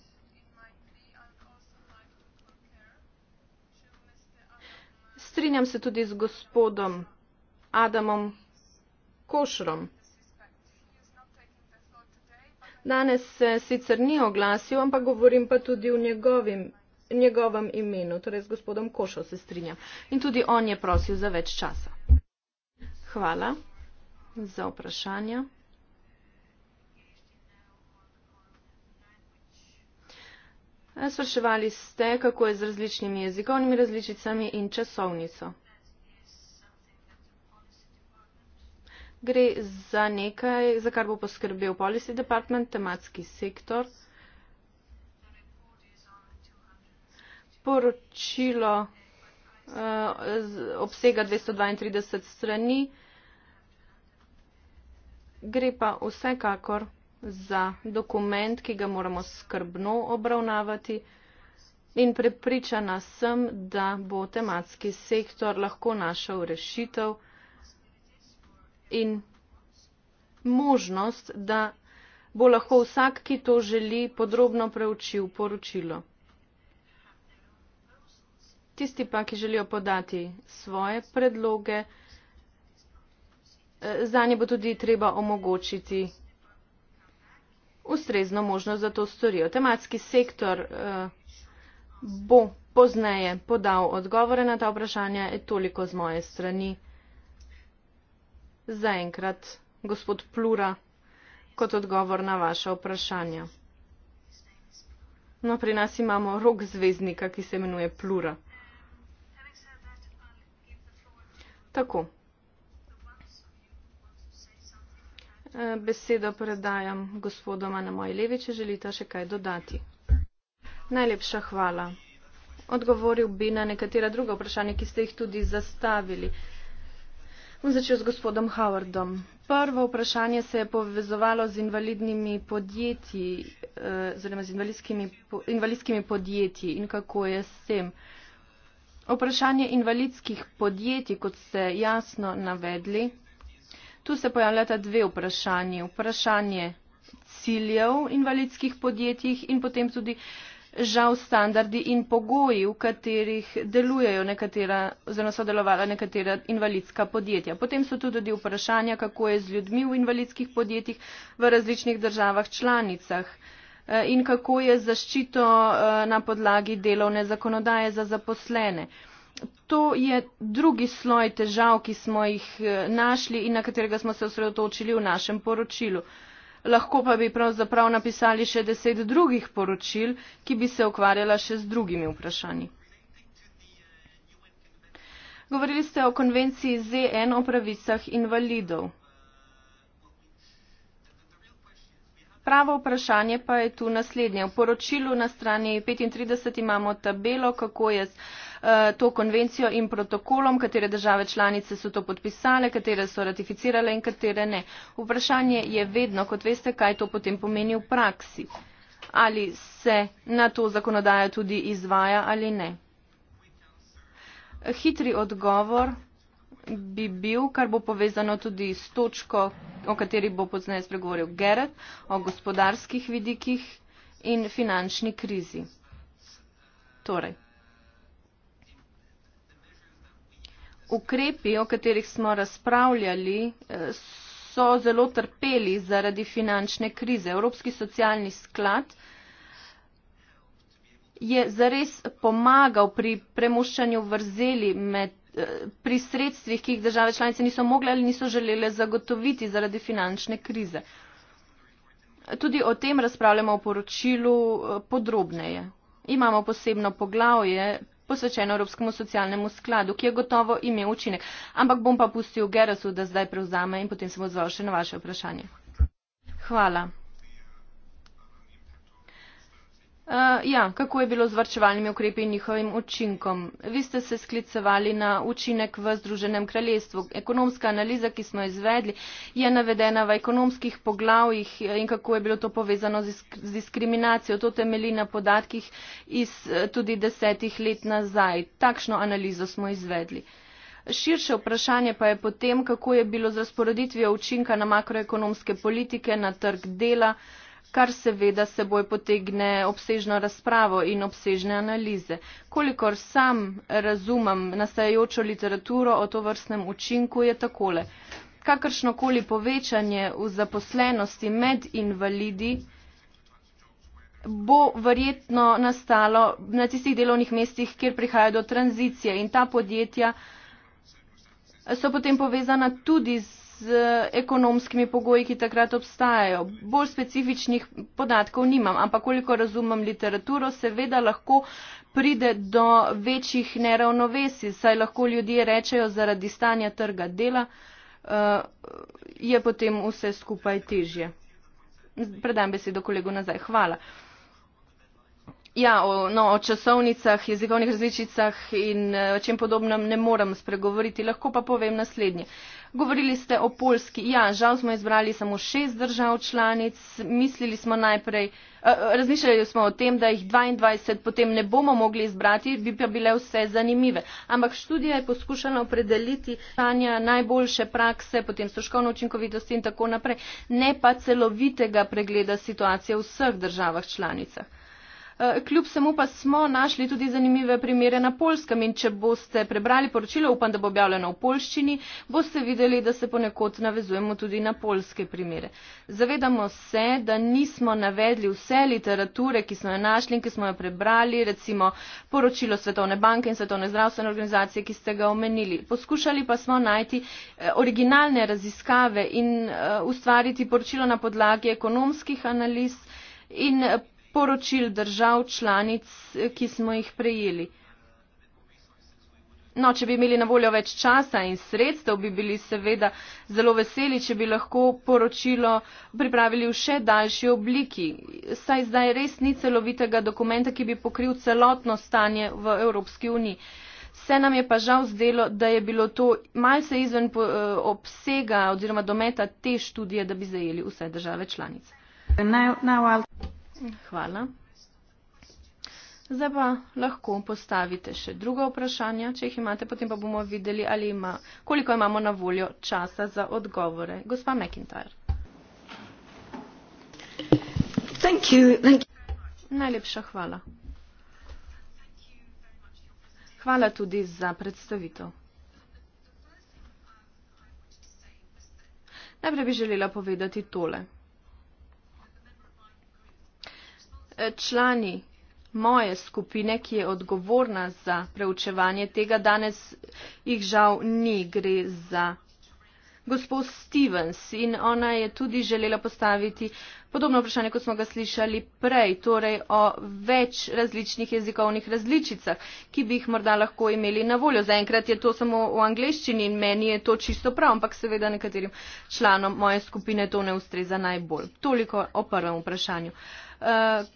Strinjam se tudi z gospodom Adamom Košrom. Danes se sicer ni oglasil, ampak govorim pa tudi v njegovim, njegovem imenu, torej z gospodom Košo se strinjam. In tudi on je prosil za več časa. Hvala za vprašanja. Sprašovali ste, kako je z različnimi jezikovnimi različicami in časovnico. gre za nekaj, za kar bo poskrbel Policy Department, tematski sektor. Poročilo uh, obsega 232 strani, gre pa vsekakor za dokument, ki ga moramo skrbno obravnavati in prepričana sem, da bo tematski sektor lahko našel rešitev in možnost, da bo lahko vsak, ki to želi, podrobno preučil poročilo. Tisti pa, ki želijo podati svoje predloge, eh, zanje bo tudi treba omogočiti ustrezno možnost, da to storijo. Tematski sektor eh, bo pozneje podal odgovore na ta vprašanja, toliko z moje strani zaenkrat, gospod Plura, kot odgovor na vaše vprašanje. No, pri nas imamo rok zvezdnika, ki se imenuje Plura. Tako. E, besedo predajam gospodoma na moji levi, če želite še kaj dodati. Najlepša hvala. Odgovoril bi na nekatera druga vprašanja, ki ste jih tudi zastavili. Bom začel s gospodom Howardom. Prvo vprašanje se je povezovalo z invalidnimi podjetji, eh, oziroma z invalidskimi, invalidskimi podjetji in kako je s tem. Vprašanje invalidskih podjetij, kot ste jasno navedli, tu se pojavljata dve vprašanje. Vprašanje ciljev invalidskih podjetij in potem tudi žal standardi in pogoji, v katerih delujejo nekatera oziroma so delovala nekatera invalidska podjetja. Potem so tu tudi vprašanja, kako je z ljudmi v invalidskih podjetjih v različnih državah članicah eh, in kako je zaščito eh, na podlagi delovne zakonodaje za zaposlene. To je drugi sloj težav, ki smo jih eh, našli in na katerega smo se osredotočili v našem poročilu. Uh, lahko pa bi pravzaprav napisali še deset drugih poročil, ki bi se ukvarjala še z drugimi vprašanji. Govorili ste o konvenciji ZN o pravicah invalidov. Pravo vprašanje pa je tu naslednje. V poročilu na strani 35 imamo tabelo, kako je z Eh, to konvencijo in protokolom, katere države članice so to podpisale, katere so ratificirale in katere ne. Vprašanje je vedno, kot veste, kaj to potem pomeni v praksi. Ali se na to zakonodaja tudi izvaja ali ne. Hitri odgovor bi bil, kar bo povezano tudi s točko, o kateri bo pozneje spregovoril Gerrit, o gospodarskih vidikih in finančni krizi. Torej, ukrepi, o katerih smo razpravljali, eh, so zelo trpeli zaradi finančne krize. Evropski socialni sklad je zares pomagal pri premoščanju vrzeli med eh, pri sredstvih, ki jih države članice niso mogle ali niso želele zagotoviti zaradi finančne krize. Tudi o tem razpravljamo v poročilu eh, podrobneje. Imamo posebno poglavje posvečeno Evropskemu socialnemu skladu, ki je gotovo imel učinek. Ampak bom pa pustil Gerasu, da zdaj prevzame in potem se bo odzval še na vaše vprašanje. Hvala. Eh, ja, kako je bilo z varčevalnimi ukrepi in njihovim učinkom? Vi ste se sklicevali na učinek v Združenem kraljestvu. Ekonomska analiza, ki smo izvedli, je navedena v ekonomskih poglavjih eh, in kako je bilo to povezano z diskriminacijo. To temeli na podatkih iz eh, tudi desetih let nazaj. Takšno analizo smo izvedli. Širše vprašanje pa je potem, kako je bilo z razporeditvijo učinka na makroekonomske politike, na trg dela kar seveda seboj potegne obsežno razpravo in obsežne analize. Kolikor sam razumem nastajajočo literaturo o to vrstnem učinku, je takole. Kakršnokoli povečanje v zaposlenosti med invalidi bo verjetno nastalo na tistih delovnih mestih, kjer prihaja do tranzicije in ta podjetja so potem povezana tudi z z ekonomskimi pogoji, ki takrat obstajajo. Bolj specifičnih podatkov nimam, ampak koliko razumem literaturo, seveda lahko pride do večjih neravnovesij, saj lahko ljudje rečejo zaradi stanja trga dela, eh, je potem vse skupaj težje. Predam besedo kolegu nazaj. Hvala. Ja, o, no, o časovnicah, jezikovnih različicah in eh, čem podobnem ne morem spregovoriti, lahko pa povem naslednje. Uh, Govorili ste o Polski. Ja, žal smo izbrali samo šest držav članic. Mislili smo najprej, eh, razmišljali smo o tem, da jih 22 potem ne bomo mogli izbrati, bi pa bile vse zanimive. Ampak študija je poskušala opredeliti stanja najboljše prakse, potem stroškovno učinkovitost in tako naprej, ne pa celovitega pregleda situacije v vseh državah članicah. Eh, kljub samo pa smo našli tudi zanimive primere na polskem in če boste prebrali poročilo, upam, da bo objavljeno v polščini, boste videli, da se ponekod navezujemo tudi na polske primere. Zavedamo se, da nismo navedli vse literature, ki smo jo našli in ki smo jo prebrali, recimo poročilo Svetovne banke in Svetovne zdravstvene organizacije, ki ste ga omenili. Poskušali pa smo najti eh, originalne raziskave in eh, ustvariti poročilo na podlagi ekonomskih analiz in poročil držav članic, ki smo jih prejeli. No, če bi imeli na voljo več časa in sredstev, bi bili seveda zelo veseli, če bi lahko poročilo pripravili v še daljši obliki. Saj zdaj res ni celovitega dokumenta, ki bi pokril celotno stanje v Evropski uniji. Se nam je pa žal zdelo, da je bilo to malce izven eh, obsega oziroma dometa te študije, da bi zajeli vse države članice. Now, now Hvala. Zdaj pa lahko postavite še drugo vprašanje, če jih imate, potem pa bomo videli, ali ima, koliko imamo na voljo časa za odgovore. Gospa McIntyre. Thank you. Thank you. Najlepša hvala. Hvala tudi za predstavitev. Najprej bi želela povedati tole. člani moje skupine, ki je odgovorna za preučevanje tega, danes jih žal ni, gre za gospod Stevens in ona je tudi želela postaviti podobno vprašanje, kot smo ga slišali prej, torej o več različnih jezikovnih različicah, ki bi jih morda lahko imeli na voljo. Zaenkrat je to samo v angleščini in meni je to čisto prav, ampak seveda nekaterim članom moje skupine to ne ustreza najbolj. Toliko o prvem vprašanju. Uh,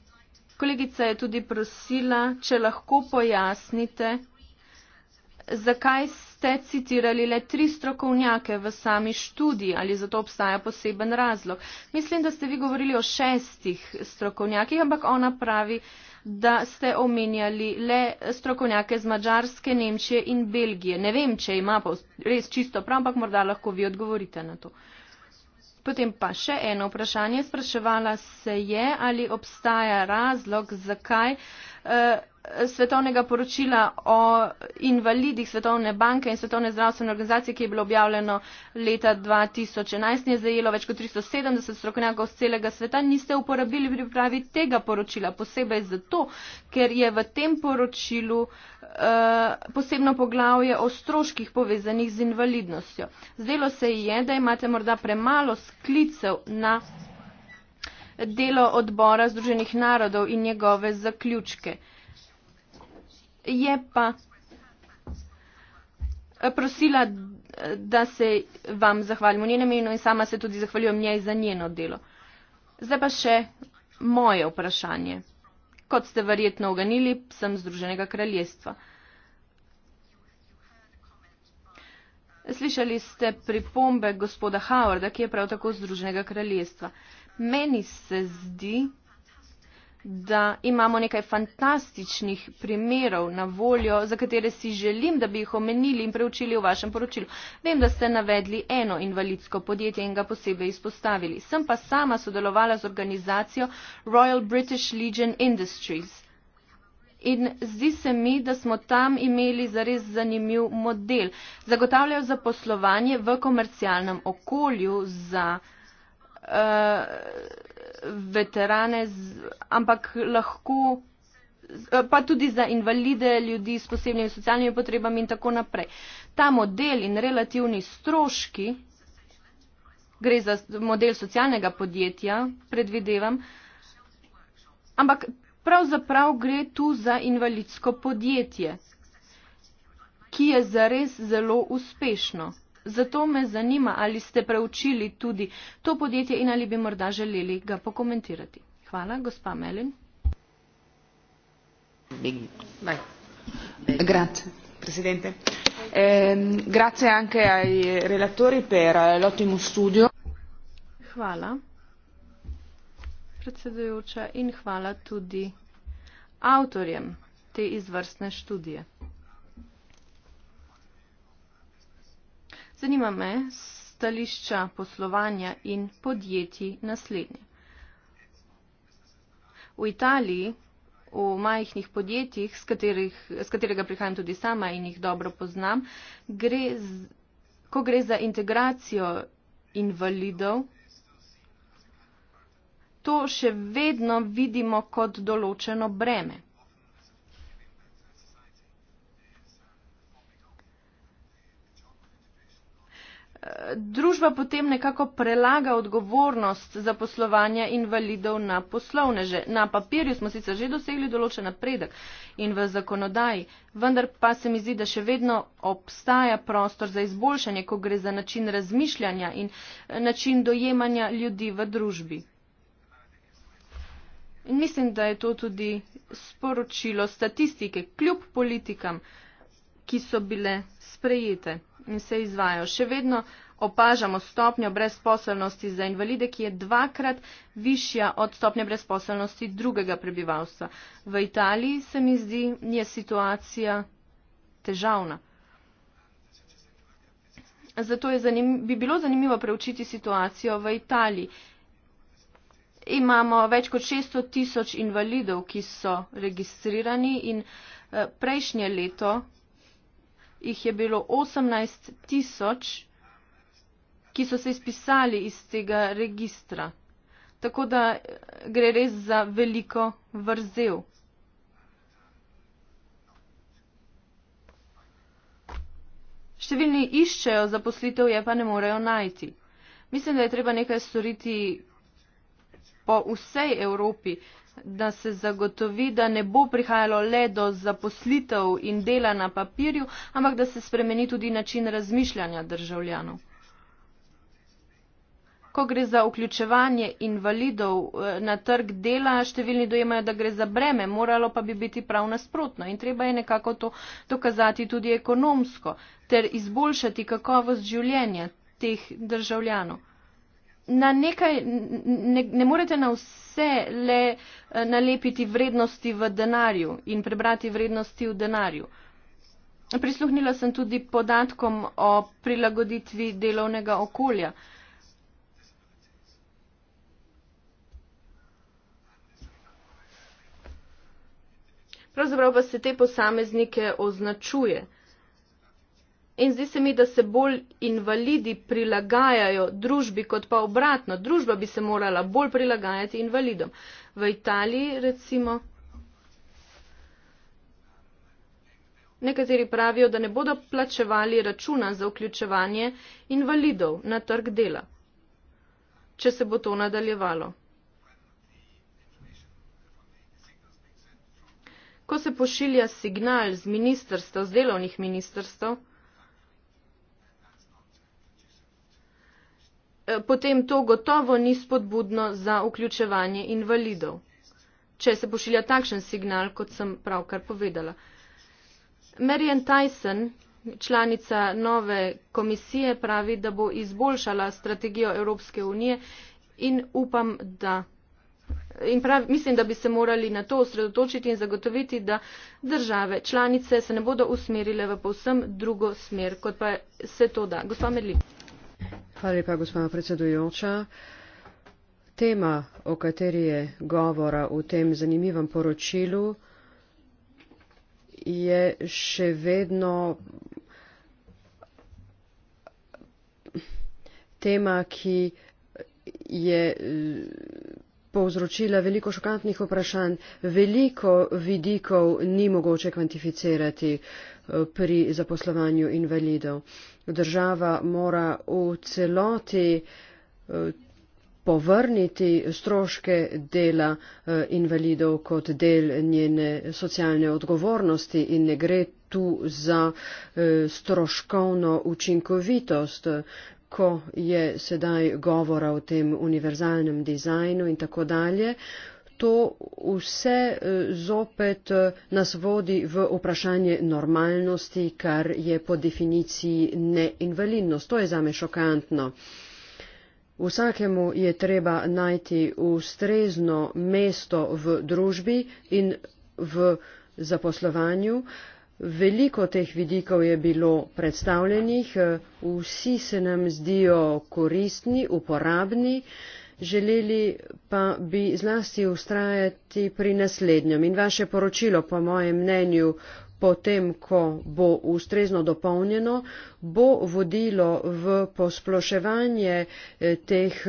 Kolegica je tudi prosila, če lahko pojasnite, zakaj ste citirali le tri strokovnjake v sami študiji, ali za to obstaja poseben razlog. Mislim, da ste vi govorili o šestih strokovnjakih, ampak ona pravi, da ste omenjali le strokovnjake z Mačarske, Nemčije in Belgije. Ne vem, če ima res čisto prav, ampak morda lahko vi odgovorite na to. Potem pa še eno vprašanje. Spraševala se je, ali obstaja razlog, zakaj Eh, svetovnega poročila o invalidih Svetovne banke in Svetovne zdravstvene organizacije, ki je bilo objavljeno leta 2011 in je zajelo več kot 370 strokovnjakov z celega sveta, niste uporabili pri pripravi tega poročila, posebej zato, ker je v tem poročilu uh, posebno poglavje o stroških povezanih z invalidnostjo. Zdelo se je, da imate morda premalo sklicev na delo odbora Združenih narodov in njegove zaključke. Je pa prosila, da se vam zahvalim v njenem imenu in sama se tudi zahvaljujem njej za njeno delo. Zdaj pa še moje vprašanje. Kot ste verjetno oganili, sem Združenega kraljestva. Slišali ste pripombe gospoda Howarda, ki je prav tako Združenega kraljestva. Meni se zdi, da imamo nekaj fantastičnih primerov na voljo, za katere si želim, da bi jih omenili in preučili v vašem poročilu. Vem, da ste navedli eno invalidsko podjetje in ga posebej izpostavili. Sem pa sama sodelovala z organizacijo Royal British Legion Industries. In zdi se mi, da smo tam imeli zares zanimiv model. Zagotavljajo zaposlovanje v komercialnem okolju za. Eh, veterane ampak lahko eh, pa tudi za invalide, ljudi s posebnimi socialnimi potrebami in tako naprej. Ta model in relativni stroški, gre za model socialnega podjetja, predvidevam, ampak pravzaprav gre tu za invalidsko podjetje, ki je zares zelo uspešno zato me zanima, ali ste preučili tudi to podjetje in ali bi morda želeli ga pokomentirati. Hvala, gospa Melin. Ehm, eh, hvala, predsedujoča, in hvala tudi avtorjem te izvrstne študije. Zanima me stališča poslovanja in podjetij naslednje. V Italiji, v majhnih podjetjih, s, katerih, s katerega prihajam tudi sama in jih dobro poznam, gre z, ko gre za integracijo invalidov, to še vedno vidimo kot določeno breme. družba potem nekako prelaga odgovornost za poslovanje invalidov na poslovneže. Na papirju smo sicer že dosegli določen napredek in v zakonodaji, vendar pa se mi zdi, da še vedno obstaja prostor za izboljšanje, ko gre za način razmišljanja in eh, način dojemanja ljudi v družbi. In mislim, da je to tudi sporočilo statistike kljub politikam, ki so bile sprejete in se izvajajo. Še vedno opažamo stopnjo brezposelnosti za invalide, ki je dvakrat višja od stopnje brezposelnosti drugega prebivalstva. V Italiji se mi zdi, je situacija težavna. Zato je zanim, bi bilo zanimivo preučiti situacijo v Italiji. Imamo več kot 600 tisoč invalidov, ki so registrirani in eh, prejšnje leto jih je bilo 18 tisoč, ki so se izpisali iz tega registra. Tako da eh, gre res za veliko vrzel. Številni iščejo zaposlitev, je pa ne morejo najti. Mislim, da je treba nekaj storiti po vsej Evropi da se zagotovi, da ne bo prihajalo le do zaposlitev in dela na papirju, ampak da se spremeni tudi način razmišljanja državljanov. Ko gre za vključevanje invalidov eh, na trg dela, številni dojemajo, da gre za breme, moralo pa bi biti prav nasprotno in treba je nekako to dokazati tudi ekonomsko ter izboljšati kakovost življenja teh državljanov na nekaj, ne, ne morete na vse le eh, nalepiti vrednosti v denarju in prebrati vrednosti v denarju. Prisluhnila sem tudi podatkom o prilagoditvi delovnega okolja. Pravzaprav pa se te posameznike označuje. In zdi se mi, da se bolj invalidi prilagajajo družbi, kot pa obratno. Družba bi se morala bolj prilagajati invalidom. V Italiji recimo. Nekateri pravijo, da ne bodo plačevali računa za vključevanje invalidov na trg dela, če se bo to nadaljevalo. Ko se pošilja signal z ministrstva, z delovnih ministrstv, Eh, potem to gotovo ni spodbudno za vključevanje invalidov, če se pošilja takšen signal, kot sem pravkar povedala. Marian Tyson, članica nove komisije, pravi, da bo izboljšala strategijo Evropske unije in upam, da. In pravi, mislim, da bi se morali na to osredotočiti in zagotoviti, da države članice se ne bodo usmerile v povsem drugo smer, kot pa se to da. Gospa Merlin. Hvala lepa, gospod predsedujoča. Tema, o kateri je govora v tem zanimivem poročilu, je še vedno tema, ki je povzročila veliko šokantnih vprašanj. Veliko vidikov ni mogoče kvantificirati eh, pri zaposlovanju invalidov država mora v celoti eh, povrniti stroške dela eh, invalidov kot del njene socialne odgovornosti in ne gre tu za eh, stroškovno učinkovitost, ko je sedaj govora o tem univerzalnem dizajnu in tako dalje to vse eh, zopet eh, nas vodi v vprašanje normalnosti, kar je po definiciji neinvalidnost. To je zame šokantno. Vsakemu je treba najti ustrezno mesto v družbi in v zaposlovanju. Veliko teh vidikov je bilo predstavljenih, eh, vsi se nam zdijo koristni, uporabni. Želeli pa bi zlasti ustrajati pri naslednjem in vaše poročilo, po mojem mnenju, potem, ko bo ustrezno dopolnjeno, bo vodilo v posploševanje eh, teh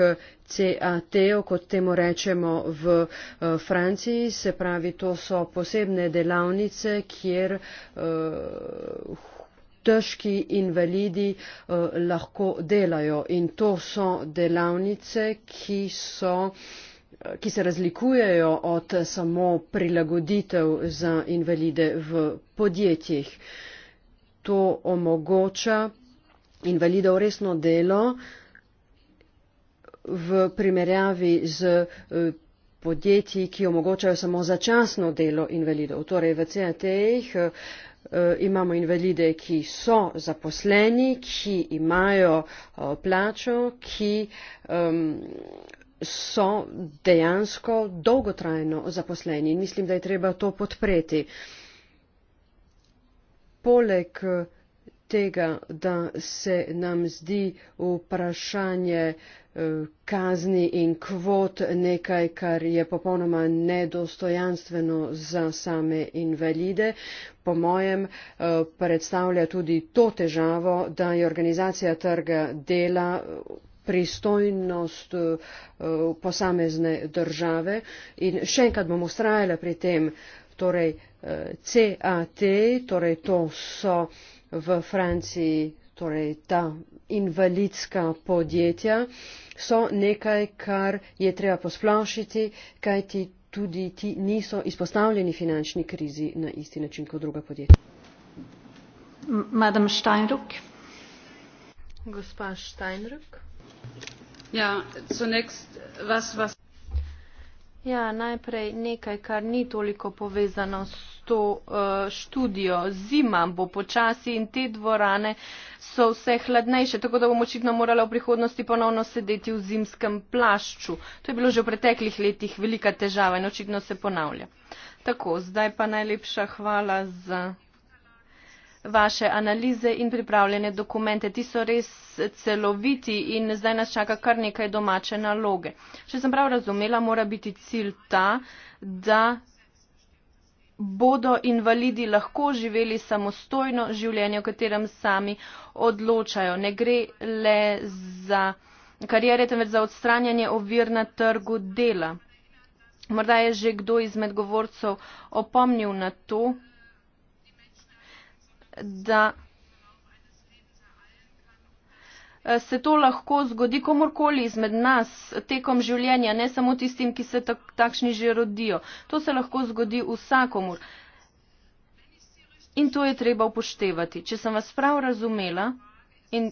CAT-ov, kot temu rečemo v eh, Franciji, se pravi, to so posebne delavnice, kjer uh, težki invalidi eh, lahko delajo. In to so delavnice, ki so eh, ki se razlikujejo od samo prilagoditev za invalide v podjetjih. To omogoča invalidov resno delo v primerjavi z eh, podjetji, ki omogočajo samo začasno delo invalidov. Torej v CAT-jih Eh, imamo invalide, ki so zaposleni, ki imajo eh, plačo, ki um, so dejansko dolgotrajno zaposleni in mislim, da je treba to podpreti. Poleg eh, tega, da se nam zdi vprašanje uh, kazni in kvot nekaj, kar je popolnoma nedostojanstveno za same invalide. Po mojem eh, predstavlja tudi to težavo, da je organizacija trga dela eh, pristojnost eh, posamezne države in še enkrat bom ustrajala pri tem, torej CAT, torej to so v Franciji torej ta invalidska podjetja so nekaj, kar je treba posplošiti, kajti tudi ti niso izpostavljeni finančni krizi na isti način kot druga podjetja. Madam Steinruck. Gospa Steinruck. Ja, zunekst vas vas. Ja, najprej nekaj, kar ni toliko povezano s to eh, študijo. Zima bo počasi in te dvorane so vse hladnejše, tako da bomo očitno morali v prihodnosti ponovno sedeti v zimskem plašču. To je bilo že v preteklih letih velika težava in očitno se ponavlja. Tako, zdaj pa najlepša hvala za vaše analize in pripravljene dokumente. Ti so res celoviti in zdaj nas čaka kar nekaj domače naloge. Če sem prav razumela, mora biti cilj ta, da bodo invalidi lahko živeli samostojno življenje, o katerem sami odločajo. Ne gre le za karijere, temveč za odstranjanje ovir na trgu dela. Morda je že kdo izmed govorcev opomnil na to, da Eh, se to lahko zgodi komorkoli izmed nas tekom življenja, ne samo tistim, ki se tak, takšni že rodijo. To se lahko zgodi vsakomur. In to je treba upoštevati. Če sem vas prav razumela in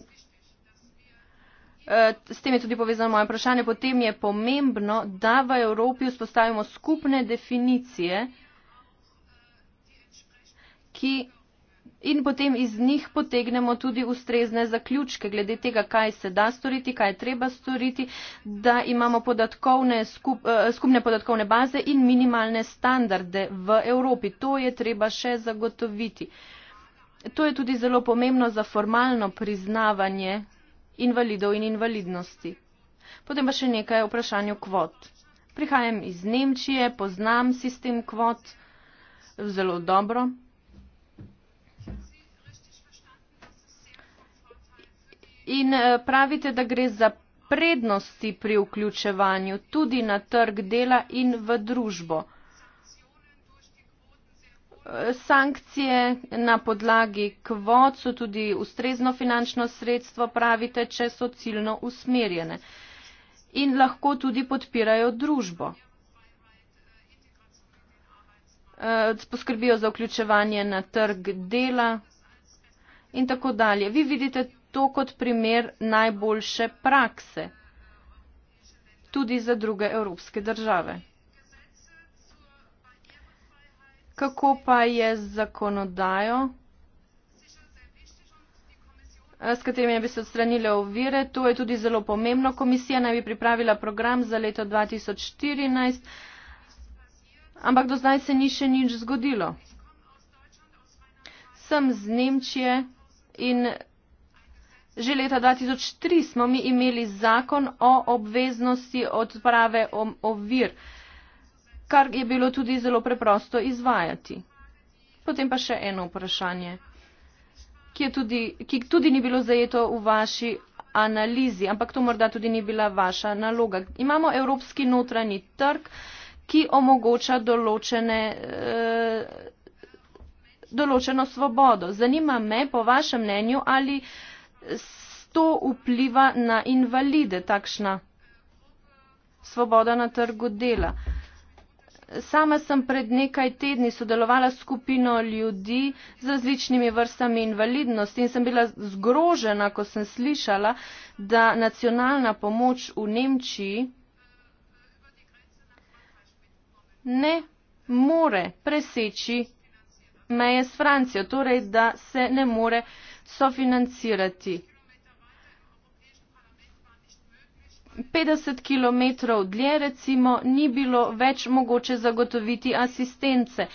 eh, s tem je tudi povezano moje vprašanje, potem je pomembno, da v Evropi vzpostavimo skupne definicije, ki in potem iz njih potegnemo tudi ustrezne zaključke glede tega, kaj se da storiti, kaj je treba storiti, da imamo podatkovne skup, eh, skupne podatkovne baze in minimalne standarde v Evropi. To je treba še zagotoviti. To je tudi zelo pomembno za formalno priznavanje invalidov in invalidnosti. Potem pa še nekaj o vprašanju kvot. Prihajam iz Nemčije, poznam sistem kvot zelo dobro. In eh, pravite, da gre za prednosti pri vključevanju tudi na trg dela in v družbo. Eh, sankcije na podlagi kvot so tudi ustrezno finančno sredstvo, pravite, če so ciljno usmerjene in lahko tudi podpirajo družbo. Eh, poskrbijo za vključevanje na trg dela in tako dalje. Vi vidite to kot primer najboljše prakse tudi za druge evropske države. Kako pa je z zakonodajo, eh, s katerimi bi se odstranile ovire? To je tudi zelo pomembno. Komisija naj bi pripravila program za leto 2014, ampak do zdaj se ni še nič zgodilo. Sem z Nemčije in Že leta 2003 smo mi imeli zakon o obveznosti odprave ovir, kar je bilo tudi zelo preprosto izvajati. Potem pa še eno vprašanje, ki, tudi, ki tudi ni bilo zajeto v vaši analizi, ampak to morda tudi ni bila vaša naloga. Imamo evropski notranji trg, ki omogoča določene. Eh, določeno svobodo. Zanima me, po vašem mnenju, ali to vpliva na invalide, takšna svoboda na trgu dela. Sama sem pred nekaj tedni sodelovala s skupino ljudi z različnimi vrstami invalidnosti in sem bila zgrožena, ko sem slišala, da nacionalna pomoč v Nemčiji ne more preseči meje s Francijo, torej da se ne more preseči sofinancirati. 50 km dlje recimo ni bilo več mogoče zagotoviti asistence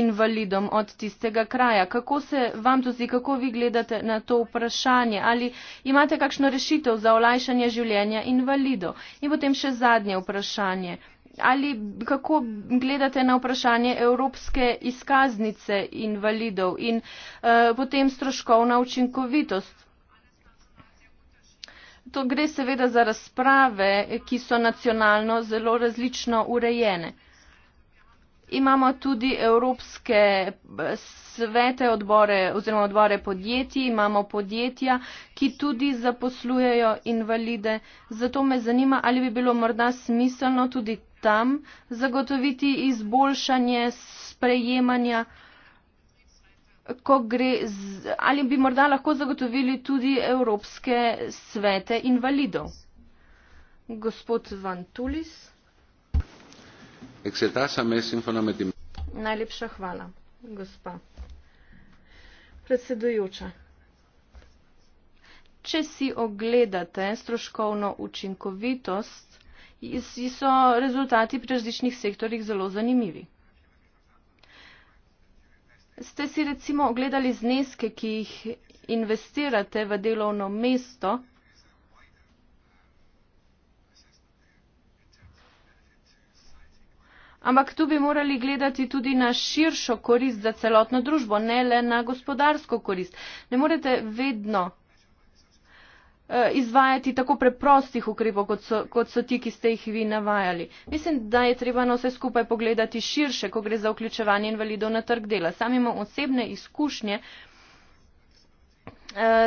invalidom od tistega kraja. Kako se vam to zdi, kako vi gledate na to vprašanje? Ali imate kakšno rešitev za olajšanje življenja invalidov? In potem še zadnje vprašanje ali kako gledate na vprašanje evropske izkaznice invalidov in uh, potem stroškovna učinkovitost. To gre seveda za razprave, ki so nacionalno zelo različno urejene. Imamo tudi evropske svete, odbore oziroma odbore podjetij, imamo podjetja, ki tudi zaposlujejo invalide. Zato me zanima, ali bi bilo morda smiselno tudi tam zagotoviti izboljšanje sprejemanja, gre, ali bi morda lahko zagotovili tudi evropske svete invalidov. Gospod Van Tulis. Najlepša hvala, gospa. Predsedujoča. Če si ogledate stroškovno učinkovitost, so rezultati pri različnih sektorjih zelo zanimivi. Ste si recimo ogledali zneske, ki jih investirate v delovno mesto, Ampak tu bi morali gledati tudi na širšo korist za celotno družbo, ne le na gospodarsko korist. Ne morete vedno eh, izvajati tako preprostih ukrepov, kot so, kot so ti, ki ste jih vi navajali. Mislim, da je treba na vse skupaj pogledati širše, ko gre za vključevanje invalidov na trg dela. Sam imam osebne izkušnje eh,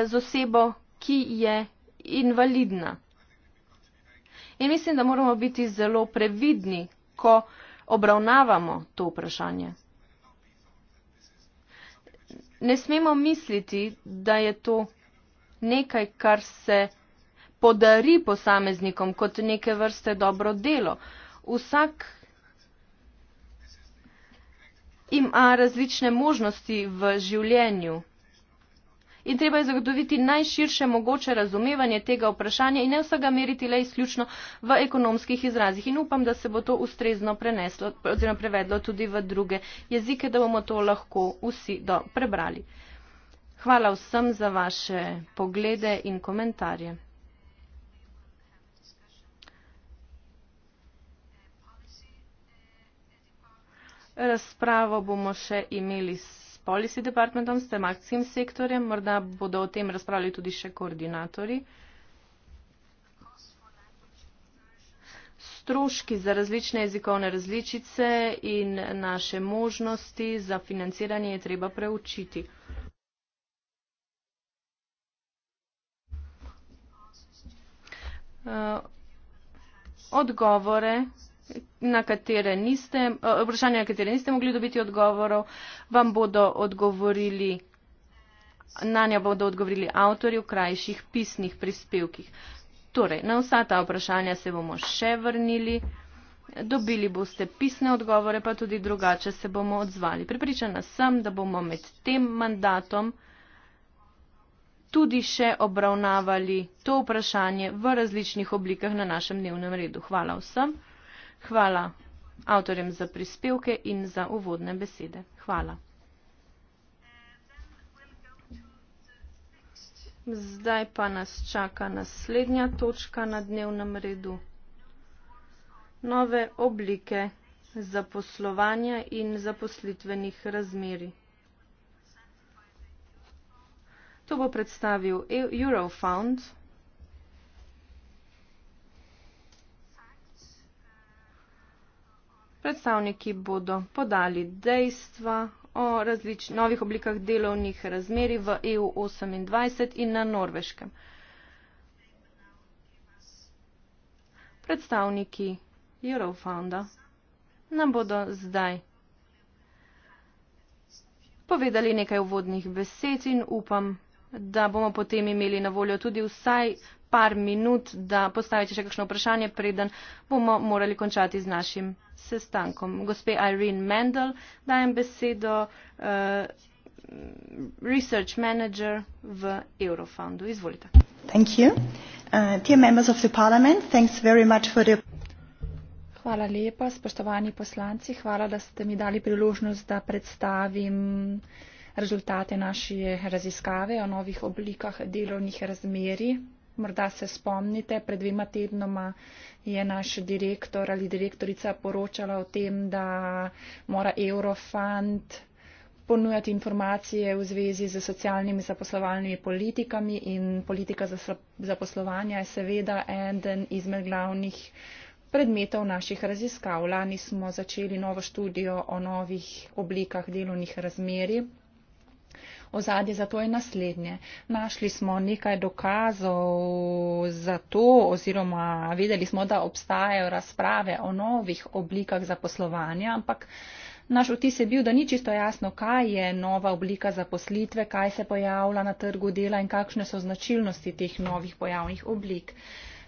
z osebo, ki je invalidna. In mislim, da moramo biti zelo previdni, ko obravnavamo to vprašanje. Ne smemo misliti, da je to nekaj, kar se podari posameznikom kot neke vrste dobro delo. Vsak ima različne možnosti v življenju in treba je zagotoviti najširše mogoče razumevanje tega vprašanja in ne vsega meriti le izključno v ekonomskih izrazih. In upam, da se bo to ustrezno preneslo oziroma prevedlo tudi v druge jezike, da bomo to lahko vsi do prebrali. Hvala vsem za vaše poglede in komentarje. Razpravo bomo še imeli s policy departmentom, s tematskim sektorjem, morda bodo o tem razpravljali tudi še koordinatori. Stroški za različne jezikovne različice in naše možnosti za financiranje je treba preučiti. Eh, odgovore na katere niste, eh, vprašanja, na katere niste mogli dobiti odgovorov, vam bodo odgovorili, na nja bodo odgovorili avtori v krajših pisnih prispevkih. Torej, na vsa ta vprašanja se bomo še vrnili, dobili boste pisne odgovore, pa tudi drugače se bomo odzvali. Pripričana sem, da bomo med tem mandatom tudi še obravnavali to vprašanje v različnih oblikah na našem dnevnem redu. Hvala vsem. Hvala avtorjem za prispevke in za uvodne besede. Hvala. Zdaj pa nas čaka naslednja točka na dnevnem redu. Nove oblike zaposlovanja in zaposlitvenih razmeri. To bo predstavil e- Eurofound. Predstavniki bodo podali dejstva o različnih novih oblikah delovnih razmeri v EU28 in na Norveškem. Predstavniki Eurofonda nam bodo zdaj povedali nekaj uvodnih besed in upam, da bomo potem imeli na voljo tudi vsaj par minut, da postavite še kakšno vprašanje, preden bomo morali končati z našim sestankom. Gospe Irene Mendel, dajem besedo uh, Research Manager v Eurofundu. Izvolite. Thank you. Uh, dear members of the parliament, thanks very much for the. Hvala lepa, spoštovani poslanci, hvala, da ste mi dali priložnost, da predstavim rezultate naše raziskave o novih oblikah delovnih razmerij Morda se spomnite, pred dvema tednoma je naš direktor ali direktorica poročala o tem, da mora Eurofund ponujati informacije v zvezi z socialnimi zaposlovalnimi politikami in politika zaposlovanja je seveda eden izmed glavnih predmetov naših raziskav. Lani smo začeli novo študijo o novih oblikah delovnih razmerij ozadje za to je naslednje. Našli smo nekaj dokazov za to oziroma vedeli smo, da obstajajo razprave o novih oblikah zaposlovanja, ampak naš vtis je bil, da ni čisto jasno, kaj je nova oblika zaposlitve, kaj se pojavlja na trgu dela in kakšne so značilnosti teh novih pojavnih oblik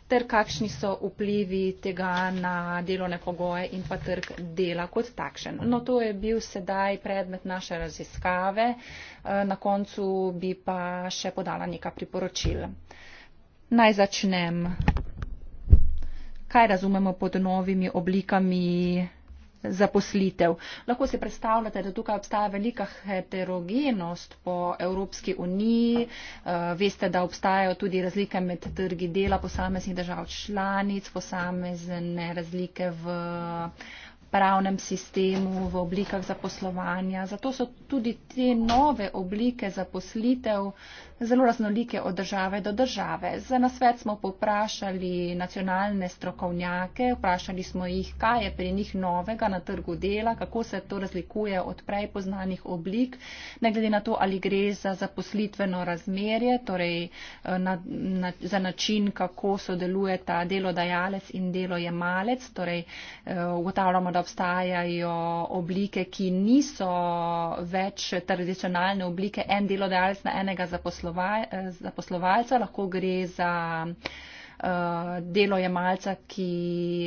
ter kakšni so vplivi tega na delovne pogoje in pa trg dela kot takšen. No, to je bil sedaj predmet naše raziskave, eh, na koncu bi pa še podala neka priporočil. Naj začnem. Kaj razumemo pod novimi oblikami zaposlitev. Lahko se predstavljate, da tukaj obstaja velika heterogenost po Evropski uniji. Eh, veste, da obstajajo tudi razlike med trgi dela posameznih držav članic, posamezne razlike v pravnem sistemu, v oblikah zaposlovanja. Zato so tudi te nove oblike zaposlitev zelo raznolike od države do države. Za nasvet smo poprašali nacionalne strokovnjake, vprašali smo jih, kaj je pri njih novega na trgu dela, kako se to razlikuje od prej poznanih oblik, ne glede na to, ali gre za zaposlitveno razmerje, torej eh, na, na, za način, kako sodeluje ta delodajalec in delojemalec. Torej, eh, ugotavljamo, da obstajajo oblike, ki niso več tradicionalne oblike, en delodajalec na enega zaposlovanja, zaposlovalca, lahko gre za eh, delojemalca, ki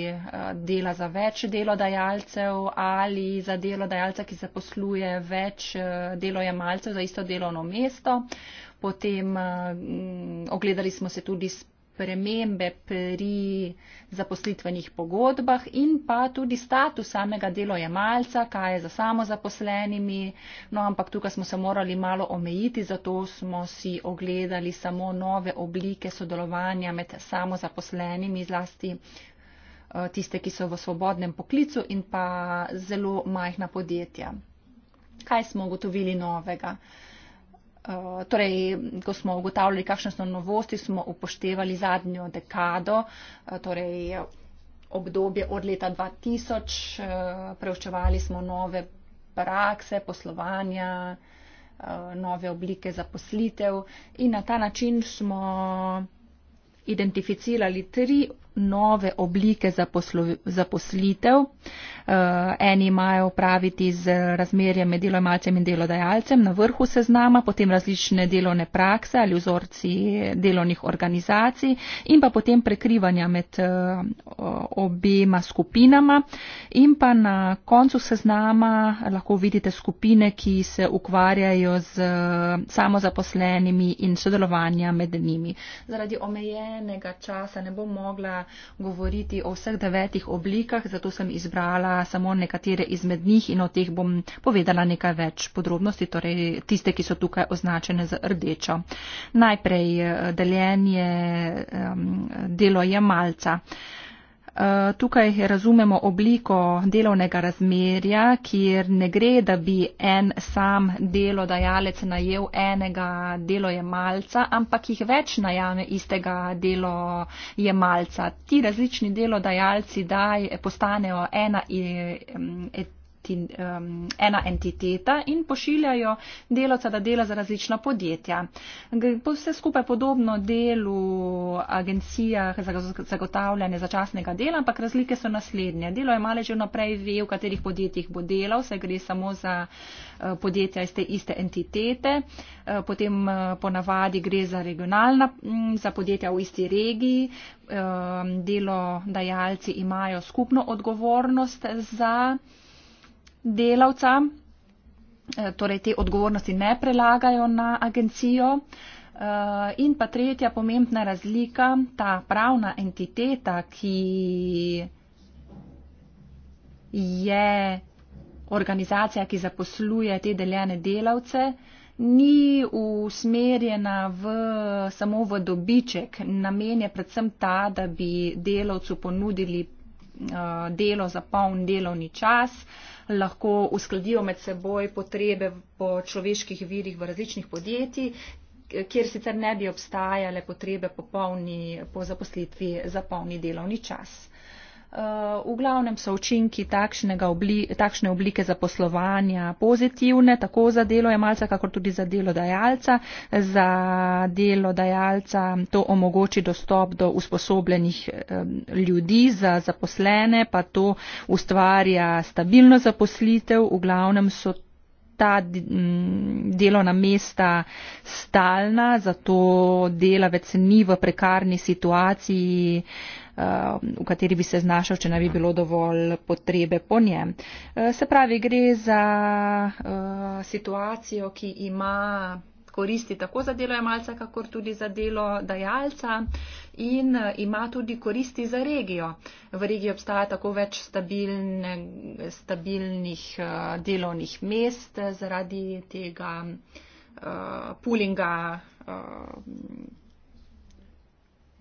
eh, dela za več delodajalcev ali za delodajalca, ki zaposluje več eh, delojemalcev za isto delovno mesto. Potem ogledali smo se tudi spremembe pri zaposlitvenih pogodbah in pa tudi status samega delojemalca, kaj je za samozaposlenimi. No, ampak tukaj smo se morali malo omejiti, zato smo si ogledali samo nove oblike sodelovanja med samozaposlenimi, zlasti eh, tiste, ki so v svobodnem poklicu in pa zelo majhna podjetja. Kaj smo ugotovili novega? Uh, Eh, torej, ko smo ugotavljali, kakšne so novosti, smo upoštevali zadnjo dekado, eh, torej obdobje od leta 2000, eh, preučevali smo nove prakse poslovanja, nove oblike zaposlitev in na ta način smo identificirali tri nove oblike zaposlitev. Eh, eni imajo opraviti z razmerjem med delojemalcem in delodajalcem na vrhu seznama, potem različne delovne prakse ali vzorci delovnih organizacij in pa potem prekrivanja med eh, obema skupinama. In pa na koncu seznama lahko vidite skupine, ki se ukvarjajo z eh, samozaposlenimi in sodelovanja med njimi. Zaradi omejenega časa ne bom mogla govoriti o vseh devetih oblikah, zato sem izbrala samo nekatere izmed njih in o teh bom povedala nekaj več podrobnosti, torej tiste, ki so tukaj označene z rdečo. Najprej eh, deljenje delo je malca. Tukaj razumemo obliko delovnega razmerja, kjer ne gre, da bi en sam delodajalec najel enega delojemalca, ampak jih več najame istega delojemalca. Ti različni delodajalci daj, postanejo ena in, e, et, enti, um, ena entiteta in pošiljajo delavca, da dela za različna podjetja. Vse skupaj podobno delu agencija za zagotavljanje začasnega dela, ampak razlike so naslednje. Delo je male že naprej ve, v katerih podjetjih bo delal, vse gre samo za eh, podjetja iz te iste entitete, eh, potem eh, ponavadi gre za regionalna, mm, za podjetja v isti regiji, delodajalci imajo skupno odgovornost za delavca, e, torej te odgovornosti ne prelagajo na agencijo. E, in pa tretja pomembna razlika, ta pravna entiteta, ki je organizacija, ki zaposluje te deljene delavce, ni usmerjena v, samo v dobiček. Namen je predvsem ta, da bi delavcu ponudili uh, delo za poln delovni čas, uh, lahko uskladijo med seboj potrebe po človeških virih v različnih podjetjih, kjer sicer ne bi obstajale potrebe po, polni, po zaposlitvi za polni delovni čas. Eh, v glavnem so učinki obli, takšne oblike zaposlovanja pozitivne, tako za delojemalca, kako tudi za delodajalca. Za delodajalca to omogoči dostop do usposobljenih ljudi za zaposlene, pa to ustvarja stabilno zaposlitev. V glavnem so ta delovna mesta stalna, zato delavec ni v prekarni situaciji. Uh, v kateri bi se znašel, če ne bi bilo dovolj potrebe po njem. E, se pravi, gre za e, situacijo, ki ima koristi tako za delojemalca, kakor tudi za delo dajalca in e, ima tudi koristi za regijo. V regiji obstaja tako več stabilne, stabilnih delovnih mest zaradi tega uh, poolinga. Uh,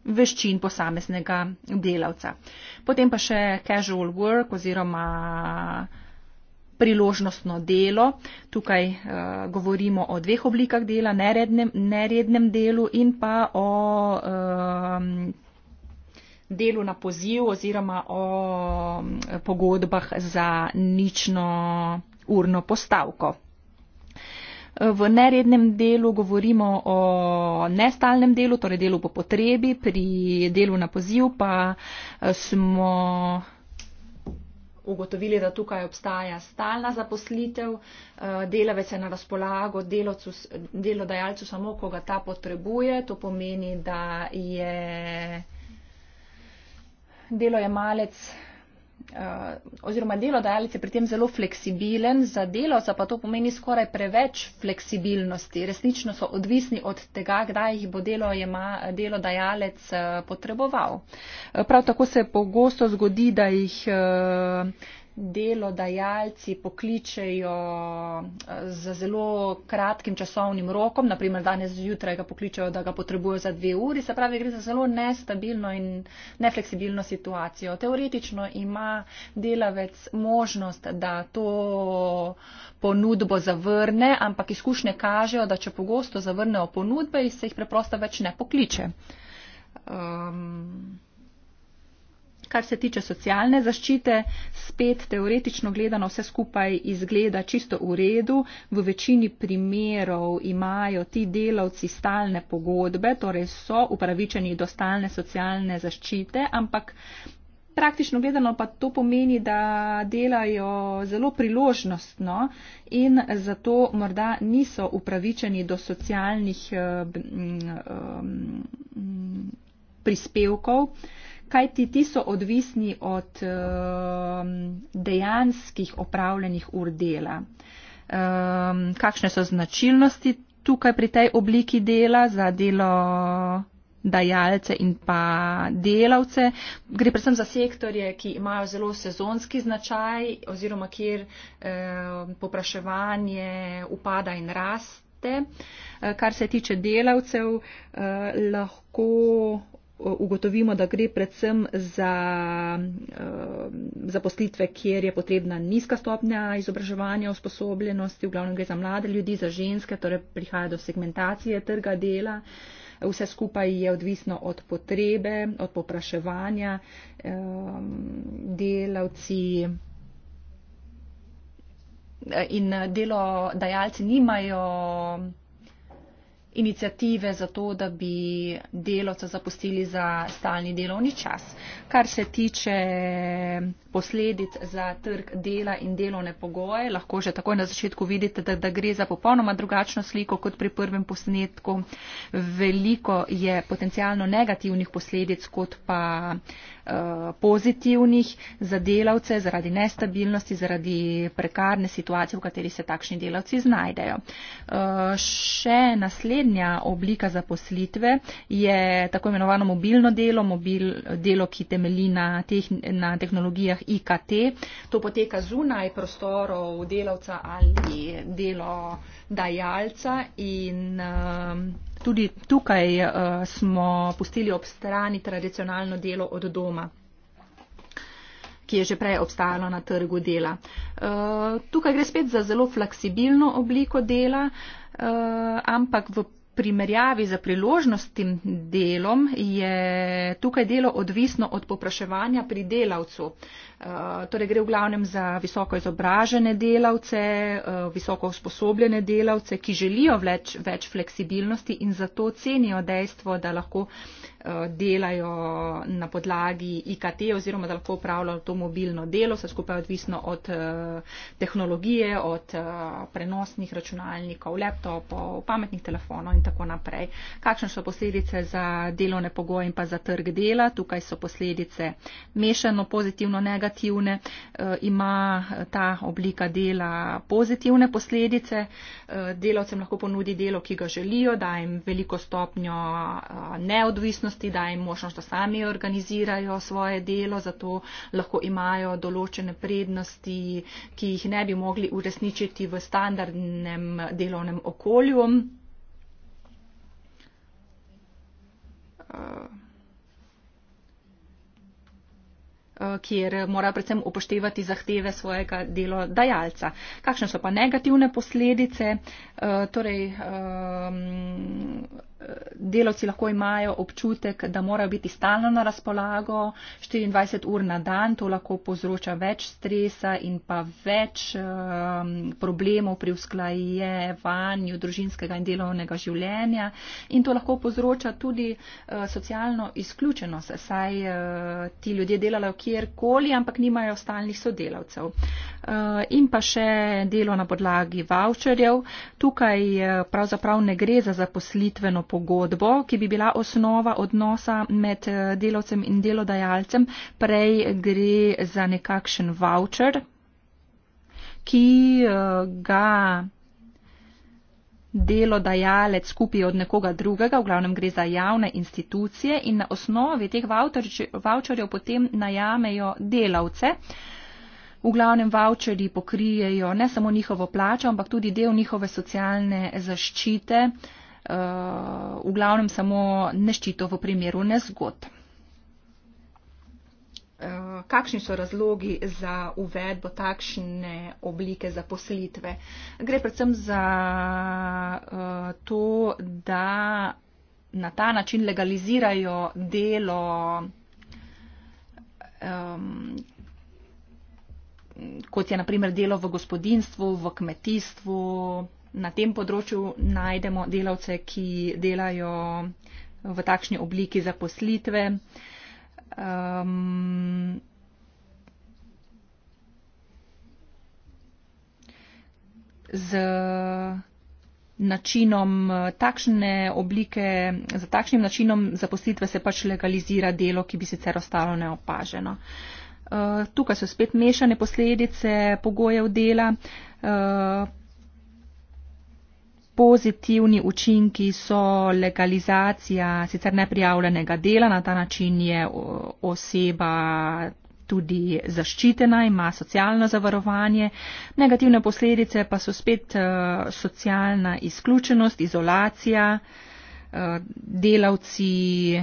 veščin posameznega delavca. Potem pa še casual work oziroma priložnostno delo. Tukaj uh, govorimo o dveh oblikah dela, nerednem, nerednem delu in pa o um, delu na poziv oziroma o um, pogodbah za nično urno postavko. V nerednem delu govorimo o nestalnem delu, torej delu po potrebi, pri delu na poziv pa eh, smo ugotovili, da tukaj obstaja stalna zaposlitev, eh, delavec je na razpolago delavcu, delodajalcu samo, ko ga ta potrebuje, to pomeni, da je delojemalec Eh, oziroma delodajalec je pri tem zelo fleksibilen, za delovca pa to pomeni skoraj preveč fleksibilnosti. Resnično so odvisni od tega, kdaj jih bo delo jema, delodajalec eh, potreboval. Eh, prav tako se pogosto zgodi, da jih delodajalci pokličejo eh, za zelo kratkim časovnim rokom, naprimer danes zjutraj ga pokličejo, da ga potrebujejo za dve uri, se pravi, gre za zelo nestabilno in nefleksibilno situacijo. Teoretično ima delavec možnost, da to ponudbo zavrne, ampak izkušnje kažejo, da če pogosto zavrnejo ponudbe, se jih preprosto več ne pokliče. Um, kar se tiče socialne zaščite, spet teoretično gledano vse skupaj izgleda čisto v redu. V večini primerov imajo ti delavci stalne pogodbe, torej so upravičeni do stalne socialne zaščite, ampak praktično gledano pa to pomeni, da delajo zelo priložnostno in zato morda niso upravičeni do socialnih. Um, prispevkov. Uh, kaj ti, ti so odvisni od um, dejanskih opravljenih ur dela. Um, kakšne so značilnosti tukaj pri tej obliki dela za delo dajalce in pa delavce. Gre predvsem za sektorje, ki imajo zelo sezonski značaj oziroma kjer um, popraševanje upada in raste. Kar se tiče delavcev, eh, lahko ugotovimo, da gre predvsem za eh, zaposlitve, kjer je potrebna nizka stopnja izobraževanja, usposobljenosti, v glavnem gre za mlade ljudi, za ženske, torej prihaja do segmentacije trga dela. Vse skupaj je odvisno od potrebe, od popraševanja. Eh, delavci eh, in delodajalci nimajo inicijative za to, da bi delovce zapustili za stalni delovni čas. Kar se tiče posledic za trg dela in delovne pogoje, lahko že takoj na začetku vidite, da, da gre za popolnoma drugačno sliko kot pri prvem posnetku. Veliko je potencijalno negativnih posledic kot pa e, pozitivnih za delavce zaradi nestabilnosti, zaradi prekarne situacije, v kateri se takšni delavci znajdejo. E, še naslednje. Srednja oblika zaposlitve je tako imenovano mobilno delo, mobil, delo, ki temelji na, teh, na tehnologijah IKT. To poteka zunaj prostorov delavca ali delo dajalca in um, tudi tukaj uh, smo pustili ob strani tradicionalno delo od doma ki je že prej obstajalo na trgu dela. Eh, tukaj gre spet za zelo fleksibilno obliko dela, eh, ampak v primerjavi za priložnostnim delom je tukaj delo odvisno od popraševanja pri delavcu. Eh, torej gre v glavnem za visoko izobražene delavce, visoko usposobljene delavce, ki želijo več, več fleksibilnosti in zato cenijo dejstvo, da lahko Eh, delajo na podlagi IKT oziroma da lahko upravljajo to mobilno delo, vse skupaj odvisno od eh, tehnologije, od eh, prenosnih računalnikov, laptopov, pametnih telefonov in tako naprej. Kakšne so posledice za delovne pogoje in pa za trg dela? Tukaj so posledice mešano pozitivno-negativne. Ima ta oblika dela pozitivne posledice. Delavcem lahko ponudi delo, ki ga želijo, da jim veliko stopnjo neodvisnosti skupnosti, da jim možnost, da sami organizirajo svoje delo, zato lahko imajo določene prednosti, ki jih ne bi mogli uresničiti v standardnem delovnem okolju. Eh, eh, kjer mora predvsem upoštevati zahteve svojega delodajalca. Kakšne so pa negativne posledice? Eh, torej, um, delavci lahko imajo občutek, da morajo biti stalno na razpolago 24 ur na dan, to lahko povzroča več stresa in pa več um, problemov pri usklajevanju družinskega in delovnega življenja in to lahko povzroča tudi uh, socialno izključenost, saj uh, ti ljudje delajo kjerkoli, ampak nimajo stalnih sodelavcev. Uh, in pa še delo na podlagi voucherjev, tukaj uh, pravzaprav ne gre za zaposlitveno pogodbo, ki bi bila osnova odnosa med eh, delavcem in delodajalcem. Prej gre za nekakšen voucher, ki eh, ga delodajalec kupi od nekoga drugega, v glavnem gre za javne institucije in na osnovi teh voucherjev potem najamejo delavce. V glavnem voucheri pokrijejo ne samo njihovo plačo, ampak tudi del njihove socialne zaščite. Uh, Eh, v glavnem samo neščito v primeru nezgod. Eh, kakšni so razlogi za uvedbo takšne oblike zaposlitve? Gre predvsem za eh, to, da na ta način legalizirajo delo kot je naprimer delo v gospodinstvu, v kmetijstvu, na tem področju najdemo delavce, ki delajo v takšni obliki zaposlitve. Um, z načinom takšne oblike, za takšnim načinom zaposlitve se pač legalizira delo, ki bi sicer ostalo neopaženo. Eh, tukaj so spet mešane posledice pogojev dela. Eh, Pozitivni učinki so legalizacija sicer neprijavljenega dela, na ta način je oseba tudi zaščitena, ima socialno zavarovanje. Negativne posledice pa so spet eh, socialna izključenost, izolacija. Eh, delavci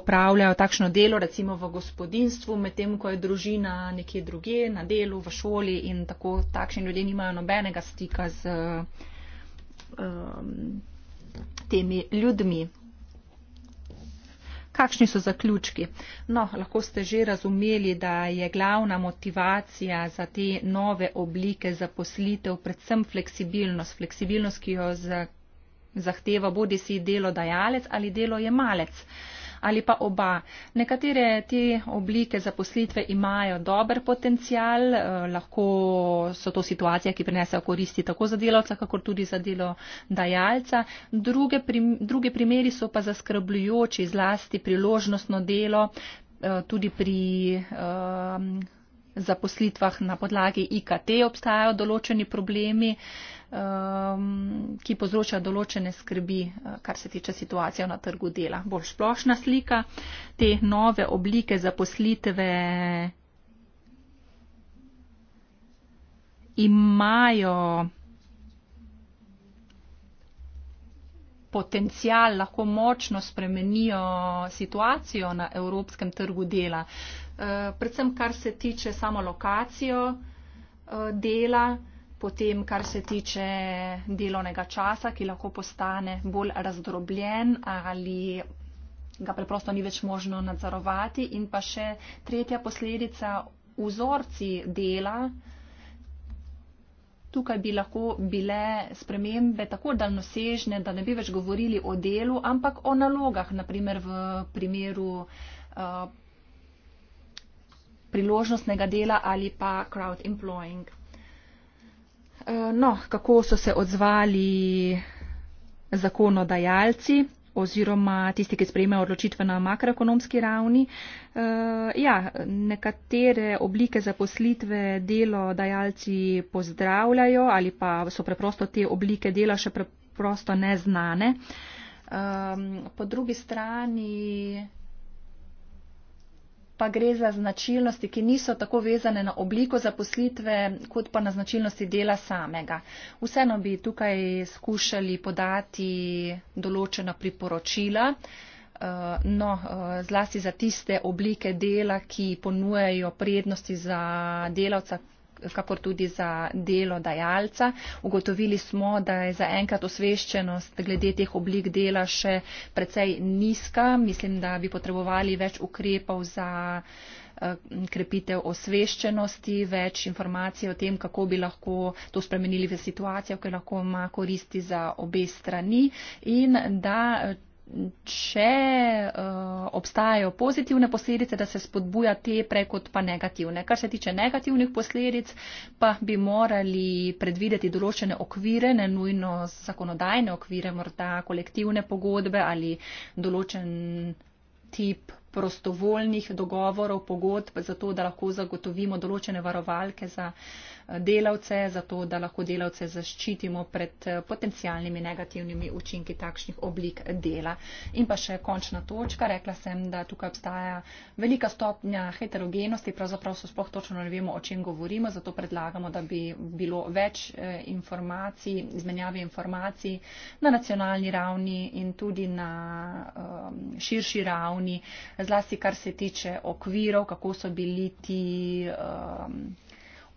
opravljajo takšno delo, recimo v gospodinstvu, medtem ko je družina nekje druge, na delu, v šoli in tako takšni ljudje nimajo nobenega stika z. Um, temi ljudmi. Kakšni so zaključki? No, lahko ste že razumeli, da je glavna motivacija za te nove oblike zaposlitev predvsem fleksibilnost. Fleksibilnost, ki jo zahteva bodi si delodajalec ali delojemalec. Uh, ali pa oba. Nekatere te oblike zaposlitve imajo dober potencial, eh, lahko so to situacije, ki prinesejo koristi tako za delavca, kakor tudi za delo dajalca. Druge, druge primeri so pa zaskrbljujoči, zlasti priložnostno delo, eh, tudi pri. Um, Zaposlitvah na podlagi IKT obstajajo določeni problemi. Uh, um, ki povzroča določene skrbi, uh, kar se tiče situacije na trgu dela. Bolj splošna slika te nove oblike zaposlitve imajo potencial, lahko močno spremenijo situacijo na evropskem trgu dela. Uh, predvsem kar se tiče samo lokacijo uh, dela, uh, potem, kar se tiče delovnega časa, ki lahko postane bolj razdrobljen ali ga preprosto ni več možno nadzorovati. In pa še tretja posledica, vzorci dela. Tukaj bi lahko bile spremembe tako daljnosežne, da ne bi več govorili o delu, ampak o nalogah, naprimer v primeru uh, priložnostnega dela ali pa crowd employing. Eh, no, kako so se odzvali zakonodajalci oziroma tisti, ki sprejmejo odločitve na makroekonomski ravni. Eh, ja, nekatere oblike zaposlitve delodajalci pozdravljajo ali pa so preprosto te oblike dela še preprosto neznane. Eh, po drugi strani pa gre za značilnosti, ki niso tako vezane na obliko zaposlitve, kot pa na značilnosti dela samega. Vseeno bi tukaj skušali podati določena priporočila, eh, no, eh, zlasti za tiste oblike dela, ki ponujajo prednosti za delavca, kakor tudi za delo dajalca. Ugotovili smo, da je zaenkrat osveščenost glede teh oblik dela še precej nizka. Mislim, da bi potrebovali več ukrepov za eh, krepitev osveščenosti, več informacij o tem, kako bi lahko to spremenili v situacijo, ki lahko ima koristi za obe strani in da če uh, obstajajo pozitivne posledice, da se spodbuja te prej kot pa negativne. Kar se tiče negativnih posledic, pa bi morali predvideti določene okvire, ne nujno zakonodajne okvire, morda kolektivne pogodbe ali določen tip prostovoljnih dogovorov, pogodb, zato da lahko zagotovimo določene varovalke za uh, delavce, zato da lahko delavce zaščitimo pred eh, potencijalnimi negativnimi učinki takšnih oblik dela. In pa še končna točka, rekla sem, da tukaj obstaja velika stopnja heterogenosti, pravzaprav so sploh točno ne vemo, o čem govorimo, zato predlagamo, da bi bilo več eh, informacij, izmenjave informacij na nacionalni ravni in tudi na ehm, širši ravni, zlasti kar se tiče okvirov, kako so bili ti. Ehm,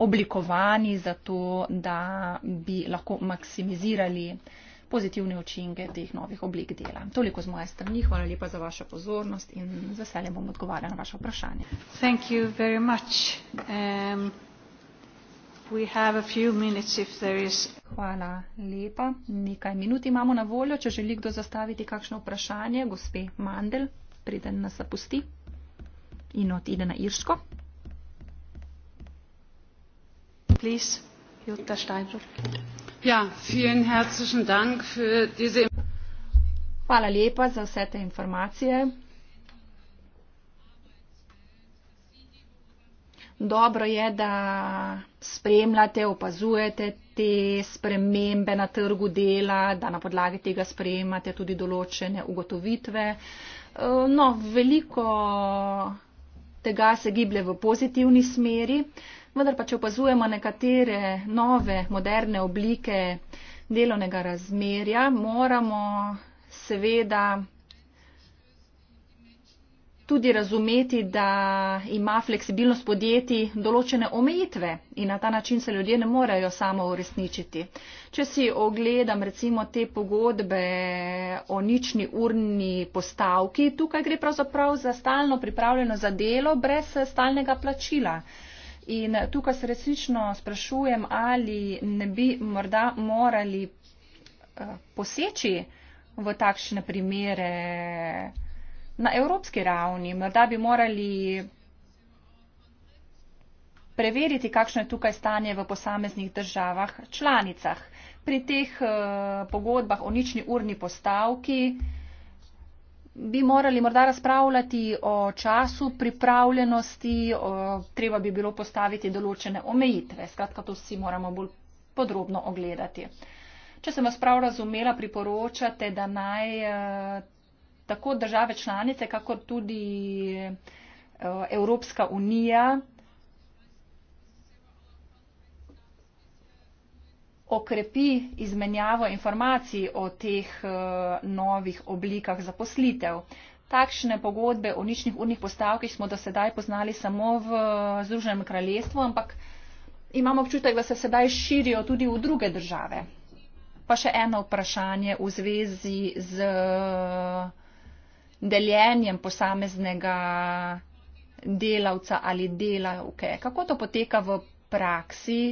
oblikovani za to, da bi lahko maksimizirali pozitivne učinke teh novih oblik dela. Toliko z moje strani. Hvala lepa za vašo pozornost in z veseljem bom odgovarjala na vaše vprašanje. Thank you very much. Um, we have a few minutes if there is. Hvala lepa. Nekaj minut imamo na voljo, če želi kdo zastaviti kakšno vprašanje. Gospe Mandel, preden nas zapusti in odide na Irško please, Jutta Steinruck. Ja, vielen herzlichen Dank für diese Hvala lepa za vse te informacije. Dobro je, da spremljate, opazujete te spremembe na trgu dela, da na podlagi tega spremljate tudi določene ugotovitve. Eh, no, veliko tega se giblje v pozitivni smeri. Vendar pa, če opazujemo nekatere nove, moderne oblike delovnega razmerja, moramo seveda tudi razumeti, da ima fleksibilnost podjetij določene omejitve in na ta način se ljudje ne morejo samo uresničiti. Če si ogledam recimo te pogodbe o nični urni postavki, tukaj gre pravzaprav za stalno pripravljeno za delo brez stalnega plačila. In tukaj se resnično sprašujem, ali ne bi morda morali eh, poseči v takšne primere na evropski ravni. Morda bi morali preveriti, kakšno je tukaj stanje v posameznih državah članicah. Pri teh eh, pogodbah o nični urni postavki bi morali morda razpravljati o času pripravljenosti, o, treba bi bilo postaviti določene omejitve. Skratka, to si moramo bolj podrobno ogledati. Če sem vas prav razumela, priporočate, da naj eh, tako države članice, kako tudi eh, Evropska unija okrepi izmenjavo informacij o teh eh, novih oblikah zaposlitev. Takšne pogodbe o ničnih urnih postavkih smo do sedaj poznali samo v eh, Združenem kraljestvu, ampak imamo občutek, da se sedaj širijo tudi v druge države. Pa še eno vprašanje v zvezi z eh, deljenjem posameznega delavca ali delavke. Kako to poteka v praksi?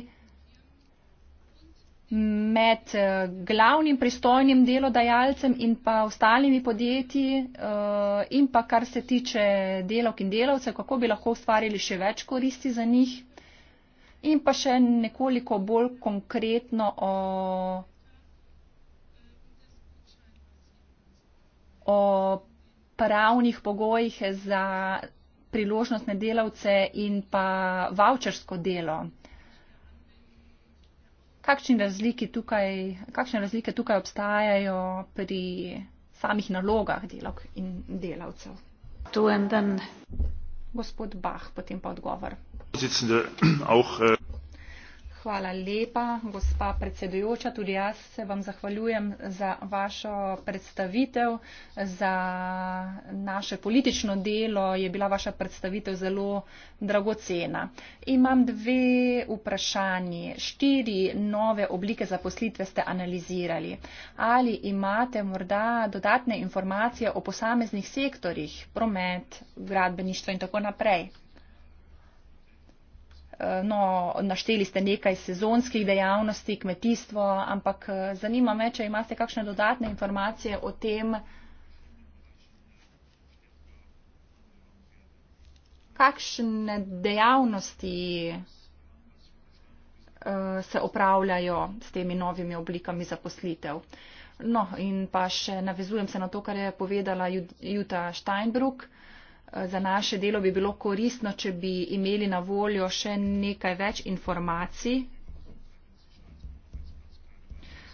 med eh, glavnim pristojnim delodajalcem in pa ostalimi podjetji eh, in pa kar se tiče delovk in delovcev, kako bi lahko ustvarili še več koristi za njih in pa še nekoliko bolj konkretno o, o pravnih pogojih za priložnostne delavce in pa vaučersko delo kakšne razlike tukaj, kakšne razlike tukaj obstajajo pri samih nalogah delavk in delavcev. Gospod Bach, potem pa odgovor. Hvala lepa, gospa predsedujoča. Tudi jaz se vam zahvaljujem za vašo predstavitev. Za naše politično delo je bila vaša predstavitev zelo dragocena. Imam dve vprašanje. Štiri nove oblike zaposlitve ste analizirali. Ali imate morda dodatne informacije o posameznih sektorjih, promet, gradbeništvo in tako naprej? Eh, no, našteli ste nekaj sezonskih dejavnosti, kmetijstvo, ampak eh, zanima me, če imate kakšne dodatne informacije o tem, kakšne dejavnosti eh, se opravljajo s temi novimi oblikami zaposlitev. No, in pa še navezujem se na to, kar je povedala Juta Steinbrück. Uh, za naše delo bi bilo koristno, če bi imeli na voljo še nekaj več informacij.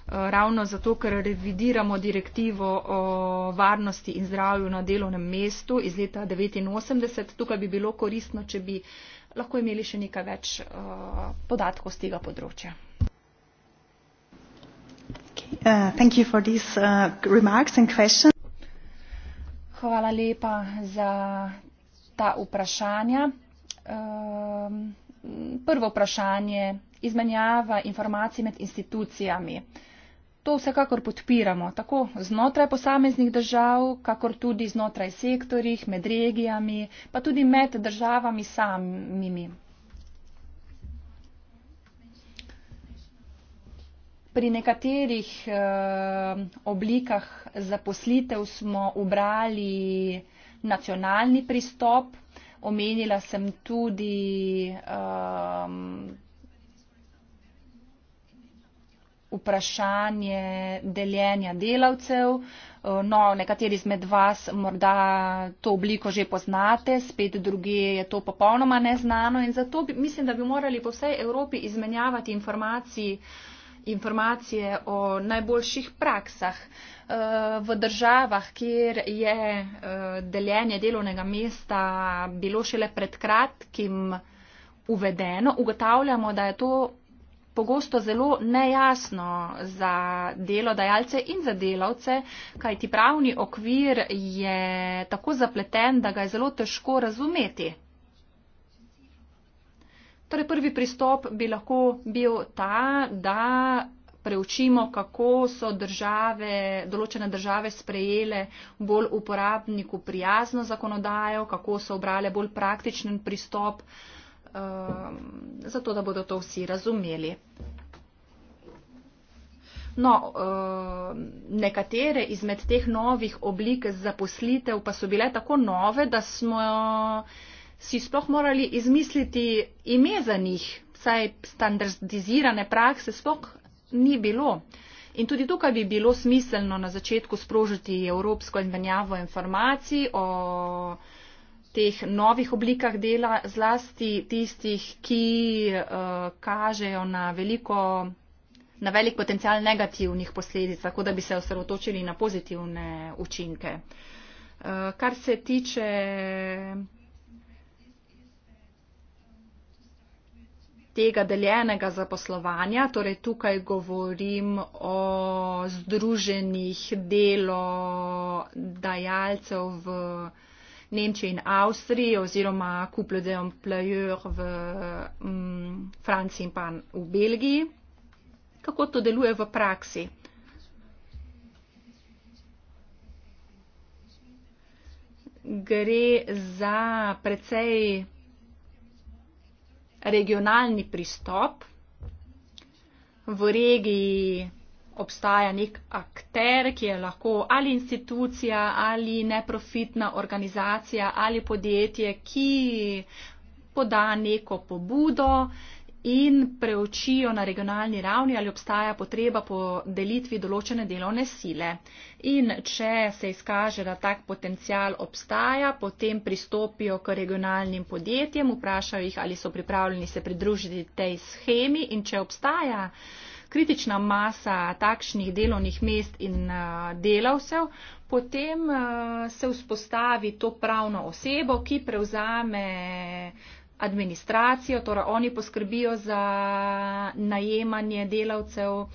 Eh, ravno zato, ker revidiramo direktivo o varnosti in zdravju na delovnem mestu iz leta 1989, tukaj bi bilo koristno, če bi lahko imeli še nekaj več eh, podatkov z tega področja. Uh, thank you for these uh, remarks and questions. Hvala lepa za ta vprašanja. Ehm, prvo vprašanje, izmenjava informacij med institucijami. To vsekakor podpiramo, tako znotraj posameznih držav, kakor tudi znotraj sektorjih, med regijami, pa tudi med državami samimi. Pri nekaterih uh, oblikah zaposlitev smo ubrali nacionalni pristop. Omenila sem tudi um, vprašanje deljenja delavcev. Eh, no, nekateri izmed vas morda to obliko že poznate, spet druge je to popolnoma neznano in zato bi, mislim, da bi morali po vsej Evropi izmenjavati informacije. Uh, informacije o najboljših praksah eh, v državah, kjer je eh, deljenje delovnega mesta bilo šele pred kratkim uvedeno, ugotavljamo, da je to pogosto zelo nejasno za delodajalce in za delavce, kajti pravni okvir je tako zapleten, da ga je zelo težko razumeti. Torej, prvi pristop bi lahko bil ta, da preučimo, kako so države, določene države sprejele bolj uporabniku prijazno zakonodajo, kako so obrale bolj praktičen pristop, um, zato da bodo to vsi razumeli. No, ehm, nekatere izmed teh novih oblik zaposlitev pa so bile tako nove, da smo si sploh morali izmisliti ime za njih, saj standardizirane prakse sploh ni bilo. In tudi tukaj bi bilo smiselno na začetku sprožiti evropsko izmenjavo informacij o teh novih oblikah dela, zlasti tistih, ki uh, kažejo na, veliko, na velik potencial negativnih posledic, tako da bi se osredotočili na pozitivne učinke. Uh, kar se tiče tega deljenega zaposlovanja, torej tukaj govorim o združenih delodajalcev v Nemčiji in Avstriji oziroma couple de employeur v mm, Franciji in pa v Belgiji. Kako to deluje v praksi? Gre za precej regionalni pristop. V regiji obstaja nek akter, ki je lahko ali institucija, ali neprofitna organizacija, ali podjetje, ki poda neko pobudo, in preučijo na regionalni ravni, ali obstaja potreba po delitvi določene delovne sile. In če se izkaže, da tak potencial obstaja, potem pristopijo k regionalnim podjetjem, vprašajo jih, ali so pripravljeni se pridružiti tej schemi in če obstaja kritična masa takšnih delovnih mest in delavcev, potem se vzpostavi to pravno osebo, ki prevzame administracijo, torej oni poskrbijo za najemanje delavcev,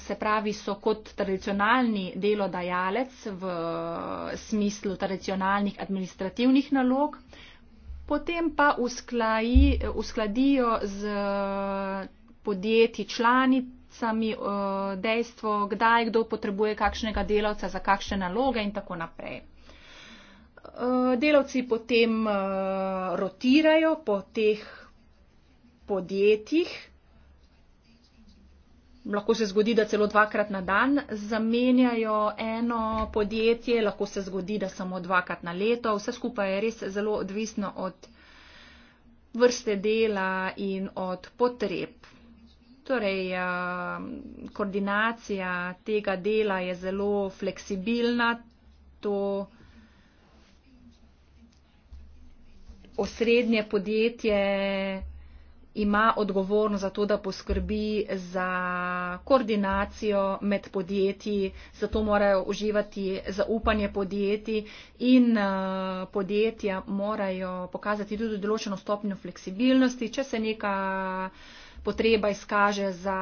se pravi, so kot tradicionalni delodajalec v smislu tradicionalnih administrativnih nalog, potem pa uskladi, uskladijo z podjetji člani sami eh, dejstvo, kdaj kdo potrebuje kakšnega delavca, za kakšne naloge in tako naprej. Eh, delavci potem eh, rotirajo po teh podjetjih. Lahko se zgodi, da celo dvakrat na dan zamenjajo eno podjetje, lahko se zgodi, da samo dvakrat na leto. Vse skupaj je res zelo odvisno od vrste dela in od potreb. Torej, eh, koordinacija tega dela je zelo fleksibilna. To osrednje podjetje ima odgovorno za to, da poskrbi za koordinacijo med podjetji, zato morajo uživati zaupanje podjetij in eh, podjetja morajo pokazati tudi določeno stopnjo fleksibilnosti, če se neka potreba izkaže za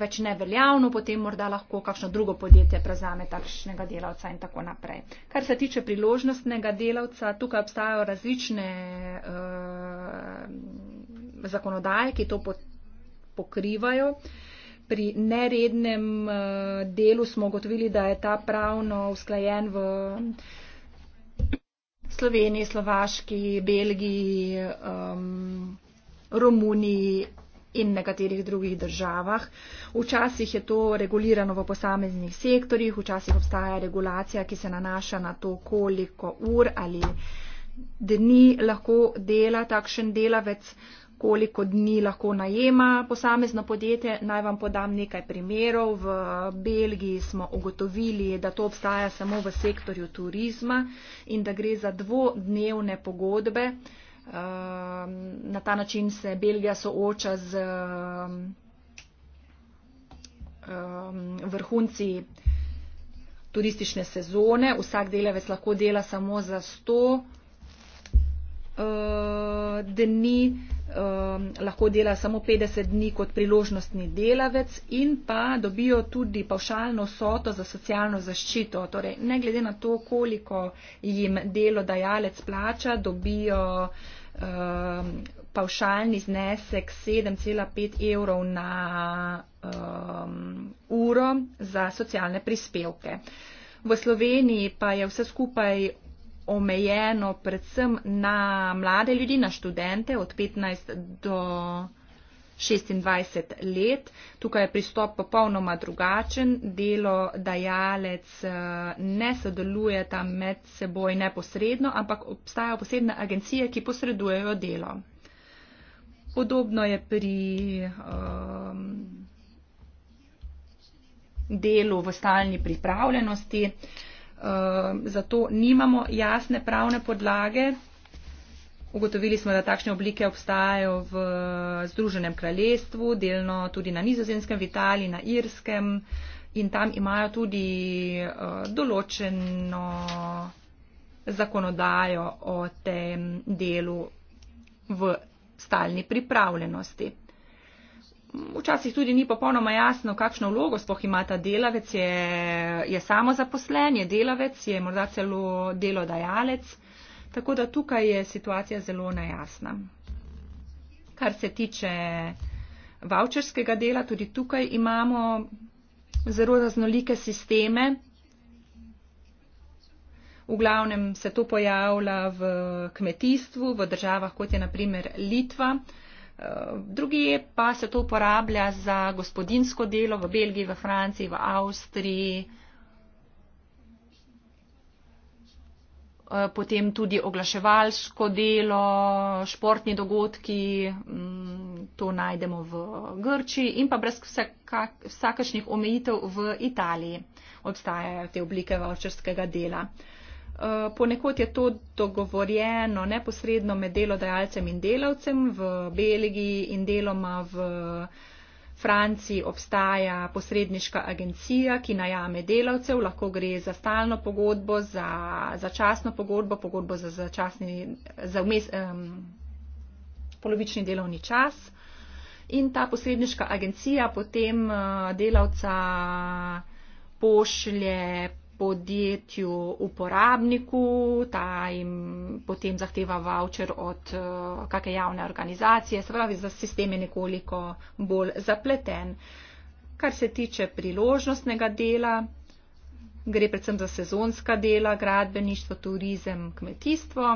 več neveljavno, potem morda lahko kakšno drugo podjetje prevzame takšnega delavca in tako naprej. Kar se tiče priložnostnega delavca, tukaj obstajajo različne uh, zakonodaje, ki to pokrivajo. Pri nerednem uh, delu smo ugotovili, da je ta pravno usklajen v. Sloveniji, Slovaški, Belgiji, um, Romuniji in nekaterih drugih državah. Včasih je to regulirano v posameznih sektorjih, včasih obstaja regulacija, ki se nanaša na to, koliko ur ali dni lahko dela takšen delavec, koliko dni lahko najema posamezno podjetje. Naj vam podam nekaj primerov. V Belgiji smo ugotovili, da to obstaja samo v sektorju turizma in da gre za dvodnevne pogodbe. Ehm, na ta način se Belgija sooča z um, vrhunci turistične sezone. Vsak delavec lahko dela samo za 100 uh, eh, dni, um, lahko dela samo 50 dni kot priložnostni delavec in pa dobijo tudi pavšalno soto za socialno zaščito. Torej, ne glede na to, koliko jim delodajalec plača, dobijo uh, um, pavšalni znesek 7,5 evrov na um, uro za socialne prispevke. V Sloveniji pa je vse skupaj omejeno predvsem na mlade ljudi, na študente od 15 do 20. 26 let. Tukaj je pristop popolnoma drugačen. Delo dajalec eh, ne sodeluje tam med seboj neposredno, ampak obstajajo posebne agencije, ki posredujejo delo. Podobno je pri um, delu v stalni pripravljenosti. Um, zato nimamo jasne pravne podlage Ugotovili smo, da takšne oblike obstajajo v eh, Združenem kraljestvu, delno tudi na nizozemskem, v Italiji, na Irskem in tam imajo tudi eh, določeno zakonodajo o tem delu v stalni pripravljenosti. Včasih tudi ni popolnoma jasno, kakšno vlogo sploh ima ta delavec. Je, je samozaposlen, je delavec, je morda celo delodajalec. Tako da tukaj je situacija zelo nejasna. Kar se tiče vaučerskega dela, tudi tukaj imamo zelo raznolike sisteme. V glavnem se to pojavlja v kmetijstvu, v državah kot je naprimer Litva. Eh, drugi pa se to uporablja za gospodinsko delo v Belgiji, v Franciji, v Avstriji, Eh, potem tudi oglaševalsko delo, športni dogodki, mm, to najdemo v Grčiji in pa brez vsakašnih omejitev v Italiji obstajajo te oblike vaučerskega dela. Eh, ponekod je to dogovorjeno neposredno med delodajalcem in delavcem v Belgiji in deloma v Grčiji. Franciji obstaja posredniška agencija, ki najame delavcev, lahko gre za stalno pogodbo, za začasno pogodbo, pogodbo za, začasni, za umes, um, polovični delovni čas. In ta posredniška agencija potem eh, delavca pošlje podjetju uporabniku, ta jim potem zahteva voucher od uh, eh, kakšne javne organizacije, se pravi, za sistem je nekoliko bolj zapleten. Kar se tiče priložnostnega dela, gre predvsem za sezonska dela, gradbeništvo, turizem, kmetijstvo,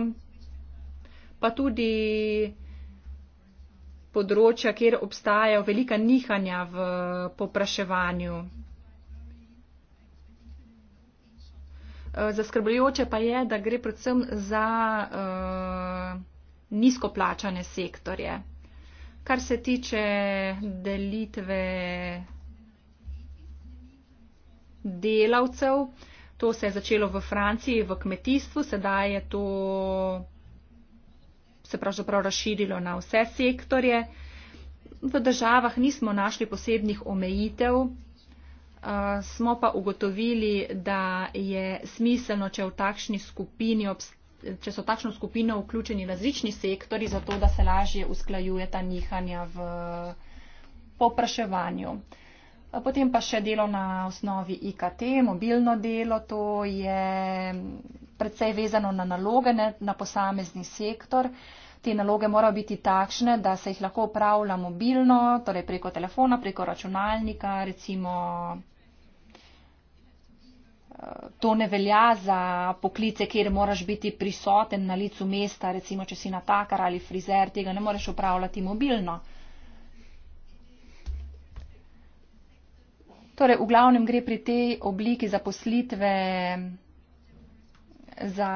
pa tudi področja, kjer obstajajo velika nihanja v popraševanju Eh, zaskrbljujoče pa je, da gre predvsem za uh, nizkoplačane sektorje. Kar se tiče delitve delavcev, to se je začelo v Franciji, v kmetijstvu, sedaj je to se pravzaprav razširilo na vse sektorje. V državah nismo našli posebnih omejitev, Eh, smo pa ugotovili, da je smiselno, če, če so v takšno skupino vključeni različni sektori, zato da se lažje usklajujeta nihanja v popraševanju. Eh, potem pa še delo na osnovi IKT, mobilno delo, to je predvsej vezano na naloge ne, na posamezni sektor. Te naloge morajo biti takšne, da se jih lahko upravlja mobilno, torej preko telefona, preko računalnika, recimo to ne velja za poklice, kjer moraš biti prisoten na licu mesta, recimo, če si natakar ali frizer, tega ne moreš upravljati mobilno. Torej, v glavnem gre pri tej obliki zaposlitve za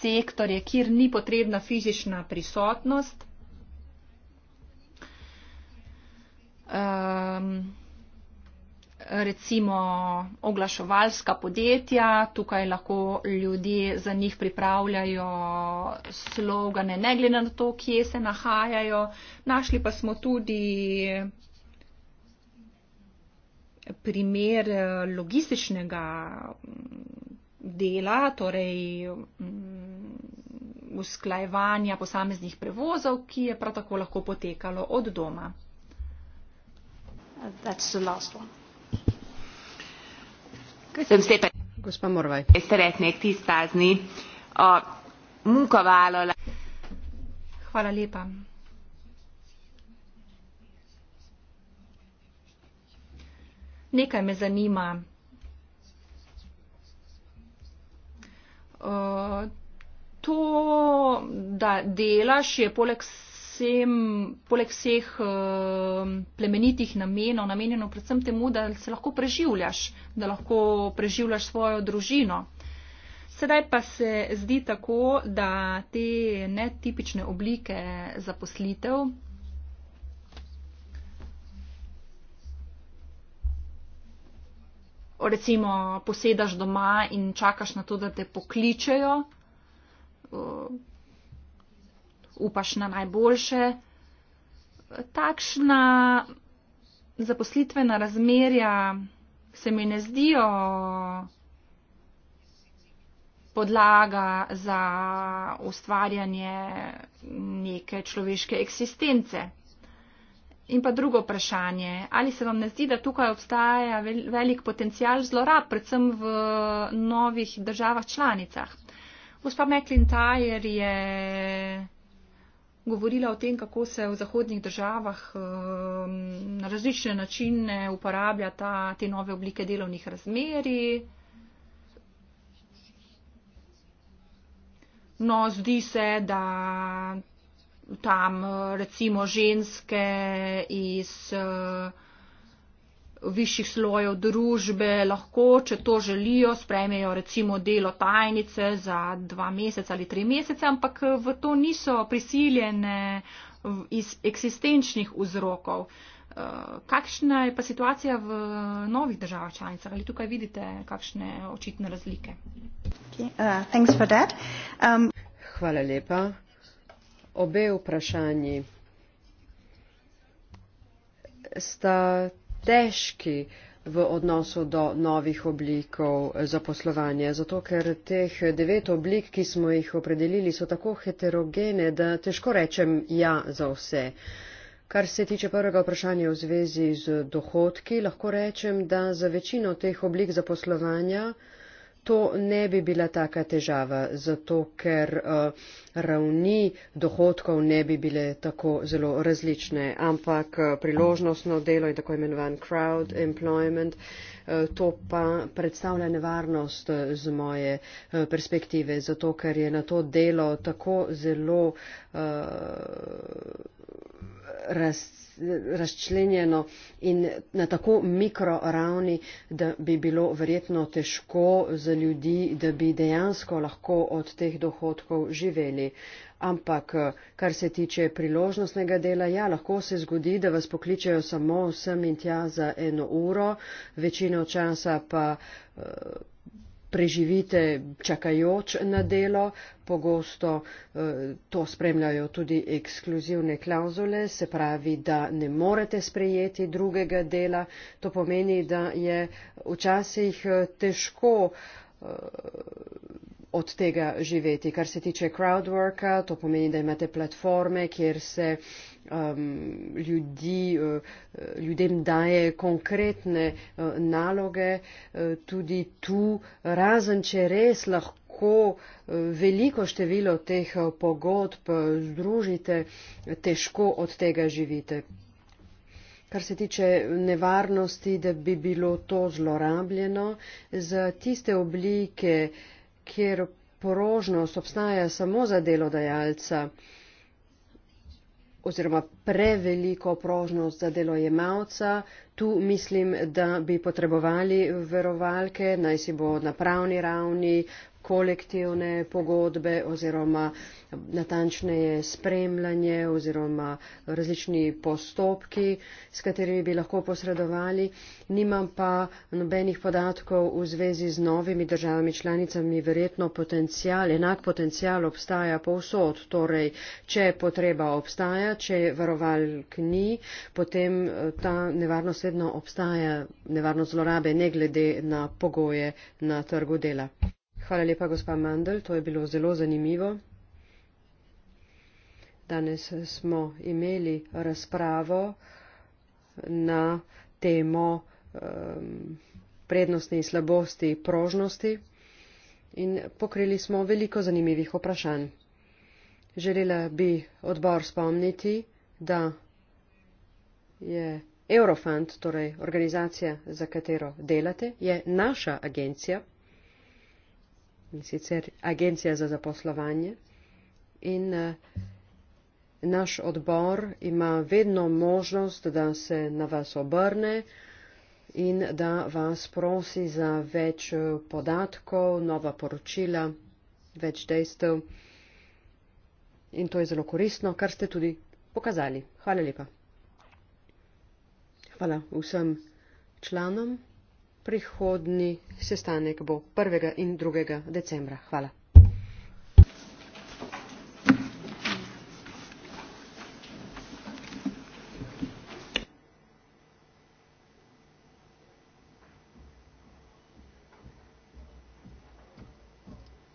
sektorje, kjer ni potrebna fizična prisotnost. Um, recimo oglaševalska podjetja, tukaj lahko ljudje za njih pripravljajo slogane, ne glede na to, kje se nahajajo. Našli pa smo tudi primer eh, logističnega mm, dela, torej mm, usklajevanja posameznih prevozov, ki je prav tako lahko potekalo od doma. That's the last one szeretnék tisztázni a munkavállalás. nekaj me zanima uh, to da delaš je poleg predvsem, poleg vseh eh, plemenitih namenov, namenjeno predvsem temu, da se lahko preživljaš, da lahko preživljaš svojo družino. Sedaj pa se zdi tako, da te netipične oblike zaposlitev Recimo, posedaš doma in čakaš na to, da te pokličejo, eh, upaš na najboljše. Takšna zaposlitvena razmerja se mi ne zdijo podlaga za ustvarjanje neke človeške eksistence. In pa drugo vprašanje, ali se vam ne zdi, da tukaj obstaja velik potencial zlorab, predvsem v novih državah članicah? Gospa McIntyre je govorila o tem, kako se v zahodnih državah ehm, na različne načine uporablja ta, te nove oblike delovnih razmeri. No, zdi se, da tam recimo ženske iz uh, višjih slojev družbe lahko, če to želijo, sprejmejo recimo delo tajnice za dva meseca ali tri mesece, ampak eh, v to niso prisiljene iz eksistenčnih vzrokov. Eh, kakšna je pa situacija v eh, novih državah članicah? Ali tukaj vidite kakšne očitne razlike? Uh, um, Hvala lepa. Obe vprašanji sta težki v odnosu do novih oblikov zaposlovanja, zato ker teh devet oblik, ki smo jih opredelili, so tako heterogene, da težko rečem ja za vse. Kar se tiče prvega vprašanja v zvezi z dohodki, lahko rečem, da za večino teh oblik zaposlovanja to ne bi bila taka težava, zato ker uh, ravni dohodkov ne bi bile tako zelo različne, ampak uh, priložnostno delo in tako imenovan crowd employment, uh, to pa predstavlja nevarnost z moje uh, perspektive, zato ker je na to delo tako zelo. Uh, razčlenjeno in na tako mikroravni, da bi bilo verjetno težko za ljudi, da bi dejansko lahko od teh dohodkov živeli. Ampak, kar se tiče priložnostnega dela, ja, lahko se zgodi, da vas pokličejo samo sem in tja za eno uro, večino časa pa. Uh, preživite čakajoč na delo, pogosto eh, to spremljajo tudi ekskluzivne klauzule, se pravi, da ne morete sprejeti drugega dela. To pomeni, da je včasih eh, težko eh, od tega živeti. Kar se tiče crowdworka, to pomeni, da imate platforme, kjer se uh, um, ljudi, uh, uh, ljudem daje konkretne uh, naloge, uh, tudi tu, razen če res lahko uh, veliko število teh uh, pogodb združite, težko od tega živite. Kar se tiče nevarnosti, da bi bilo to zlorabljeno, za tiste oblike, kjer porožnost obstaja samo za delodajalca, oziroma preveliko prožnost za delojemalca. Tu mislim, da bi potrebovali verovalke, naj si bo na pravni ravni, kolektivne pogodbe oziroma natančneje spremljanje oziroma različni postopki, s katerimi bi lahko posredovali. Nimam pa nobenih podatkov v zvezi z novimi državami članicami. Verjetno potencial, enak potencial obstaja povsod. Torej, če potreba obstaja, če varovalk ni, potem eh, ta nevarnost vedno obstaja, nevarnost zlorabe, ne glede na pogoje na trgu dela. Hvala lepa, gospa Mandel, to je bilo zelo zanimivo. Danes smo imeli razpravo na temo um, prednosti in slabosti prožnosti in pokrili smo veliko zanimivih vprašanj. Želela bi odbor spomniti, da je Eurofund, torej organizacija, za katero delate, je naša agencija in sicer Agencija za zaposlovanje. In eh, naš odbor ima vedno možnost, da se na vas obrne in da vas prosi za več eh, podatkov, nova poročila, več dejstev. In to je zelo koristno, kar ste tudi pokazali. Hvala lepa. Hvala vsem članom prihodni sestanek bo 1. in 2. decembra. Hvala.